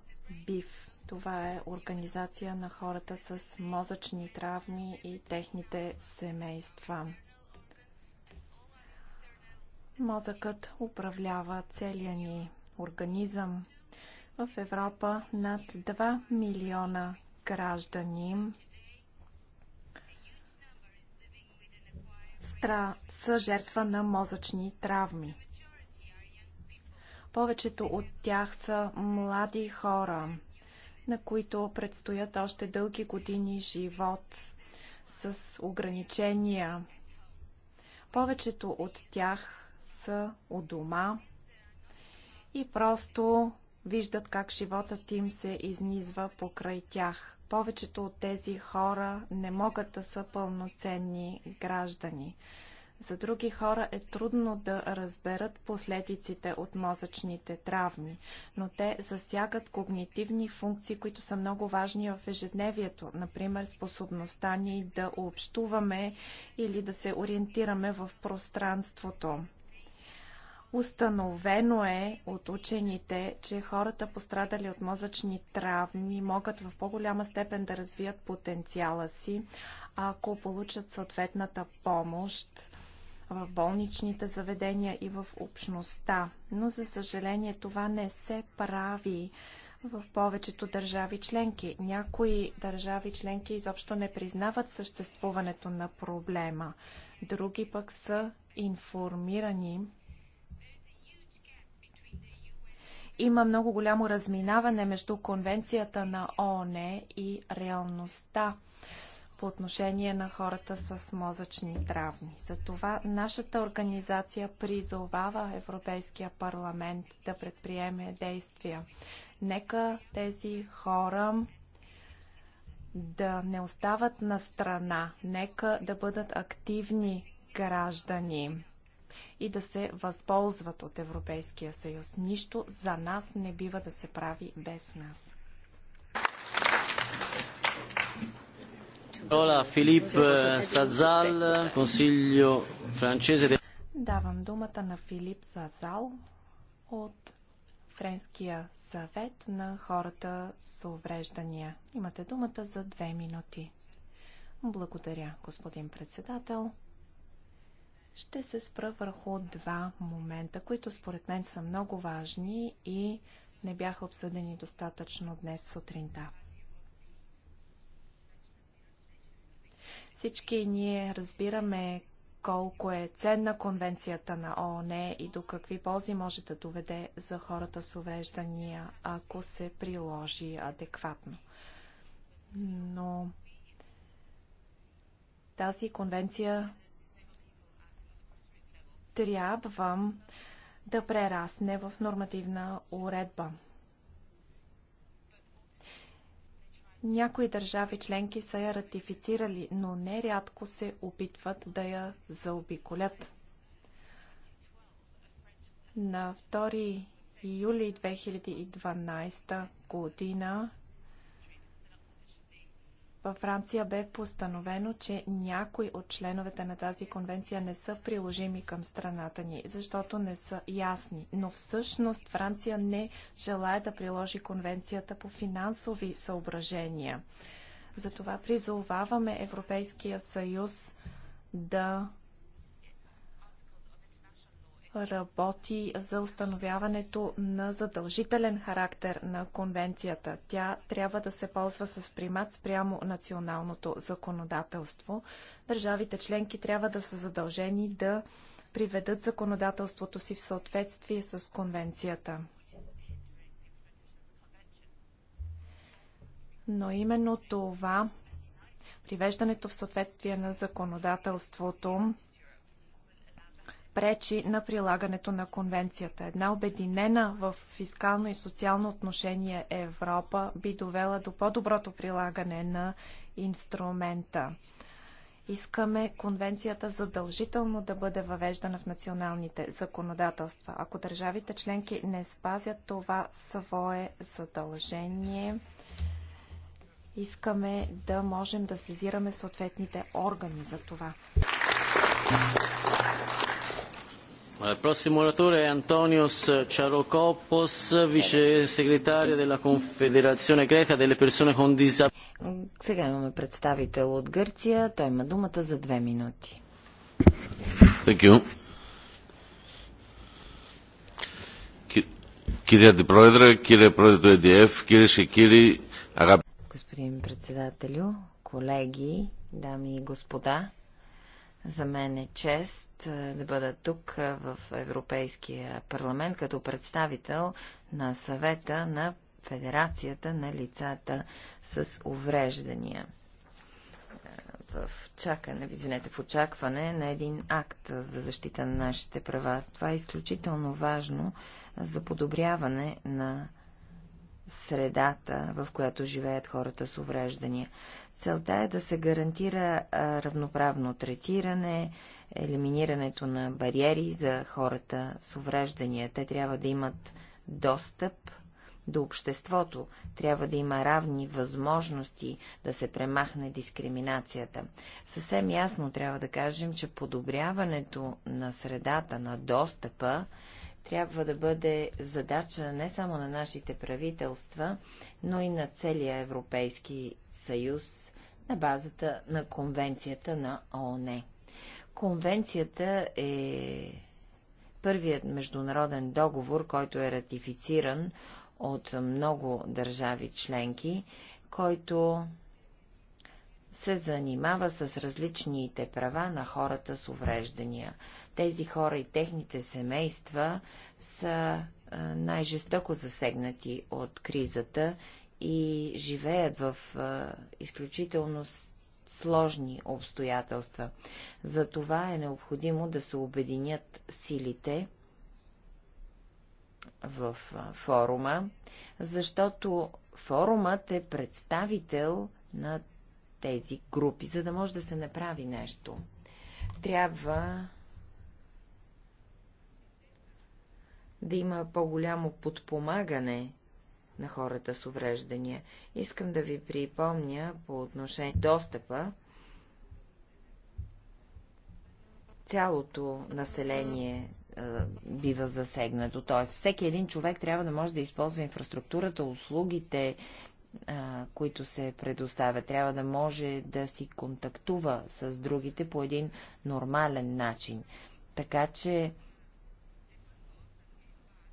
BIF това е организация на хората с мозъчни травми и техните семейства. Мозъкът управлява целия ни организъм. В Европа над 2 милиона граждани стра... са жертва на мозъчни травми. Повечето от тях са млади хора – на които предстоят още дълги години живот с ограничения. Повечето от тях са у дома и просто виждат как животът им се изнизва покрай тях. Повечето от тези хора не могат да са пълноценни граждани. За други хора е трудно да разберат последиците от мозъчните травми, но те засягат когнитивни функции, които са много важни в ежедневието, например способността ни да общуваме или да се ориентираме в пространството. Установено е от учените, че хората пострадали от мозъчни травми могат в по-голяма степен да развият потенциала си, ако получат съответната помощ в болничните заведения и в общността. Но, за съжаление, това не се прави в повечето държави членки. Някои държави членки изобщо не признават съществуването на проблема. Други пък са информирани. Има много голямо разминаване между конвенцията на ООН и реалността по отношение на хората с мозъчни травми. Затова нашата организация призовава Европейския парламент да предприеме действия. Нека тези хора да не остават на страна, нека да бъдат активни граждани и да се възползват от Европейския съюз. Нищо за нас не бива да се прави без нас. Eh, Давам думата на Филип Сазал от Френския съвет на хората с увреждания. Имате думата за две минути. Благодаря, господин председател. Ще се спра върху два момента, които според мен са много важни и не бяха обсъдени достатъчно днес сутринта. Всички ние разбираме колко е ценна конвенцията на ООН и до какви ползи може да доведе за хората с увреждания, ако се приложи адекватно. Но тази конвенция трябва да прерасне в нормативна уредба. Някои държави членки са я ратифицирали, но нерядко се опитват да я заобиколят. На 2 юли 2012 година във Франция бе постановено, че някои от членовете на тази конвенция не са приложими към страната ни, защото не са ясни. Но всъщност Франция не желая да приложи конвенцията по финансови съображения. Затова призоваваме Европейския съюз да работи за установяването на задължителен характер на конвенцията. Тя трябва да се ползва с примат спрямо националното законодателство. Държавите членки трябва да са задължени да приведат законодателството си в съответствие с конвенцията. Но именно това, привеждането в съответствие на законодателството, пречи на прилагането на конвенцията. Една обединена в фискално и социално отношение Европа би довела до по-доброто прилагане на инструмента. Искаме конвенцията задължително да бъде въвеждана в националните законодателства. Ако държавите членки не спазят това свое задължение, искаме да можем да сезираме съответните органи за това. Il prossimo oratore è Antonios Charokopos, vice segretario della Confederazione Greca delle persone con disabilità. Сега имаме представител от Гърция. Той има думата за две минути. Thank you. Κύριε Αντιπρόεδρε, κύριε Πρόεδρε του ΕΔΕΦ, κύριε και κύριοι, αγαπητοί. Господин председателю, колеги, дами и господа, за мен е чест е, да бъда тук е, в Европейския парламент като представител на съвета на Федерацията на лицата с увреждания. Е, в чакане, извинете, в очакване на един акт за защита на нашите права. Това е изключително важно за подобряване на средата, в която живеят хората с увреждания. Целта е да се гарантира равноправно третиране, елиминирането на бариери за хората с увреждания. Те трябва да имат достъп до обществото, трябва да има равни възможности да се премахне дискриминацията. Съвсем ясно трябва да кажем, че подобряването на средата на достъпа трябва да бъде задача не само на нашите правителства, но и на целия Европейски съюз на базата на Конвенцията на ООН. Конвенцията е първият международен договор, който е ратифициран от много държави членки, който се занимава с различните права на хората с увреждания. Тези хора и техните семейства са най-жестоко засегнати от кризата и живеят в изключително сложни обстоятелства. За това е необходимо да се обединят силите в форума, защото форумът е представител на тези групи, за да може да се направи нещо. Трябва да има по-голямо подпомагане на хората с увреждания. Искам да ви припомня по отношение достъпа цялото население е, бива засегнато. Т.е. всеки един човек трябва да може да използва инфраструктурата, услугите, е, които се предоставят. Трябва да може да си контактува с другите по един нормален начин. Така че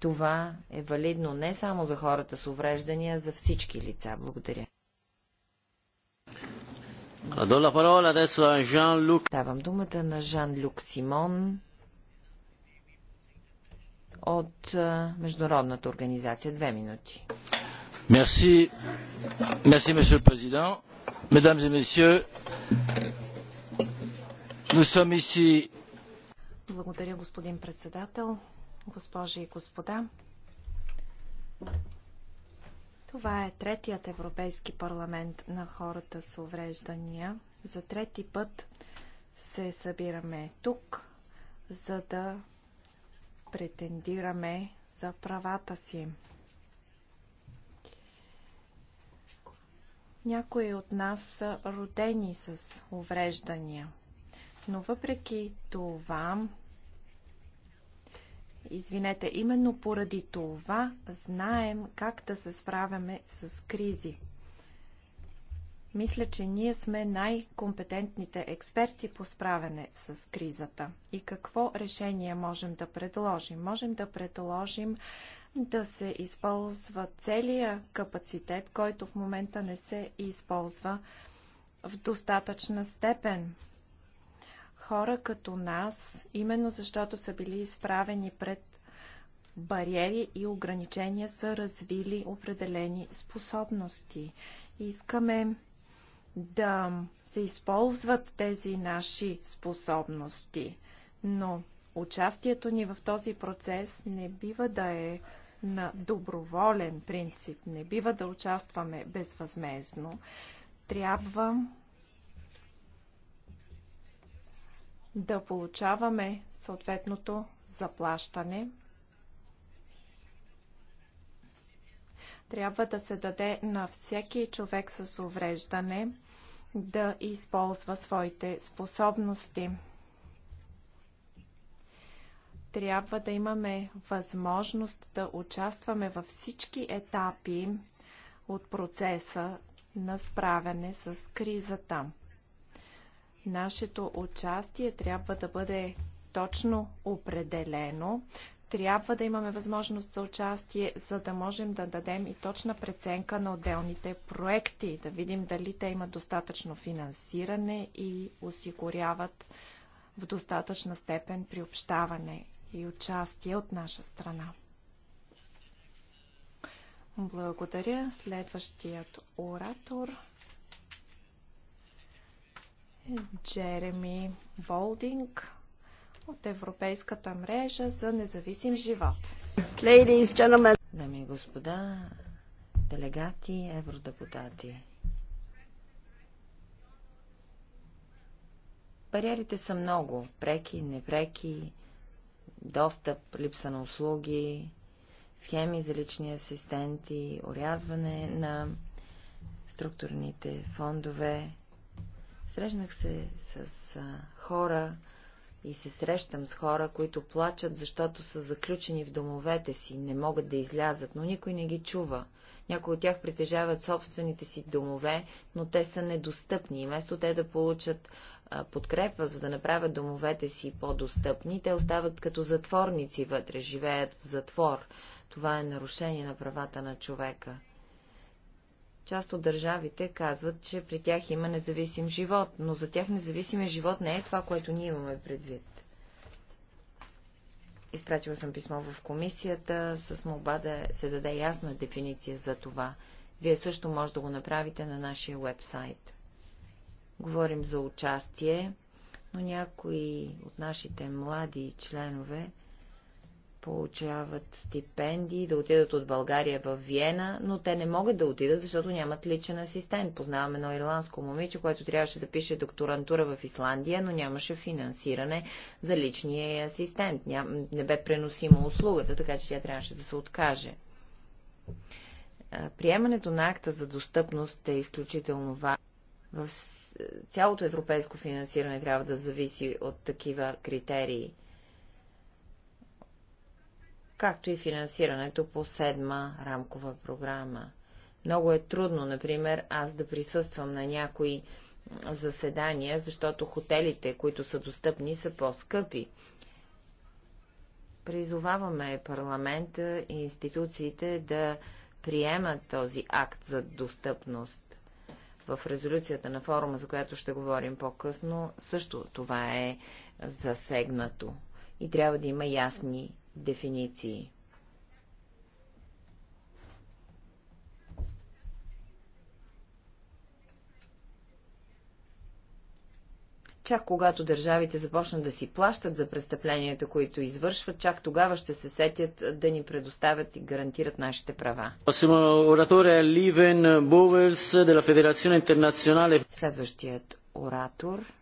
това е валидно не само за хората с увреждания, за всички лица. Благодаря. Давам думата на Жан-Люк Симон от Международната организация. Две минути. Merci, merci, Monsieur le Président. Mesdames et Messieurs, nous sommes ici. Благодаря, господин председател госпожи и господа. Това е третият Европейски парламент на хората с увреждания. За трети път се събираме тук, за да претендираме за правата си. Някои от нас са родени с увреждания, но въпреки това Извинете, именно поради това знаем как да се справяме с кризи. Мисля, че ние сме най-компетентните експерти по справяне с кризата. И какво решение можем да предложим? Можем да предложим да се използва целия капацитет, който в момента не се използва в достатъчна степен. Хора като нас, именно защото са били изправени пред бариери и ограничения, са развили определени способности. Искаме да се използват тези наши способности, но участието ни в този процес не бива да е на доброволен принцип, не бива да участваме безвъзмезно. Трябва да получаваме съответното заплащане. Трябва да се даде на всеки човек с увреждане да използва своите способности. Трябва да имаме възможност да участваме във всички етапи от процеса на справяне с кризата. Нашето участие трябва да бъде точно определено. Трябва да имаме възможност за участие, за да можем да дадем и точна преценка на отделните проекти, да видим дали те имат достатъчно финансиране и осигуряват в достатъчна степен приобщаване и участие от наша страна. Благодаря. Следващият оратор – Джереми Болдинг от Европейската мрежа за независим живот. Дами и господа, делегати, евродепутати. Бариерите са много. Преки, непреки, достъп, липса на услуги, схеми за лични асистенти, урязване на структурните фондове, Срещнах се с а, хора и се срещам с хора, които плачат, защото са заключени в домовете си, не могат да излязат, но никой не ги чува. Някои от тях притежават собствените си домове, но те са недостъпни. И вместо те да получат а, подкрепа, за да направят домовете си по-достъпни, те остават като затворници вътре, живеят в затвор. Това е нарушение на правата на човека. Част от държавите казват, че при тях има независим живот, но за тях независимия живот не е това, което ние имаме предвид. Изпратила съм писмо в комисията с молба да се даде ясна дефиниция за това. Вие също може да го направите на нашия вебсайт. Говорим за участие, но някои от нашите млади членове получават стипендии, да отидат от България в Виена, но те не могат да отидат, защото нямат личен асистент. Познавам едно ирландско момиче, което трябваше да пише докторантура в Исландия, но нямаше финансиране за личния асистент. Ням... Не бе преносима услугата, така че тя трябваше да се откаже. Приемането на акта за достъпност е изключително важно. В цялото европейско финансиране трябва да зависи от такива критерии както и финансирането по седма рамкова програма. Много е трудно, например, аз да присъствам на някои заседания, защото хотелите, които са достъпни, са по-скъпи. Призоваваме парламента и институциите да приемат този акт за достъпност. В резолюцията на форума, за която ще говорим по-късно, също това е засегнато. И трябва да има ясни дефиниции. Чак когато държавите започнат да си плащат за престъпленията, които извършват, чак тогава ще се сетят да ни предоставят и гарантират нашите права. Следващият оратор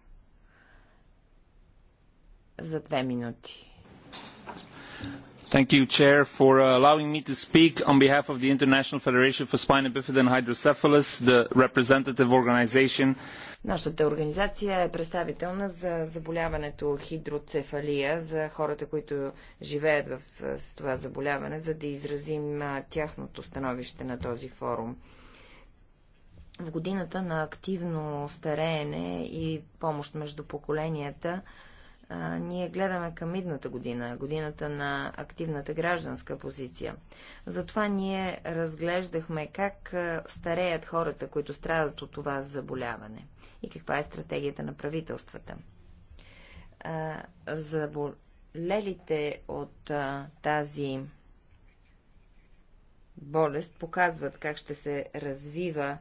за две минути. Thank you, Chair, for uh, allowing me to speak on behalf of the International Federation for Spina Bifida and Hydrocephalus, the representative organization. Нашата организация е представителна за заболяването хидроцефалия, за хората, които живеят в това заболяване, за да изразим тяхното становище на този форум. В годината на активно стареене и помощ между поколенията – а, ние гледаме към идната година, годината на активната гражданска позиция. Затова ние разглеждахме как стареят хората, които страдат от това заболяване и каква е стратегията на правителствата. А, заболелите от а, тази болест показват как ще се развива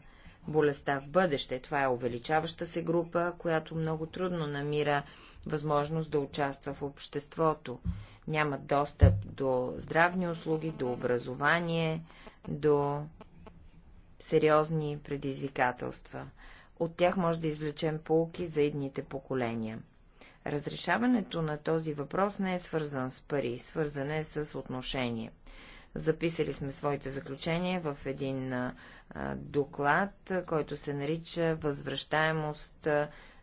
болестта в бъдеще. Това е увеличаваща се група, която много трудно намира възможност да участва в обществото. Нямат достъп до здравни услуги, до образование, до сериозни предизвикателства. От тях може да извлечем полки за едните поколения. Разрешаването на този въпрос не е свързан с пари, свързан е с отношение. Записали сме своите заключения в един а, доклад, който се нарича Възвръщаемост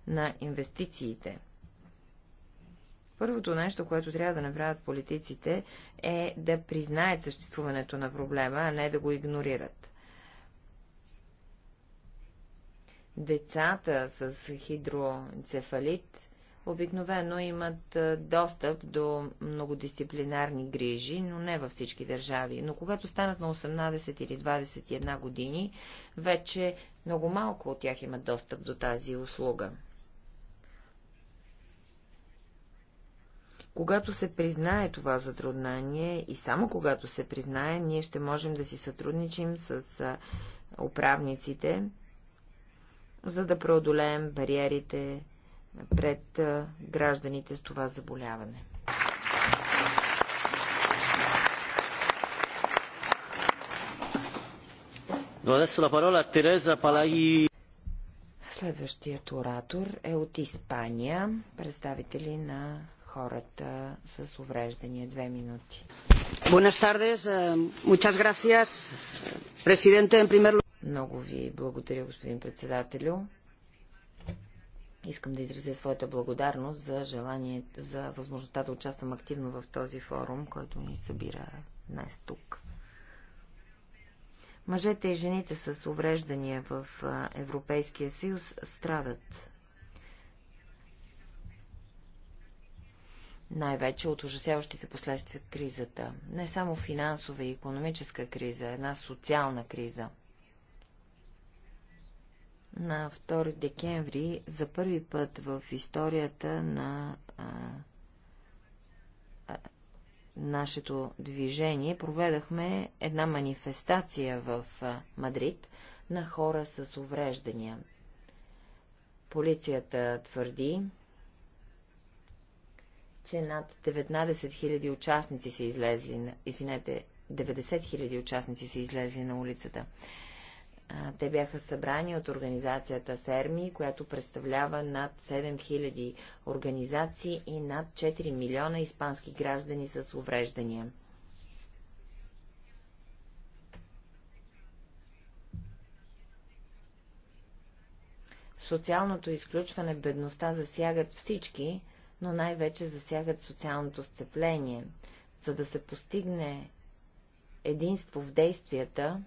на инвестициите. Първото нещо, което трябва да направят политиците, е да признаят съществуването на проблема, а не да го игнорират. Децата с хидроцефалит обикновено имат достъп до многодисциплинарни грижи, но не във всички държави. Но когато станат на 18 или 21 години, вече много малко от тях имат достъп до тази услуга. Когато се признае това затруднение и само когато се признае, ние ще можем да си сътрудничим с управниците, за да преодолеем бариерите пред гражданите с това заболяване. Следващият оратор е от Испания, представители на хората с увреждания. Две минути. Eh, Много ви благодаря, господин председателю. Искам да изразя своята благодарност за желание, за възможността да участвам активно в този форум, който ни събира днес тук. Мъжете и жените с увреждания в Европейския съюз страдат най-вече от ужасяващите последствия от кризата. Не само финансова и економическа криза, една социална криза. На 2 декември за първи път в историята на а, а, нашето движение проведахме една манифестация в а, Мадрид на хора с увреждания. Полицията твърди, че над 19 000 участници са излезли, извинете, 90 000 участници са излезли на улицата. Те бяха събрани от организацията СЕРМИ, която представлява над 7000 организации и над 4 милиона испански граждани с увреждания. Социалното изключване, бедността засягат всички, но най-вече засягат социалното сцепление. За да се постигне единство в действията,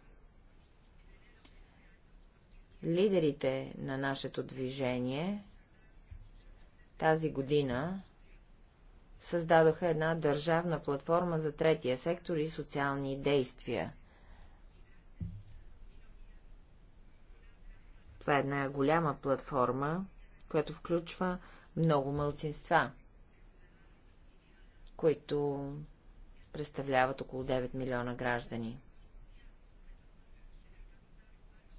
лидерите на нашето движение тази година създадоха една държавна платформа за третия сектор и социални действия. Това е една голяма платформа, която включва много мълцинства, които представляват около 9 милиона граждани.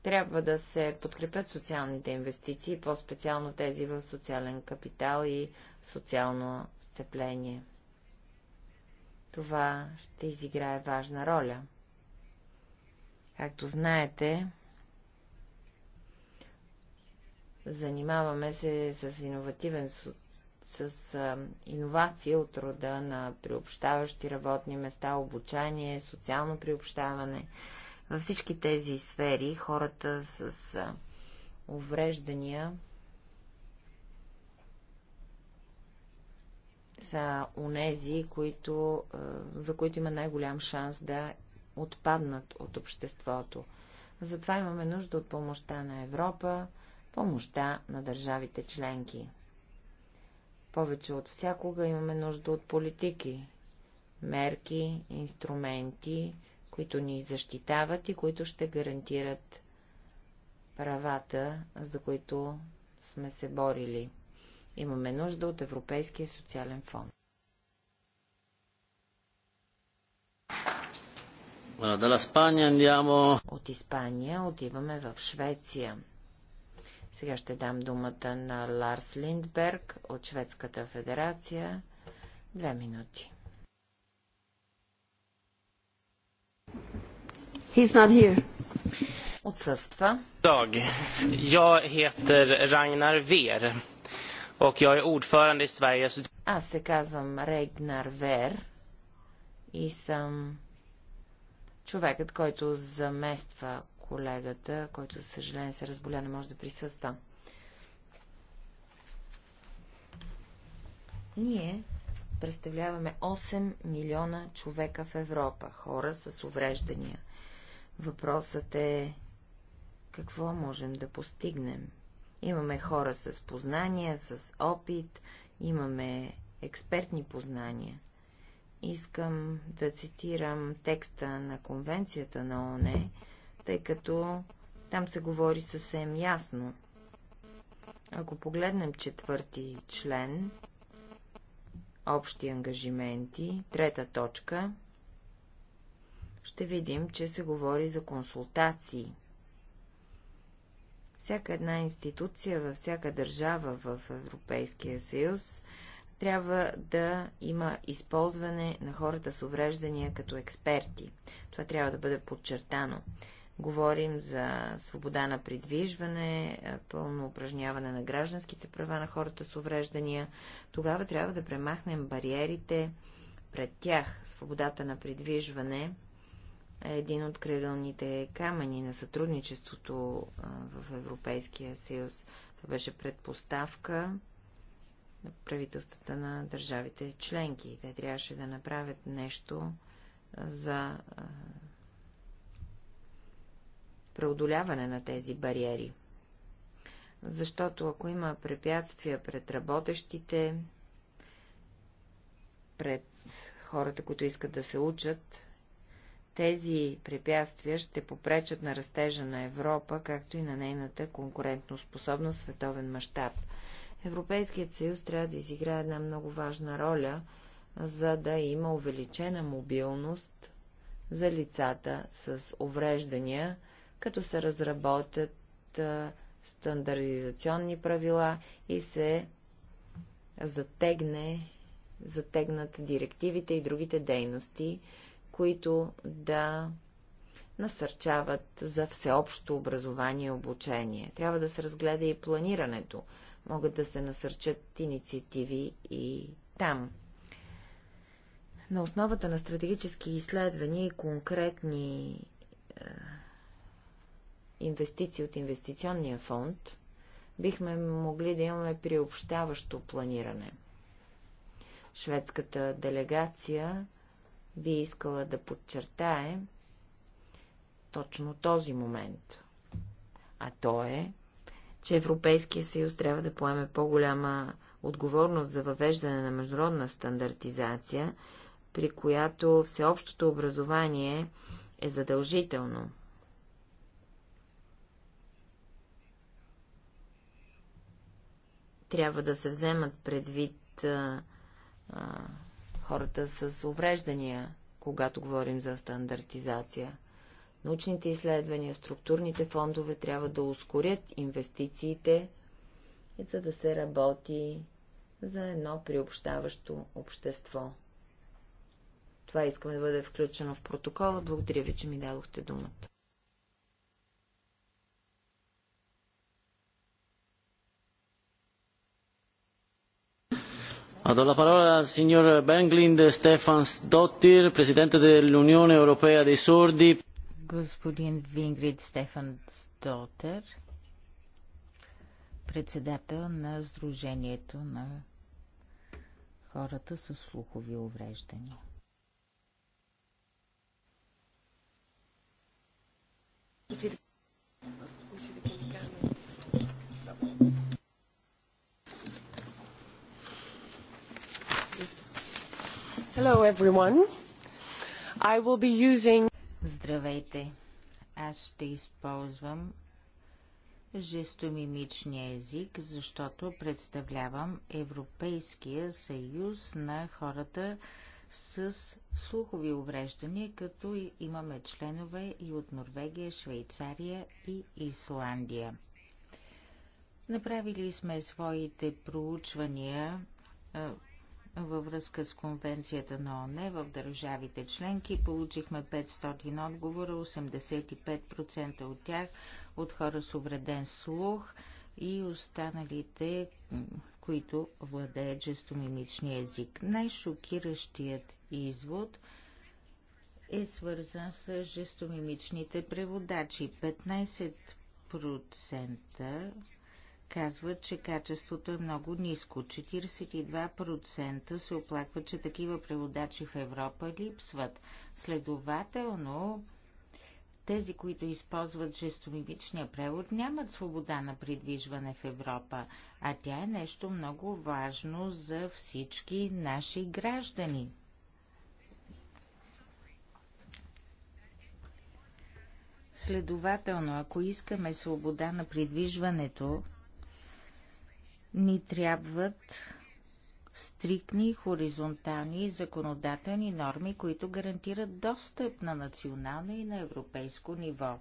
Трябва да се подкрепят социалните инвестиции, по-специално тези в социален капитал и социално сцепление. Това ще изиграе важна роля. Както знаете, Занимаваме се с иновативен с а, иновация от рода на приобщаващи работни места, обучание, социално приобщаване. Във всички тези сфери хората с а, увреждания са унези, които, а, за които има най-голям шанс да отпаднат от обществото. Затова имаме нужда от помощта на Европа, помощта на държавите членки. Повече от всякога имаме нужда от политики, мерки, инструменти, които ни защитават и които ще гарантират правата, за които сме се борили. Имаме нужда от Европейския социален фонд. От Испания отиваме в Швеция. Сега ще дам думата на Ларс Линдберг от Шведската федерация. Две минути. He's not here. Отсъства. Dag. Jag heter Ragnar Ver och jag är ordförande i Sveriges... Аз се казвам Регнар Вер и съм човекът, който замества колегата, който, за съжаление, се разболя, не може да присъства. Ние представляваме 8 милиона човека в Европа, хора с увреждания. Въпросът е какво можем да постигнем. Имаме хора с познания, с опит, имаме експертни познания. Искам да цитирам текста на Конвенцията на ОНЕ тъй като там се говори съвсем ясно. Ако погледнем четвърти член, общи ангажименти, трета точка, ще видим, че се говори за консултации. Всяка една институция във всяка държава в Европейския съюз трябва да има използване на хората с увреждания като експерти. Това трябва да бъде подчертано. Говорим за свобода на придвижване, е, пълно упражняване на гражданските права на хората с увреждания. Тогава трябва да премахнем бариерите пред тях. Свободата на придвижване е един от кръгълните камъни на сътрудничеството е, в Европейския съюз. Това беше предпоставка на правителствата на държавите членки. Те трябваше да направят нещо за е, преодоляване на тези бариери. Защото ако има препятствия пред работещите, пред хората, които искат да се учат, тези препятствия ще попречат на растежа на Европа, както и на нейната конкурентоспособна световен мащаб. Европейският съюз трябва да изиграе една много важна роля, за да има увеличена мобилност за лицата с увреждания като се разработят стандартизационни правила и се затегне, затегнат директивите и другите дейности, които да насърчават за всеобщо образование и обучение. Трябва да се разгледа и планирането. Могат да се насърчат инициативи и там. На основата на стратегически изследвания и конкретни инвестиции от инвестиционния фонд, бихме могли да имаме приобщаващо планиране. Шведската делегация би искала да подчертае точно този момент. А то е, че Европейския съюз трябва да поеме по-голяма отговорност за въвеждане на международна стандартизация, при която всеобщото образование е задължително. Трябва да се вземат предвид а, а, хората с увреждания, когато говорим за стандартизация. Научните изследвания, структурните фондове трябва да ускорят инвестициите, за да се работи за едно приобщаващо общество. Това искаме да бъде включено в протокола. Благодаря ви, че ми дадохте думата. Do la parola al signor Benglind Stefans Dottir, presidente dell'Unione Europea dei Sordi. Господин Вингрид Стефан Дотер, председател на Сдружението на хората с слухови увреждания. Thank you. Using... Здравейте! Аз ще използвам жестомимичния език, защото представлявам Европейския съюз на хората с слухови увреждания, като имаме членове и от Норвегия, Швейцария и Исландия. Направили сме своите проучвания във връзка с конвенцията на ОНЕ в държавите членки. Получихме 500 отговора, 85% от тях от хора с увреден слух и останалите, които владеят жестомимичния език. Най-шокиращият извод е свързан с жестомимичните преводачи. 15% казват, че качеството е много ниско. 42% се оплакват, че такива преводачи в Европа липсват. Следователно, тези, които използват жестомимичния превод, нямат свобода на придвижване в Европа, а тя е нещо много важно за всички наши граждани. Следователно, ако искаме свобода на придвижването, ни трябват стрикни хоризонтални законодателни норми, които гарантират достъп на национално и на европейско ниво.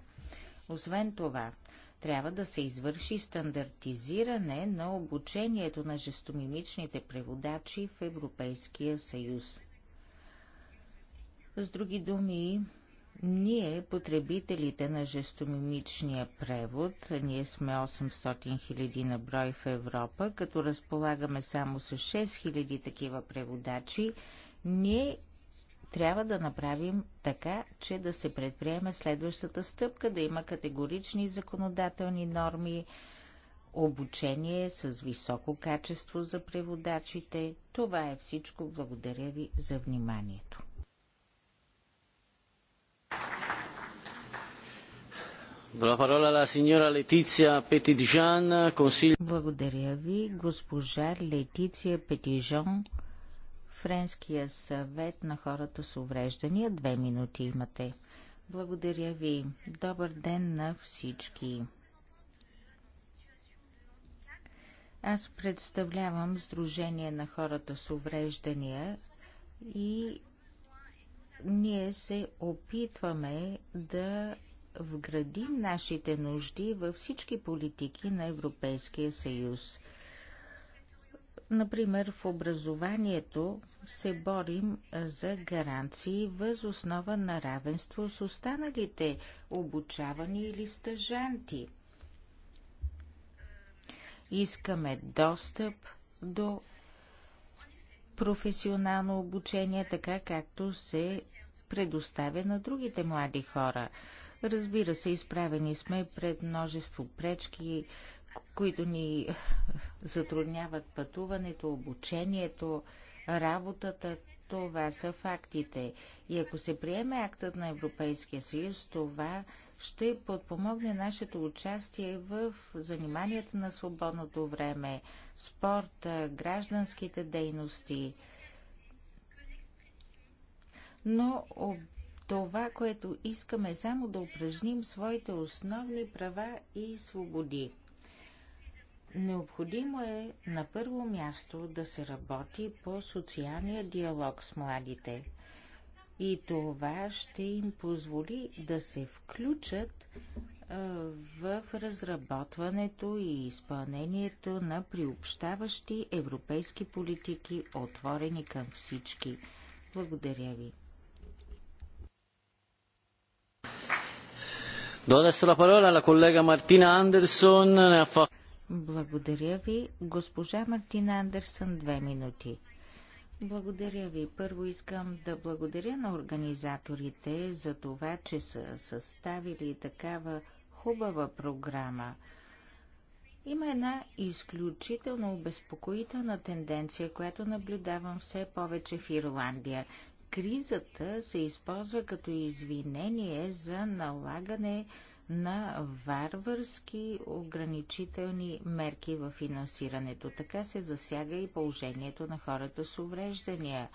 Освен това, трябва да се извърши стандартизиране на обучението на жестомимичните преводачи в Европейския съюз. С други думи, ние, потребителите на жестомимичния превод, ние сме 800 000 на брой в Европа, като разполагаме само с 6 000 такива преводачи, ние трябва да направим така, че да се предприеме следващата стъпка, да има категорични законодателни норми, обучение с високо качество за преводачите. Това е всичко. Благодаря ви за вниманието. Благодаря ви, госпожа Летиция Петижон, Френския съвет на хората с увреждания. Две минути имате. Благодаря ви. Добър ден на всички. Аз представлявам Сдружение на хората с увреждания и ние се опитваме да вградим нашите нужди във всички политики на Европейския съюз. Например, в образованието се борим за гаранции въз основа на равенство с останалите обучавани или стъжанти. Искаме достъп до професионално обучение, така както се предоставя на другите млади хора. Разбира се, изправени сме пред множество пречки, които ни затрудняват пътуването, обучението, работата, това са фактите. И ако се приеме актът на Европейския съюз, това ще подпомогне нашето участие в заниманията на свободното време, спорта, гражданските дейности. Но това, което искаме, е само да упражним своите основни права и свободи. Необходимо е на първо място да се работи по социалния диалог с младите. И това ще им позволи да се включат в разработването и изпълнението на приобщаващи европейски политики, отворени към всички. Благодаря ви. adesso la parola alla collega Martina Anderson. Благодаря ви. Госпожа Мартина Андерсън, две минути. Благодаря ви. Първо искам да благодаря на организаторите за това, че са съставили такава хубава програма. Има една изключително обезпокоителна тенденция, която наблюдавам все повече в Ирландия. Кризата се използва като извинение за налагане на варварски ограничителни мерки в финансирането. Така се засяга и положението на хората с увреждания.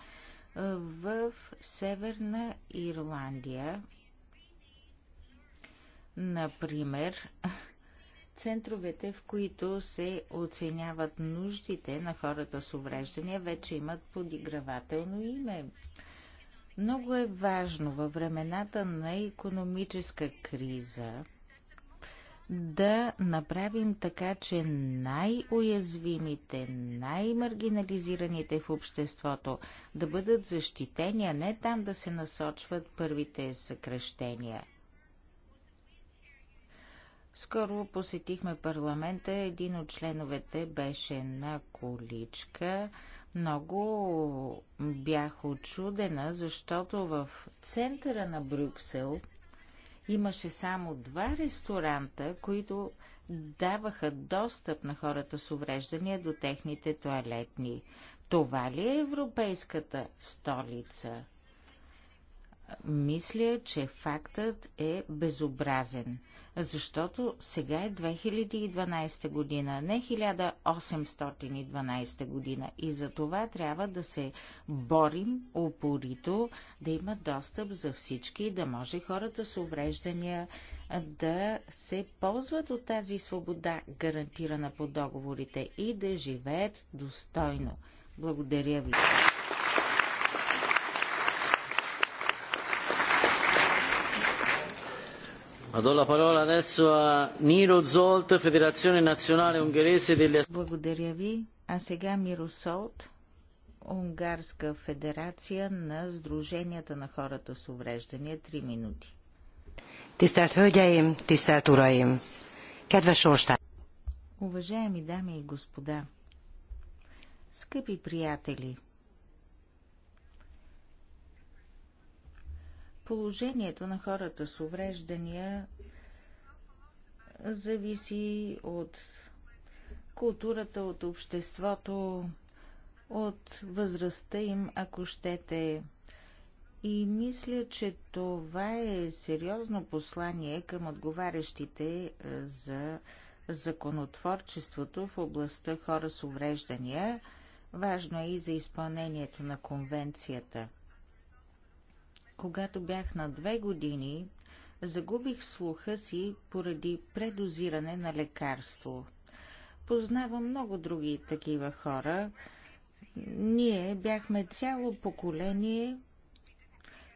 В Северна Ирландия, например, Центровете, в които се оценяват нуждите на хората с увреждания, вече имат подигравателно име. Много е важно във времената на економическа криза да направим така, че най-уязвимите, най-маргинализираните в обществото да бъдат защитени, а не там да се насочват първите съкръщения. Скоро посетихме парламента. Един от членовете беше на количка. Много бях очудена, защото в центъра на Брюксел имаше само два ресторанта, които даваха достъп на хората с увреждания до техните туалетни. Това ли е европейската столица? Мисля, че фактът е безобразен защото сега е 2012 година, не 1812 година и за това трябва да се борим упорито, да има достъп за всички, да може хората с увреждания да се ползват от тази свобода, гарантирана по договорите и да живеят достойно. Благодаря ви. Благодаря ви. А сега Миро Солт, Унгарска федерация на Сдруженията на хората с увреждания. Три минути. Тистат тистат Уважаеми дами и господа, скъпи приятели, Положението на хората с увреждания зависи от културата, от обществото, от възрастта им, ако щете. И мисля, че това е сериозно послание към отговарящите е, за законотворчеството в областта хора с увреждания. Важно е и за изпълнението на конвенцията – когато бях на две години, загубих слуха си поради предозиране на лекарство. Познавам много други такива хора. Ние бяхме цяло поколение,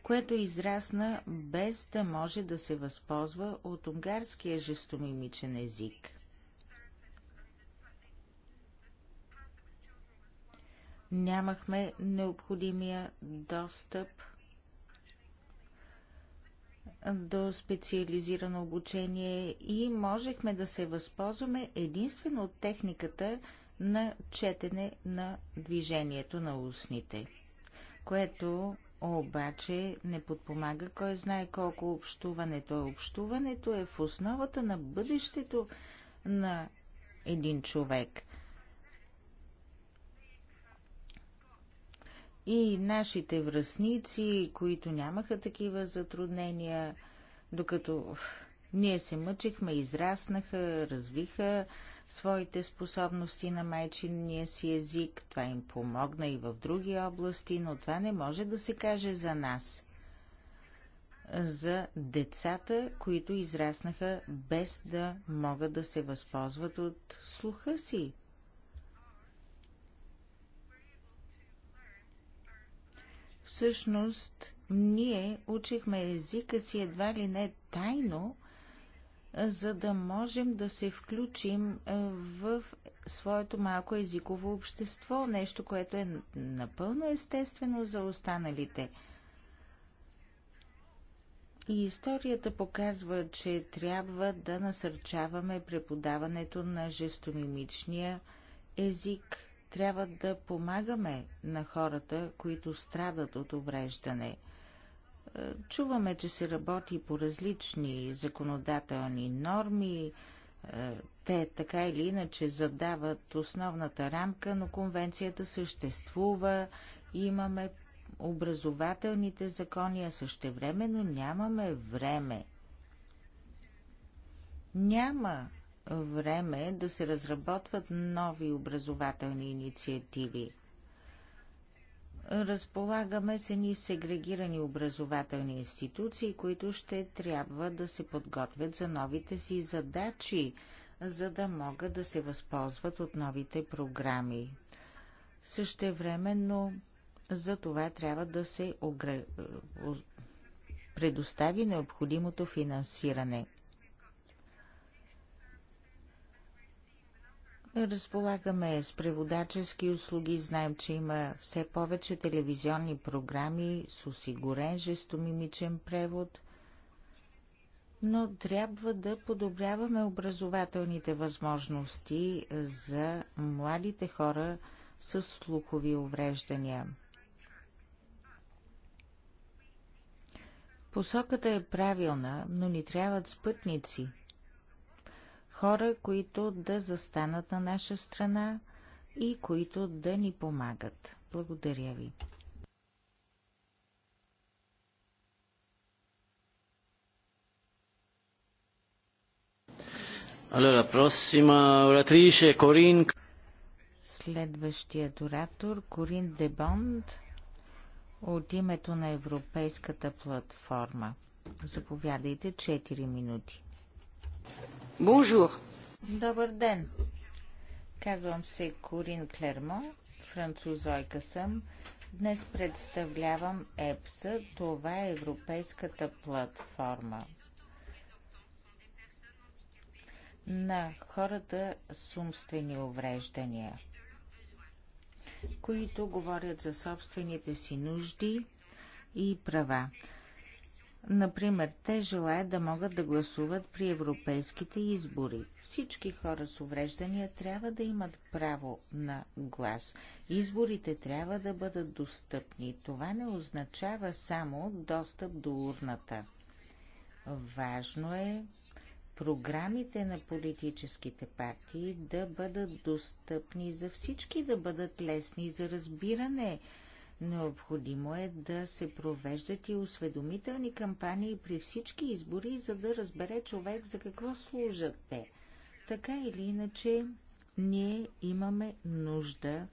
което израсна без да може да се възползва от унгарския жестомимичен език. Нямахме необходимия достъп до специализирано обучение и можехме да се възползваме единствено от техниката на четене на движението на устните, което обаче не подпомага кой знае колко общуването е. Общуването е в основата на бъдещето на един човек. И нашите връзници, които нямаха такива затруднения, докато ние се мъчихме, израснаха, развиха своите способности на майчиния си език. Това им помогна и в други области, но това не може да се каже за нас. За децата, които израснаха без да могат да се възползват от слуха си. Всъщност, ние учихме езика си едва ли не тайно, за да можем да се включим е, в своето малко езиково общество, нещо, което е напълно естествено за останалите. И историята показва, че трябва да насърчаваме преподаването на жестомимичния език – трябва да помагаме на хората, които страдат от увреждане. Е, чуваме, че се работи по различни законодателни норми. Е, те така или иначе задават основната рамка, но конвенцията съществува. Имаме образователните закони, а същевременно нямаме време. Няма време да се разработват нови образователни инициативи. Разполагаме се ни сегрегирани образователни институции, които ще трябва да се подготвят за новите си задачи, за да могат да се възползват от новите програми. Същевременно за това трябва да се огр... предостави необходимото финансиране – Разполагаме с преводачески услуги, знаем, че има все повече телевизионни програми с осигурен жестомимичен превод, но трябва да подобряваме образователните възможности за младите хора с слухови увреждания. Посоката е правилна, но ни трябват спътници – Хора, които да застанат на наша страна и които да ни помагат. Благодаря ви. Allora, prossima oratrice, Следващият оратор Корин Дебонд от името на Европейската платформа. Заповядайте 4 минути. Bonjour. Добър ден. Казвам се Корин Клермо, французойка съм. Днес представлявам ЕПСА, това е европейската платформа на хората с умствени увреждания, които говорят за собствените си нужди и права. Например, те желаят да могат да гласуват при европейските избори. Всички хора с увреждания трябва да имат право на глас. Изборите трябва да бъдат достъпни. Това не означава само достъп до урната. Важно е програмите на политическите партии да бъдат достъпни за всички, да бъдат лесни за разбиране. Необходимо е да се провеждат и осведомителни кампании при всички избори, за да разбере човек за какво служат те. Така или иначе, ние имаме нужда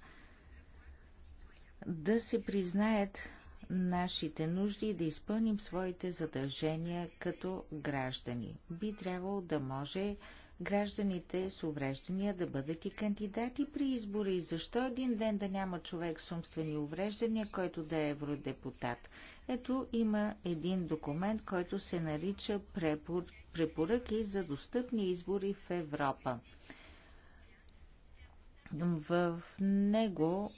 да се признаят нашите нужди и да изпълним своите задължения като граждани. Би трябвало да може гражданите с увреждания да бъдат и кандидати при избора и защо един ден да няма човек с умствени увреждания, който да е евродепутат. Ето има един документ, който се нарича препоръки за достъпни избори в Европа. В него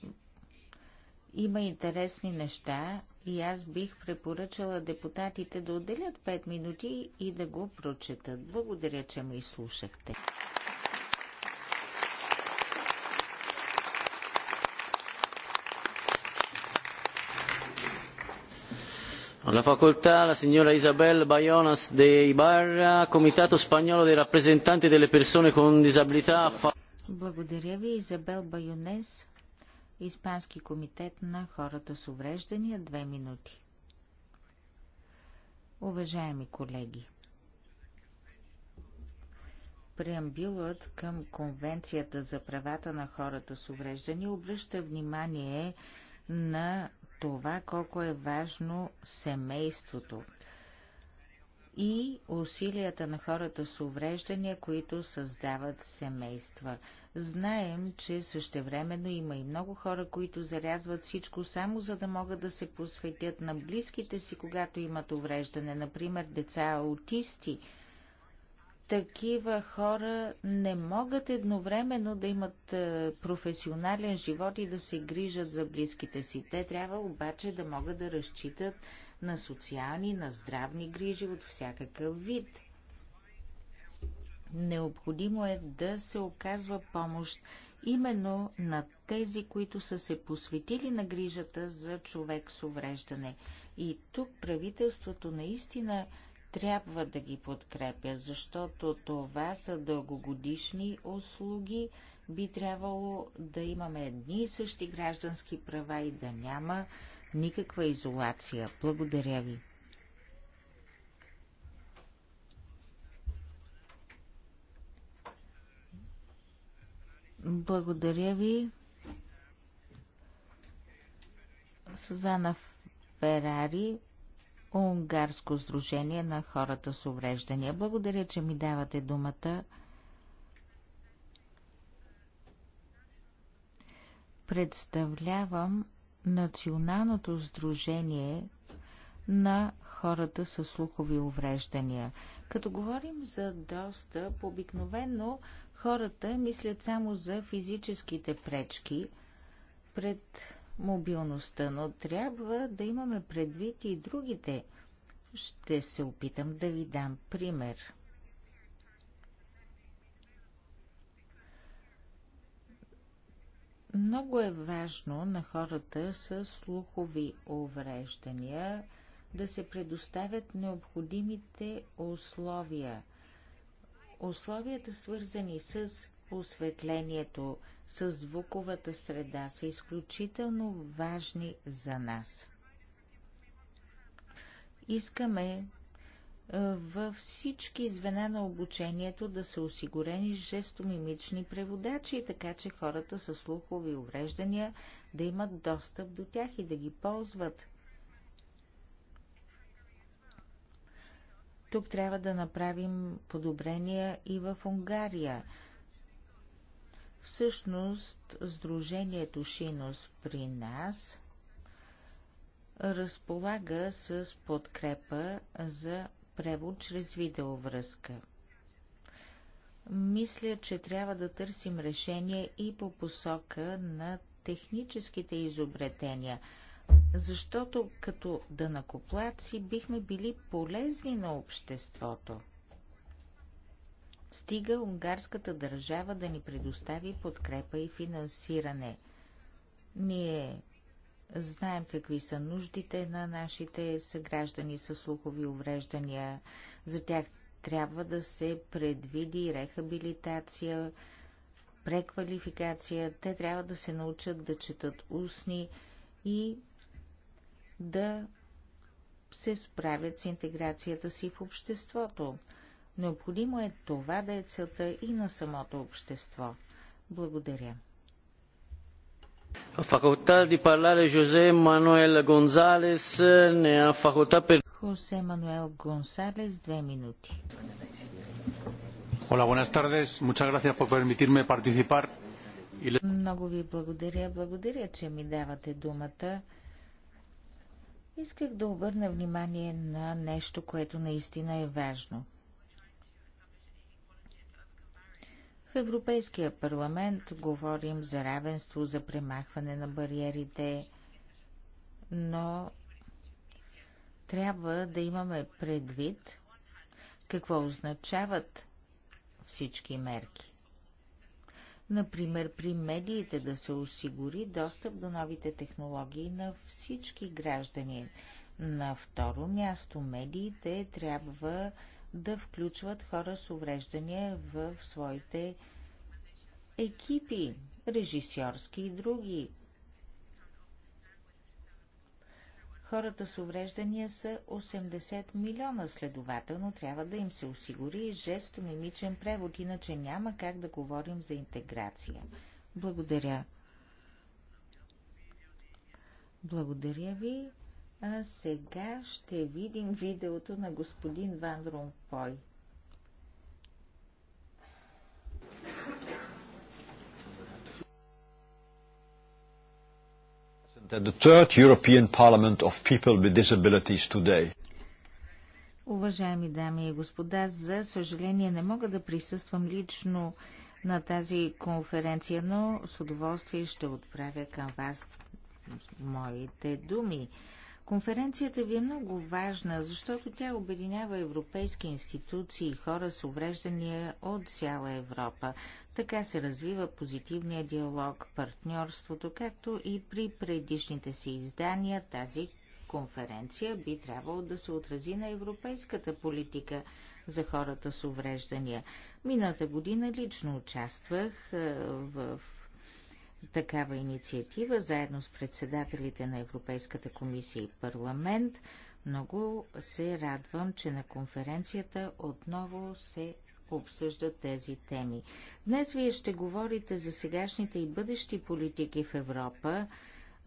има интересни неща и аз бих препоръчала депутатите да отделят 5 минути и да го прочетат. Благодаря, че ме изслушахте. La facoltà la signora Isabel Bayonas de Ibarra, Comitato Spagnolo dei rappresentanti delle persone con disabilità. Благодаря ви, Изабел Байонес, Испански комитет на хората с увреждания. Две минути. Уважаеми колеги, преамбилът към Конвенцията за правата на хората с увреждания обръща внимание на това колко е важно семейството и усилията на хората с увреждания, които създават семейства. Знаем, че същевременно има и много хора, които зарязват всичко само за да могат да се посветят на близките си, когато имат увреждане, например деца аутисти. Такива хора не могат едновременно да имат е, професионален живот и да се грижат за близките си. Те трябва обаче да могат да разчитат на социални, на здравни грижи от всякакъв вид – Необходимо е да се оказва помощ именно на тези, които са се посветили на грижата за човек с увреждане. И тук правителството наистина трябва да ги подкрепя, защото това са дългогодишни услуги. Би трябвало да имаме едни и същи граждански права и да няма никаква изолация. Благодаря ви. Благодаря ви. Сузана Ферари, Унгарско сдружение на хората с увреждания. Благодаря, че ми давате думата. Представлявам Националното сдружение на хората с слухови увреждания. Като говорим за достъп, обикновено Хората мислят само за физическите пречки пред мобилността, но трябва да имаме предвид и другите. Ще се опитам да ви дам пример. Много е важно на хората с слухови увреждания да се предоставят необходимите условия – Условията, свързани с осветлението, с звуковата среда, са изключително важни за нас. Искаме във всички звена на обучението да са осигурени жестомимични преводачи, така че хората с слухови увреждания да имат достъп до тях и да ги ползват – Тук трябва да направим подобрения и в Унгария. Всъщност, Сдружението Шинос при нас разполага с подкрепа за превод чрез видеовръзка. Мисля, че трябва да търсим решение и по посока на техническите изобретения – защото като дънакоплаци бихме били полезни на обществото. Стига унгарската държава да ни предостави подкрепа и финансиране. Ние знаем какви са нуждите на нашите съграждани с слухови увреждания. За тях трябва да се предвиди рехабилитация, преквалификация. Те трябва да се научат да четат устни и да се справят с интеграцията си в обществото. Необходимо е това да е целта и на самото общество. Благодаря. Ha facoltà di parlare José Manuel González, ne ha facoltà per... José Manuel две минути. Hola, buenas tardes. Muchas gracias por permitirme participar. Много ви благодаря. Благодаря, че ми давате думата. Исках да обърна внимание на нещо, което наистина е важно. В Европейския парламент говорим за равенство, за премахване на бариерите, но трябва да имаме предвид какво означават всички мерки. Например, при медиите да се осигури достъп до новите технологии на всички граждани. На второ място, медиите трябва да включват хора с увреждания в своите екипи, режисьорски и други. Хората с увреждания са 80 милиона, следователно трябва да им се осигури жестомимичен превод, иначе няма как да говорим за интеграция. Благодаря. Благодаря ви. А сега ще видим видеото на господин Ван Румпой. Уважаеми дами и господа, за съжаление не мога да присъствам лично на тази конференция, но с удоволствие ще отправя към вас моите думи. Конференцията ви е много важна, защото тя обединява европейски институции и хора с увреждания от цяла Европа. Така се развива позитивния диалог, партньорството, както и при предишните си издания тази конференция би трябвало да се отрази на европейската политика за хората с увреждания. Мината година лично участвах е, в такава инициатива, заедно с председателите на Европейската комисия и парламент. Много се радвам, че на конференцията отново се обсъждат тези теми. Днес вие ще говорите за сегашните и бъдещи политики в Европа.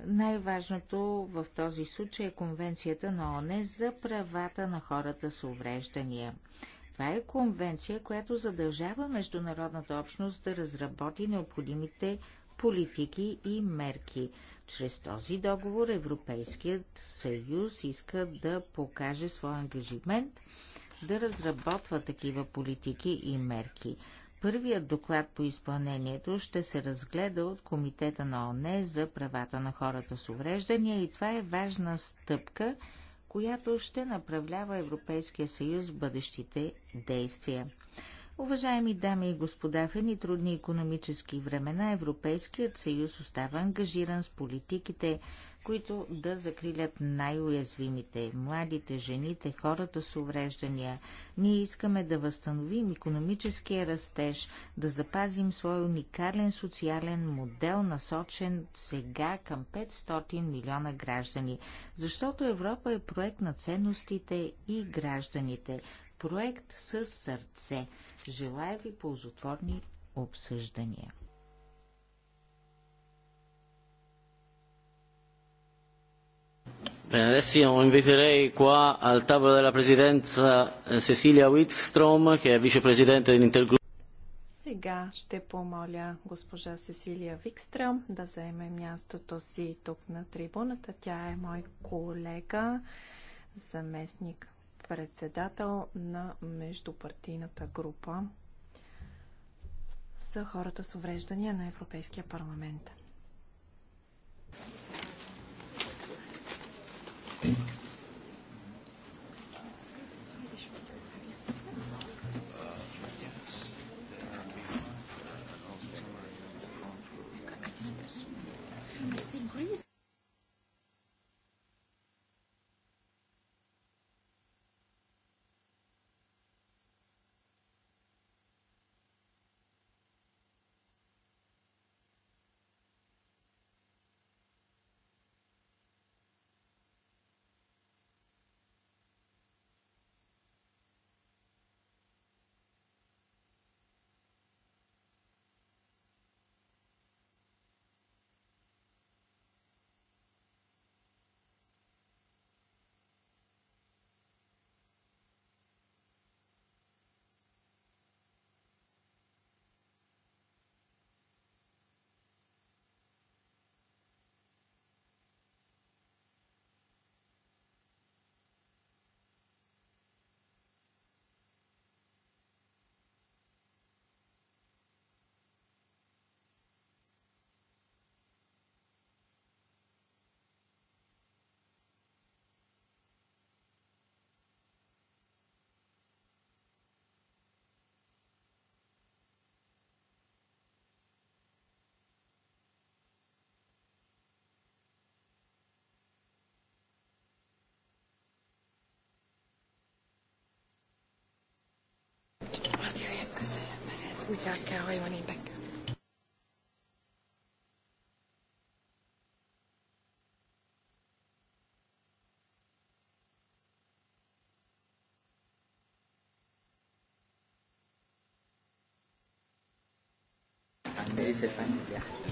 Най-важното в този случай е Конвенцията на ОНЕ за правата на хората с увреждания. Това е конвенция, която задължава международната общност да разработи необходимите политики и мерки. Чрез този договор Европейският съюз иска да покаже своя ангажимент да разработва такива политики и мерки. Първият доклад по изпълнението ще се разгледа от Комитета на ОНЕ за правата на хората с увреждания и това е важна стъпка, която ще направлява Европейския съюз в бъдещите действия. Уважаеми дами и господа, в едни трудни економически времена Европейският съюз остава ангажиран с политиките, които да закрилят най-уязвимите – младите, жените, хората с увреждания. Ние искаме да възстановим економическия растеж, да запазим свой уникален социален модел, насочен сега към 500 милиона граждани, защото Европа е проект на ценностите и гражданите, проект с сърце – Желая ви ползотворни обсъждания. Bene, adesso inviterei qua al tavolo della presidenza eh, Cecilia Wittstrom, che è vicepresidente dell'intergruppo. Сега ще помоля госпожа Сесилия Викстрем да заеме мястото си тук на трибуната. Тя е мой колега, заместник председател на междупартийната група за хората с увреждания на Европейския парламент. Thank you.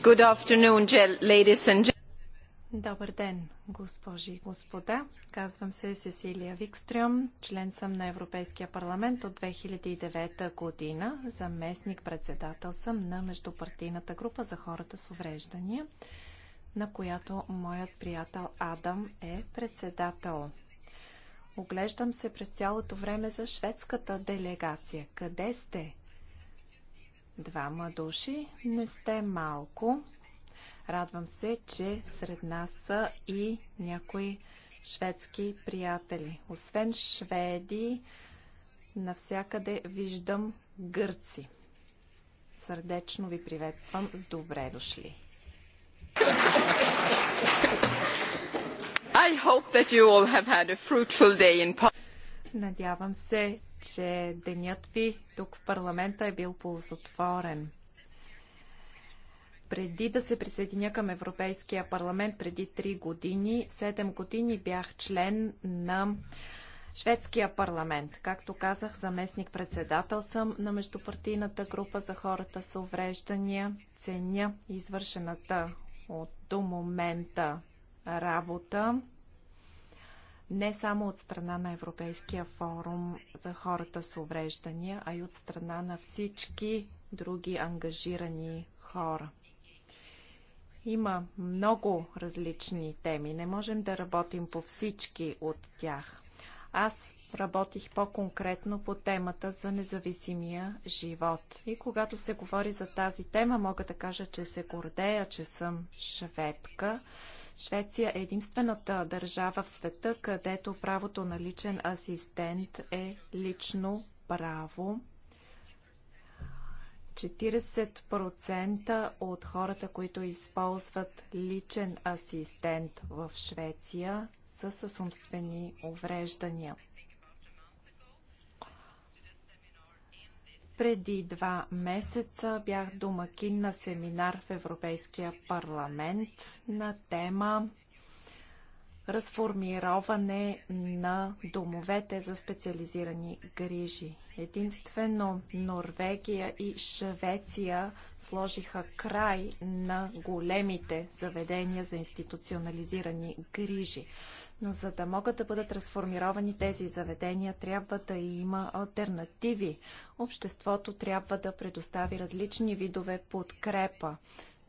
Good afternoon, ladies and gentlemen. Добър ден, госпожи и господа. Казвам се Сесилия Викстрюм, член съм на Европейския парламент от 2009 година. Заместник председател съм на Междупартийната група за хората с увреждания, на която моят приятел Адам е председател. Оглеждам се през цялото време за шведската делегация. Къде сте? Двама души, не сте малко. Радвам се, че сред нас са и някои шведски приятели. Освен шведи, навсякъде виждам гърци. Сърдечно ви приветствам с добре дошли. I hope that you all have had a fruitful day in Надявам се, че денят ви тук в парламента е бил ползотворен. Преди да се присъединя към Европейския парламент, преди 3 години, 7 години бях член на шведския парламент. Както казах, заместник председател съм на междупартийната група за хората с увреждания. Ценя извършената от до момента работа не само от страна на Европейския форум за хората с увреждания, а и от страна на всички други ангажирани хора. Има много различни теми. Не можем да работим по всички от тях. Аз работих по-конкретно по темата за независимия живот. И когато се говори за тази тема, мога да кажа, че се гордея, че съм шведка. Швеция е единствената държава в света, където правото на личен асистент е лично право. 40% от хората, които използват личен асистент в Швеция, са с умствени увреждания. Преди два месеца бях домакин на семинар в Европейския парламент на тема разформироване на домовете за специализирани грижи. Единствено Норвегия и Швеция сложиха край на големите заведения за институционализирани грижи. Но за да могат да бъдат разформировани тези заведения, трябва да има альтернативи. Обществото трябва да предостави различни видове подкрепа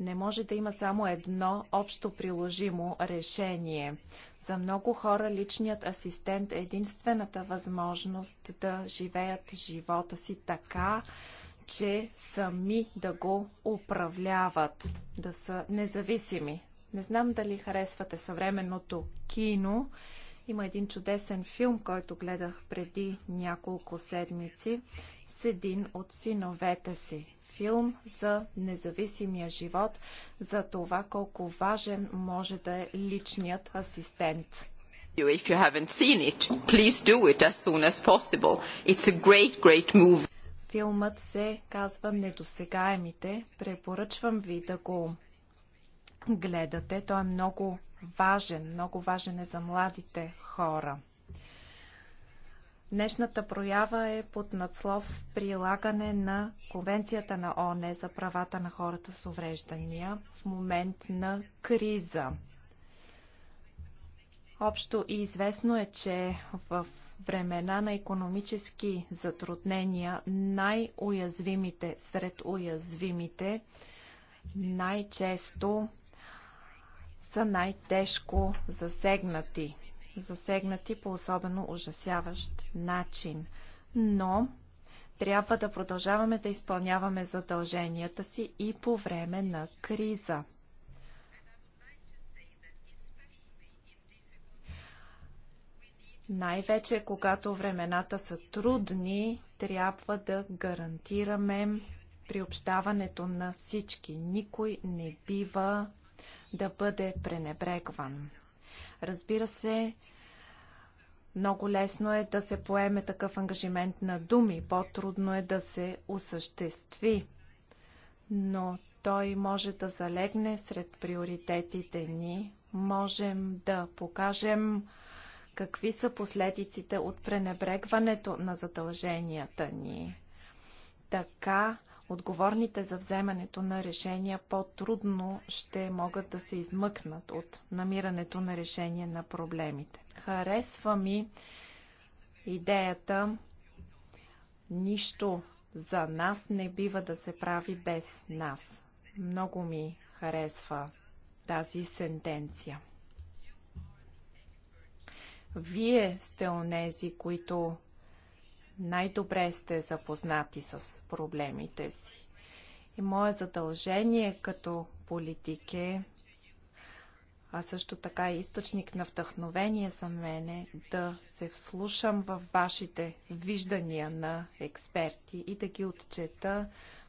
не може да има само едно общо приложимо решение. За много хора личният асистент е единствената възможност да живеят живота си така, че сами да го управляват, да са независими. Не знам дали харесвате съвременното кино. Има един чудесен филм, който гледах преди няколко седмици с един от синовете си филм за независимия живот, за това колко важен може да е личният асистент. If you haven't seen it, please do it as soon as possible. It's a great, great Филмът се казва Недосегаемите. Препоръчвам ви да го гледате. Той е много важен. Много важен е за младите хора. Днешната проява е под надслов прилагане на Конвенцията на ООН за правата на хората с увреждания в момент на криза. Общо и известно е, че в времена на економически затруднения най-уязвимите сред уязвимите най-често са най-тежко засегнати засегнати по особено ужасяващ начин. Но трябва да продължаваме да изпълняваме задълженията си и по време на криза. Най-вече, когато времената са трудни, трябва да гарантираме приобщаването на всички. Никой не бива да бъде пренебрегван. Разбира се, много лесно е да се поеме такъв ангажимент на думи, по-трудно е да се осъществи, но той може да залегне сред приоритетите ни. Можем да покажем какви са последиците от пренебрегването на задълженията ни. Така отговорните за вземането на решения по-трудно ще могат да се измъкнат от намирането на решение на проблемите. Харесва ми идеята нищо за нас не бива да се прави без нас. Много ми харесва тази сентенция. Вие сте онези, които най-добре сте запознати с проблемите си. И мое задължение като политик е, а също така и източник на вдъхновение за мене, да се вслушам в вашите виждания на експерти и да ги отчета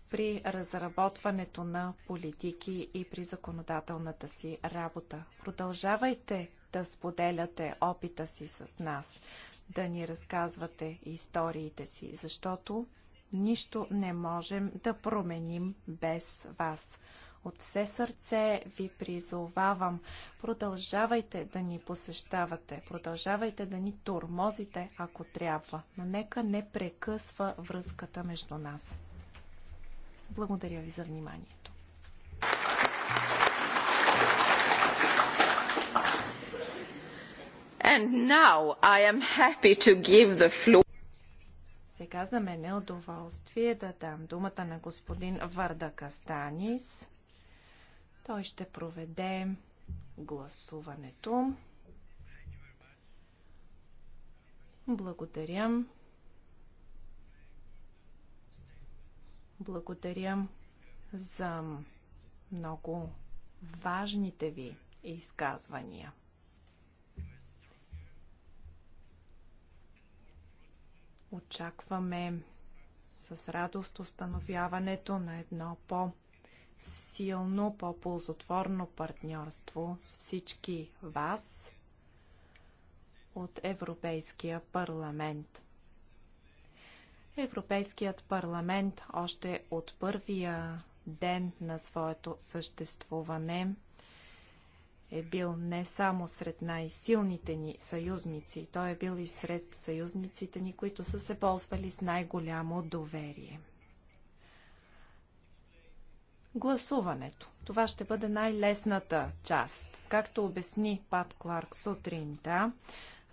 при разработването на политики и при законодателната си работа. Продължавайте да споделяте опита си с нас да ни разказвате историите си, защото нищо не можем да променим без вас. От все сърце ви призовавам, продължавайте да ни посещавате, продължавайте да ни турмозите, ако трябва, но нека не прекъсва връзката между нас. Благодаря ви за вниманието. And now I am happy to give the floor. Сега за мен е удоволствие да дам думата на господин Варда Кастанис. Той ще проведе гласуването. Благодаря. Благодаря за много важните ви изказвания. Очакваме с радост установяването на едно по- силно, по-ползотворно партньорство с всички вас от Европейския парламент. Европейският парламент още от първия ден на своето съществуване – е бил не само сред най-силните ни съюзници, той е бил и сред съюзниците ни, които са се ползвали с най-голямо доверие. Гласуването. Това ще бъде най-лесната част. Както обясни Пат Кларк сутринта,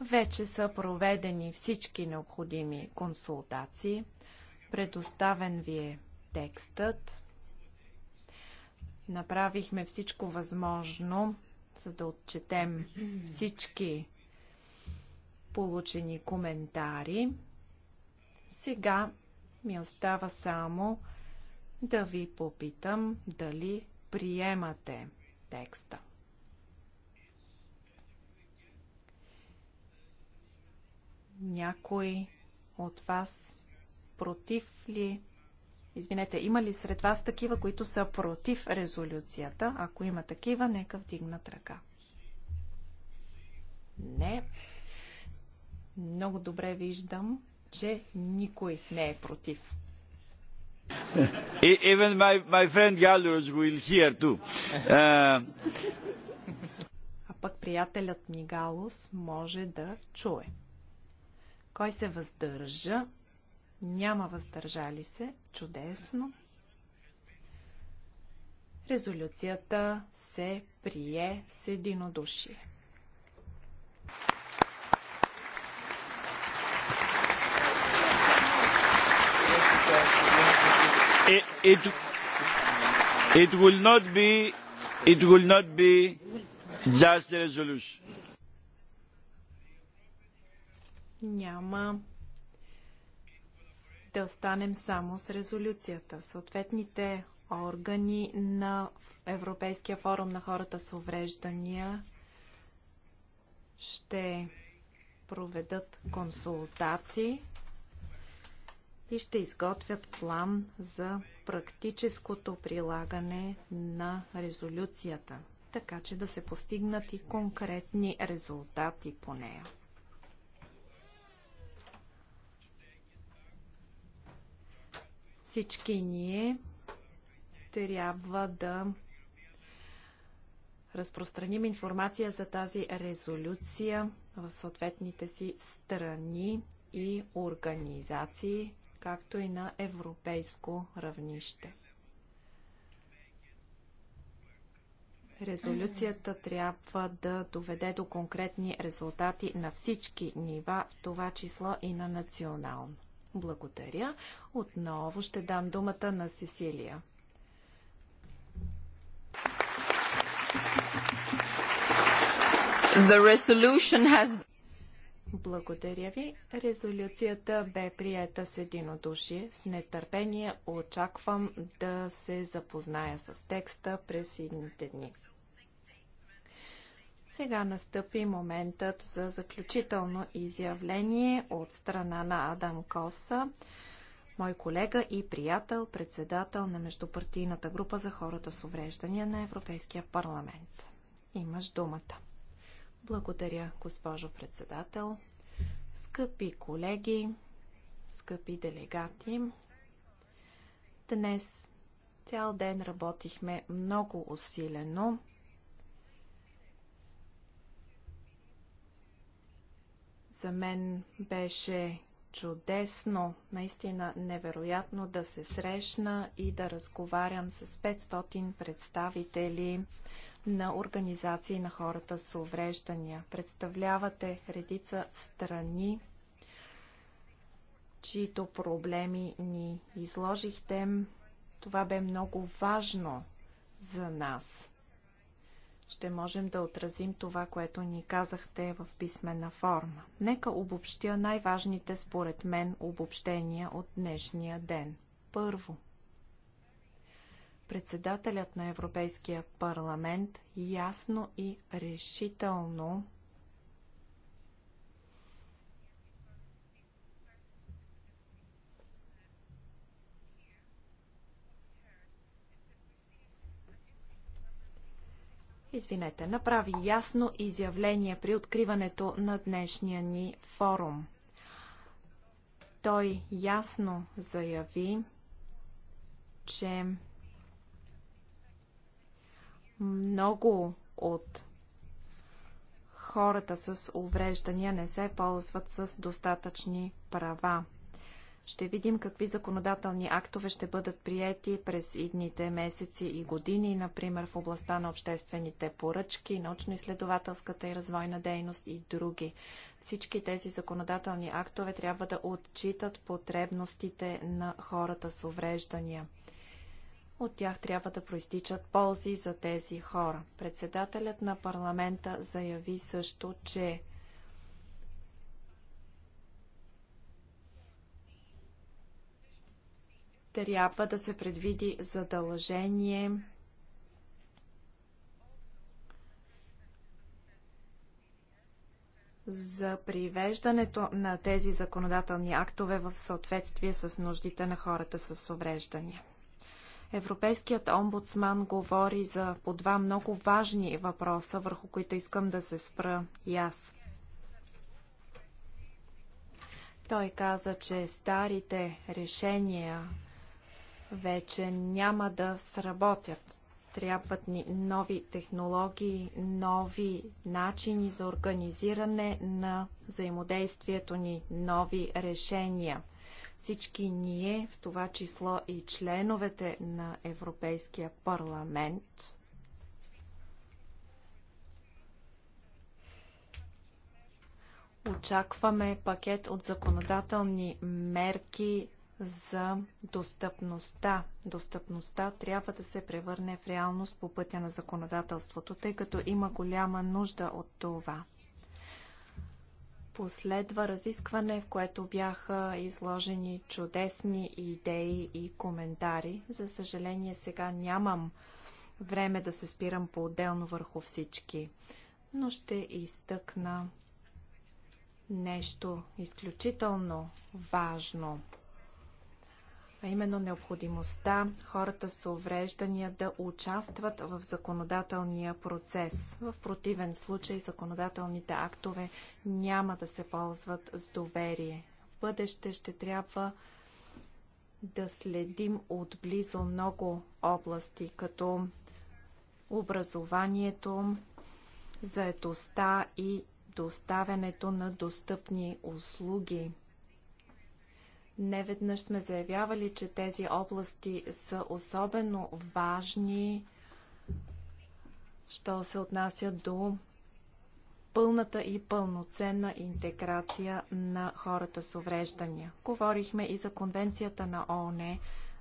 вече са проведени всички необходими консултации. Предоставен ви е текстът. Направихме всичко възможно за да отчетем всички получени коментари. Сега ми остава само да ви попитам дали приемате текста. Някой от вас против ли Извинете, има ли сред вас такива, които са против резолюцията? Ако има такива, нека вдигнат ръка. Не. Много добре виждам, че никой не е против. E, even my, my friend Gallus will hear too. Uh... А пък приятелят ми Галус може да чуе. Кой се въздържа? няма въздържали се. Чудесно. Резолюцията се прие с единодушие. It, it, will not be it will not be just a resolution. Няма ще останем само с резолюцията. Съответните органи на Европейския форум на хората с увреждания ще проведат консултации и ще изготвят план за практическото прилагане на резолюцията, така че да се постигнат и конкретни резултати по нея. Всички ние трябва да разпространим информация за тази резолюция в съответните си страни и организации, както и на европейско равнище. Резолюцията трябва да доведе до конкретни резултати на всички нива, в това число и на национално. Благодаря. Отново ще дам думата на Сесилия. The resolution has... Благодаря ви. Резолюцията бе приета с единодушие. С нетърпение очаквам да се запозная с текста през едните дни. Сега настъпи моментът за заключително изявление от страна на Адам Коса, мой колега и приятел, председател на Междупартийната група за хората с увреждания на Европейския парламент. Имаш думата. Благодаря, госпожо председател. Скъпи колеги, скъпи делегати, днес цял ден работихме много усилено. За мен беше чудесно, наистина невероятно да се срещна и да разговарям с 500 представители на организации на хората с увреждания. Представлявате редица страни, чието проблеми ни изложихте. Това бе много важно за нас ще можем да отразим това, което ни казахте в писмена форма. Нека обобщя най-важните според мен обобщения от днешния ден. Първо, председателят на Европейския парламент ясно и решително извинете, направи ясно изявление при откриването на днешния ни форум. Той ясно заяви, че много от хората с увреждания не се ползват с достатъчни права. Ще видим какви законодателни актове ще бъдат приети през идните месеци и години, например в областта на обществените поръчки, научно-изследователската и развойна дейност и други. Всички тези законодателни актове трябва да отчитат потребностите на хората с увреждания. От тях трябва да проистичат ползи за тези хора. Председателят на парламента заяви също, че трябва да се предвиди задължение за привеждането на тези законодателни актове в съответствие с нуждите на хората с увреждания. Европейският омбудсман говори за по два много важни въпроса, върху които искам да се спра и аз. Той каза, че старите решения вече няма да сработят. Трябват ни нови технологии, нови начини за организиране на взаимодействието ни, нови решения. Всички ние, в това число и членовете на Европейския парламент, очакваме пакет от законодателни мерки за достъпността. Достъпността трябва да се превърне в реалност по пътя на законодателството, тъй като има голяма нужда от това. Последва разискване, в което бяха изложени чудесни идеи и коментари. За съжаление, сега нямам време да се спирам по-отделно върху всички, но ще изтъкна нещо изключително важно – а именно необходимостта хората с увреждания да участват в законодателния процес. В противен случай законодателните актове няма да се ползват с доверие. В бъдеще ще трябва да следим отблизо много области, като образованието, заетостта и доставянето на достъпни услуги – Неведнъж сме заявявали, че тези области са особено важни, що се отнася до пълната и пълноценна интеграция на хората с увреждания. Говорихме и за Конвенцията на ООН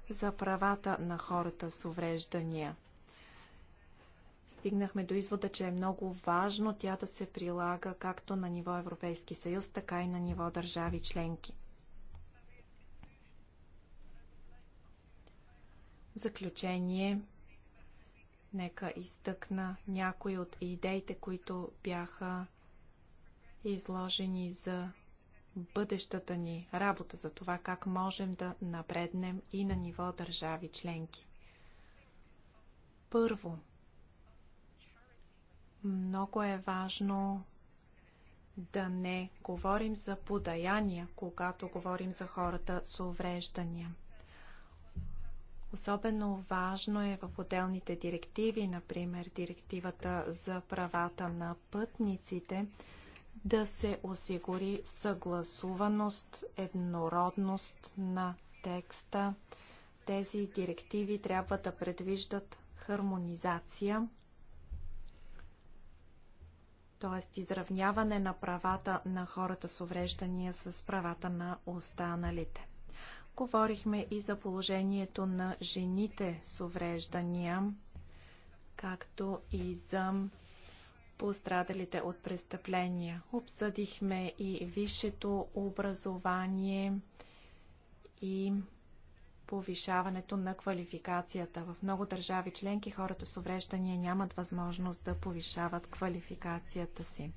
за правата на хората с увреждания. Стигнахме до извода, че е много важно тя да се прилага както на ниво Европейски съюз, така и на ниво държави членки. заключение, нека изтъкна някои от идеите, които бяха изложени за бъдещата ни работа, за това как можем да напреднем и на ниво държави членки. Първо, много е важно да не говорим за подаяния, когато говорим за хората с увреждания. Особено важно е в отделните директиви, например директивата за правата на пътниците, да се осигури съгласуваност, еднородност на текста. Тези директиви трябва да предвиждат хармонизация, т.е. изравняване на правата на хората с увреждания с правата на останалите. Говорихме и за положението на жените с увреждания, както и за пострадалите от престъпления. Обсъдихме и висшето образование и повишаването на квалификацията. В много държави членки хората с увреждания нямат възможност да повишават квалификацията си.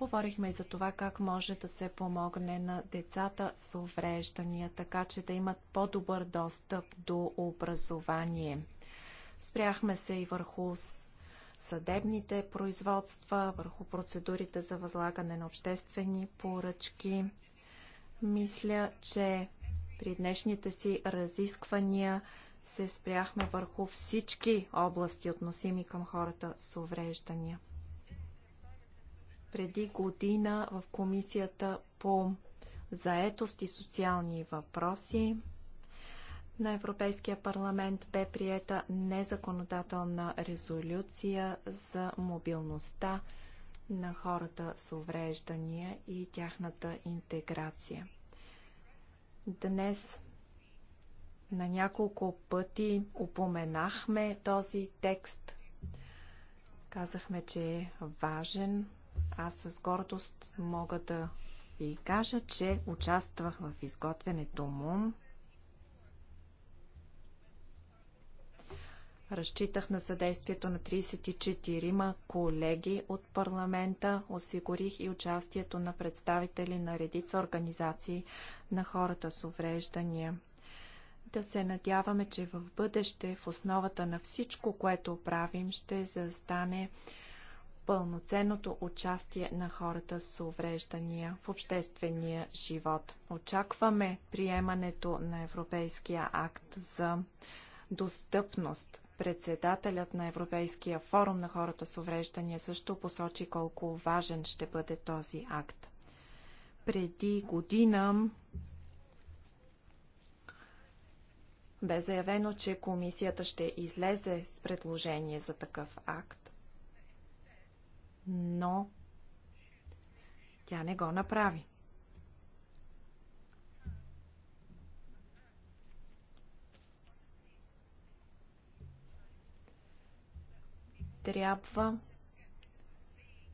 Говорихме и за това как може да се помогне на децата с увреждания, така че да имат по-добър достъп до образование. Спряхме се и върху съдебните производства, върху процедурите за възлагане на обществени поръчки. Мисля, че при днешните си разисквания се спряхме върху всички области, относими към хората с увреждания преди година в Комисията по заетост и социални въпроси на Европейския парламент бе приета незаконодателна резолюция за мобилността на хората с увреждания и тяхната интеграция. Днес на няколко пъти упоменахме този текст. Казахме, че е важен, аз с гордост мога да ви кажа, че участвах в изготвянето му. Разчитах на съдействието на 34 колеги от парламента, осигурих и участието на представители на редица организации на хората с увреждания. Да се надяваме, че в бъдеще в основата на всичко, което правим, ще застане пълноценното участие на хората с увреждания в обществения живот. Очакваме приемането на Европейския акт за достъпност. Председателят на Европейския форум на хората с увреждания също посочи колко важен ще бъде този акт. Преди година бе заявено, че комисията ще излезе с предложение за такъв акт но тя не го направи. Трябва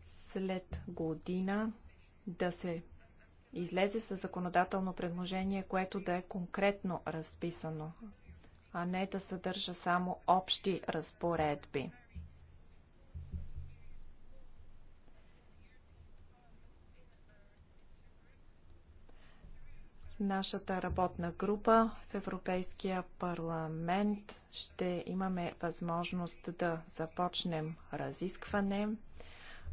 след година да се излезе с законодателно предложение, което да е конкретно разписано, а не да съдържа само общи разпоредби. нашата работна група в Европейския парламент ще имаме възможност да започнем разискване,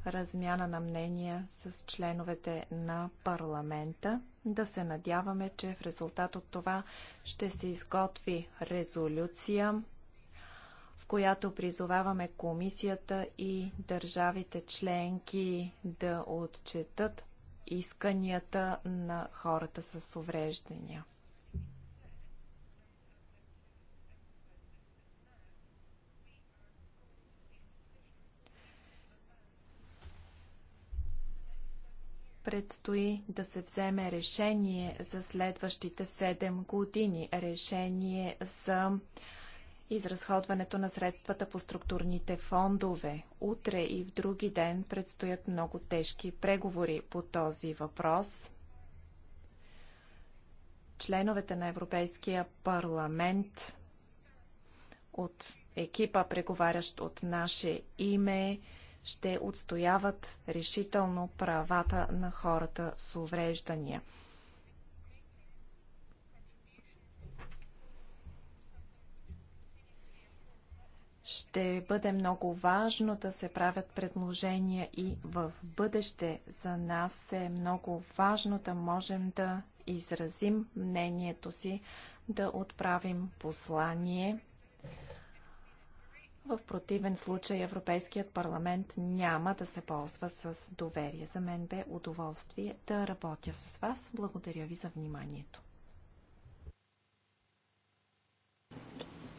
размяна на мнения с членовете на парламента. Да се надяваме, че в резултат от това ще се изготви резолюция, в която призоваваме комисията и държавите членки да отчетат исканията на хората с увреждания. предстои да се вземе решение за следващите 7 години. Решение за изразходването на средствата по структурните фондове. Утре и в други ден предстоят много тежки преговори по този въпрос. Членовете на Европейския парламент от екипа, преговарящ от наше име, ще отстояват решително правата на хората с увреждания. Ще бъде много важно да се правят предложения и в бъдеще. За нас е много важно да можем да изразим мнението си, да отправим послание. В противен случай Европейският парламент няма да се ползва с доверие. За мен бе удоволствие да работя с вас. Благодаря ви за вниманието.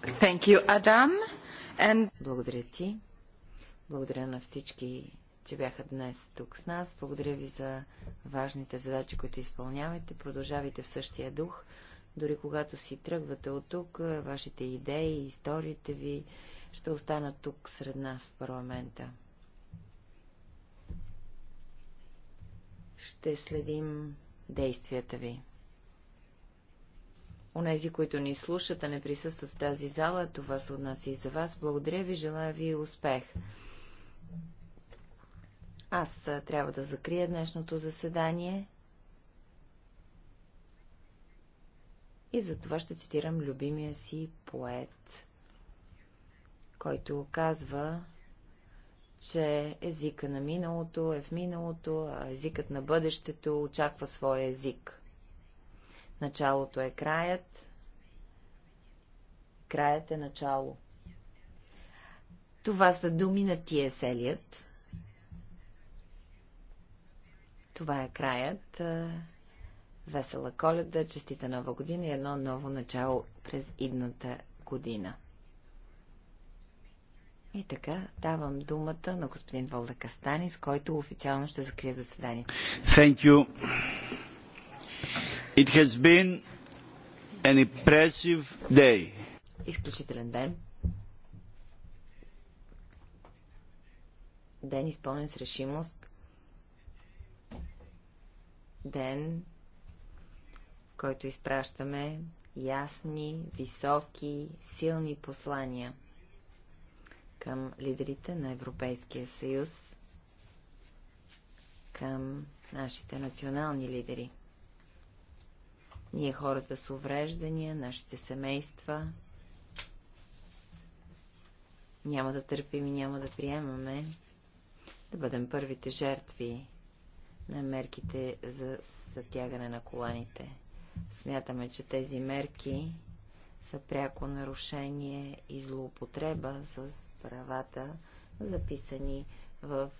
Thank you, Adam. Благодаря ти. Благодаря на всички, че бяха днес тук с нас. Благодаря ви за важните задачи, които изпълнявате. Продължавайте в същия дух. Дори когато си тръгвате от тук, е, вашите идеи, историите ви ще останат тук сред нас в парламента. Ще следим действията ви. Онези, които ни слушат, а не присъстват в тази зала, това се отнася и за вас. Благодаря ви, желая ви успех. Аз трябва да закрия днешното заседание. И за това ще цитирам любимия си поет, който казва, че езика на миналото е в миналото, а езикът на бъдещето очаква своя език. Началото е краят, краят е начало. Това са думи на тие селият. Това е краят. Весела коледа, честита нова година и едно ново начало през идната година. И така, давам думата на господин Волда Кастани, с който официално ще закрия заседанието. Thank you. It has been an impressive day. Изключителен ден. Ден изпълнен с решимост. Ден, който изпращаме ясни, високи, силни послания към лидерите на Европейския съюз, към нашите национални лидери. Ние хората с увреждания, нашите семейства, няма да търпим и няма да приемаме да бъдем първите жертви на мерките за затягане на коланите. Смятаме, че тези мерки са пряко нарушение и злоупотреба с правата, записани в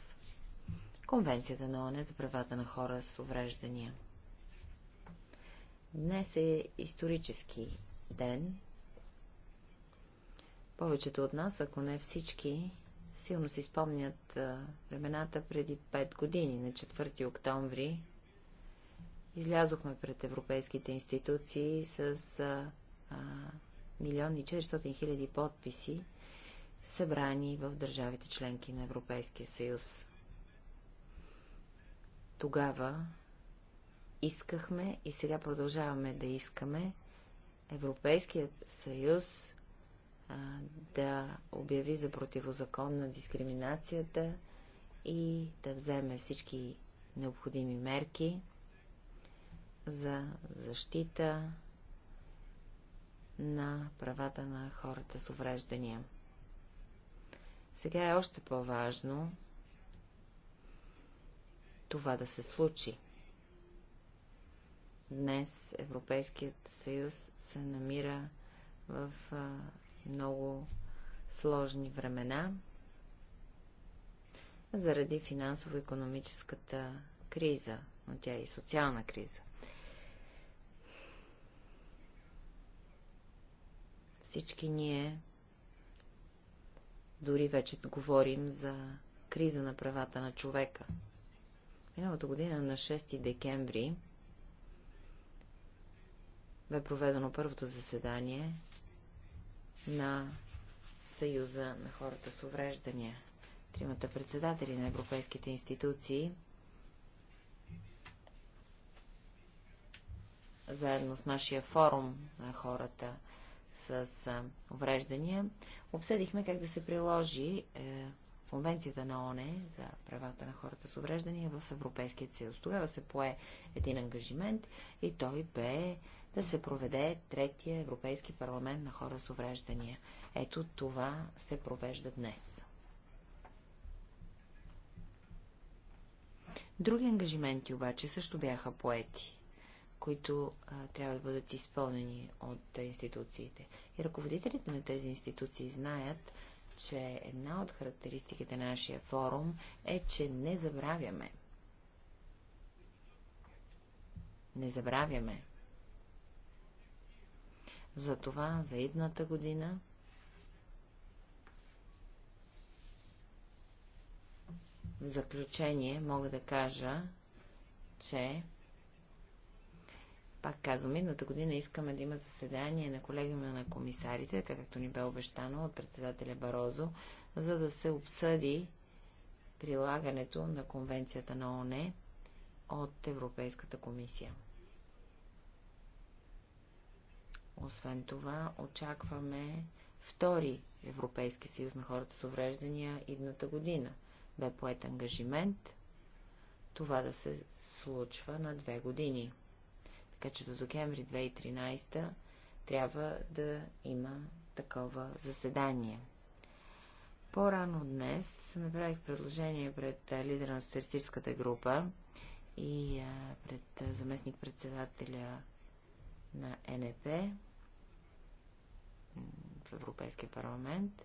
Конвенцията на ОНЕ за правата на хора с увреждания. Днес е исторически ден. Повечето от нас, ако не всички, силно си спомнят времената преди 5 години, на 4 октомври. Излязохме пред европейските институции с а, а, милион и 400 хиляди подписи, събрани в държавите членки на Европейския съюз. Тогава искахме и сега продължаваме да искаме Европейският съюз а, да обяви за противозаконна дискриминацията и да вземе всички необходими мерки за защита на правата на хората с увреждания. Сега е още по-важно това да се случи. Днес Европейският съюз се намира в много сложни времена заради финансово-економическата криза, но тя е и социална криза. Всички ние дори вече говорим за криза на правата на човека. Миналата година на 6 декември бе проведено първото заседание на Съюза на хората с увреждания. Тримата председатели на европейските институции заедно с нашия форум на хората с увреждания, обсъдихме как да се приложи е, Конвенцията на ОНЕ за правата на хората с увреждания в Европейския съюз. Тогава се пое един ангажимент и той бе да се проведе третия Европейски парламент на хора с увреждания. Ето това се провежда днес. Други ангажименти обаче също бяха поети, които а, трябва да бъдат изпълнени от институциите. И ръководителите на тези институции знаят, че една от характеристиките на нашия форум е, че не забравяме. Не забравяме. Затова за идната година в заключение мога да кажа, че пак казвам, едната година искаме да има заседание на колегиума на комисарите, така както ни бе обещано от председателя Барозо, за да се обсъди прилагането на конвенцията на ОНЕ от Европейската комисия. Освен това, очакваме втори Европейски съюз на хората с увреждания идната година. Бе поет ангажимент това да се случва на две години. Така че до декември 2013 трябва да има такова заседание. По-рано днес направих предложение пред лидера на социалистическата група и пред заместник-председателя на НП в Европейския парламент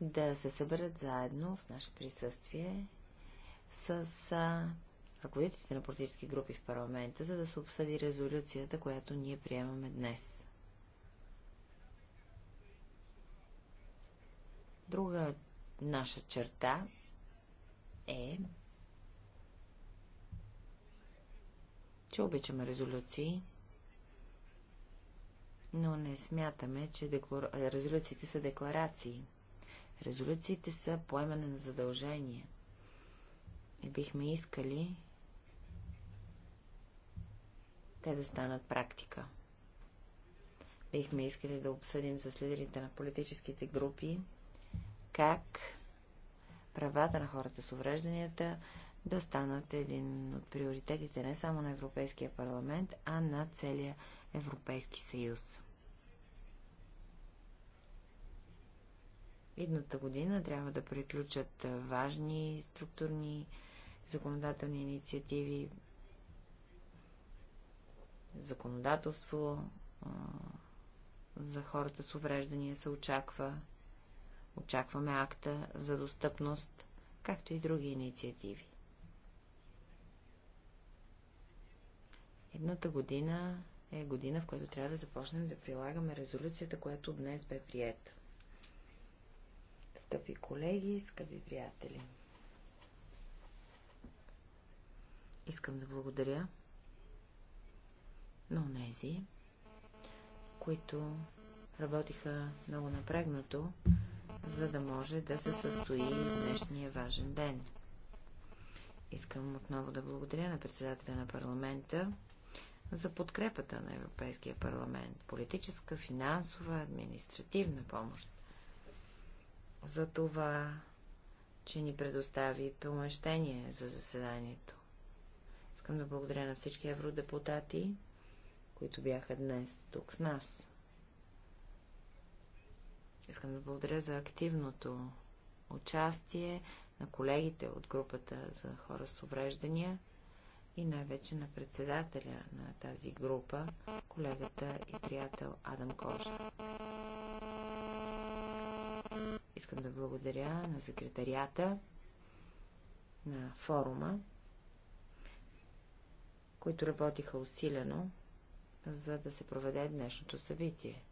да се съберат заедно в наше присъствие с ръководителите на политически групи в парламента, за да се обсъди резолюцията, която ние приемаме днес. Друга наша черта е, че обичаме резолюции, но не смятаме, че деклар... резолюциите са декларации. Резолюциите са поемане на задължения. И бихме искали те да станат практика. Бихме искали да обсъдим с лидерите на политическите групи как правата на хората с уврежданията да станат един от приоритетите не само на Европейския парламент, а на целия Европейски съюз. Идната година трябва да приключат важни структурни законодателни инициативи законодателство за хората с увреждания се очаква. Очакваме акта за достъпност, както и други инициативи. Едната година е година, в която трябва да започнем да прилагаме резолюцията, която днес бе приета. Скъпи колеги, скъпи приятели! Искам да благодаря на онези, които работиха много напрегнато, за да може да се състои днешния важен ден. Искам отново да благодаря на председателя на парламента за подкрепата на Европейския парламент политическа, финансова, административна помощ. За това, че ни предостави помещение за заседанието. Искам да благодаря на всички евродепутати, които бяха днес тук с нас. Искам да благодаря за активното участие на колегите от групата за хора с увреждания и най-вече на председателя на тази група, колегата и приятел Адам Кожа. Искам да благодаря на секретарията на форума, които работиха усилено за да се проведе днешното събитие.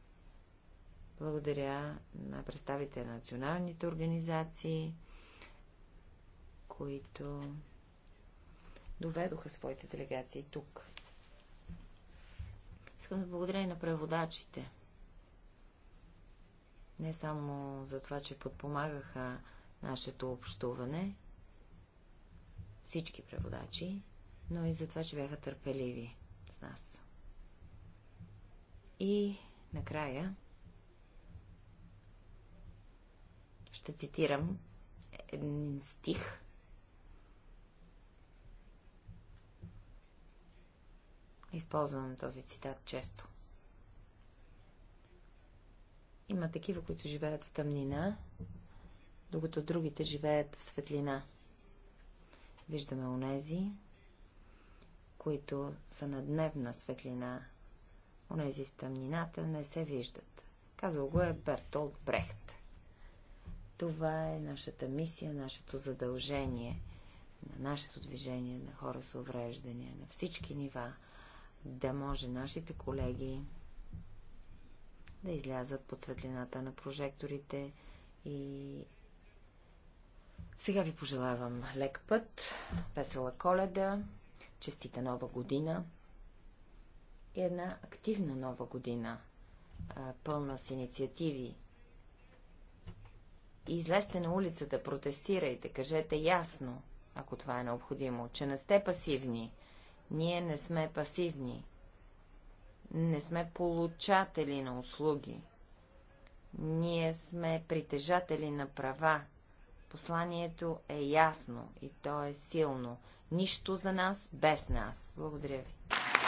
Благодаря на представите на националните организации, които доведоха своите делегации тук. Искам да благодаря и на преводачите. Не само за това, че подпомагаха нашето общуване, всички преводачи, но и за това, че бяха търпеливи с нас. И накрая ще цитирам един стих. Използвам този цитат често. Има такива, които живеят в тъмнина, докато другите живеят в светлина. Виждаме онези, които са на дневна светлина, Онези в тъмнината не се виждат. Казал го е Бертолд Брехт. Това е нашата мисия, нашето задължение, на нашето движение на хора с увреждания, на всички нива, да може нашите колеги да излязат под светлината на прожекторите и сега ви пожелавам лек път, весела коледа, честита нова година и е една активна нова година, пълна с инициативи. И излезте на улицата, протестирайте, кажете ясно, ако това е необходимо, че не сте пасивни. Ние не сме пасивни. Не сме получатели на услуги. Ние сме притежатели на права. Посланието е ясно и то е силно. Нищо за нас без нас. Благодаря ви.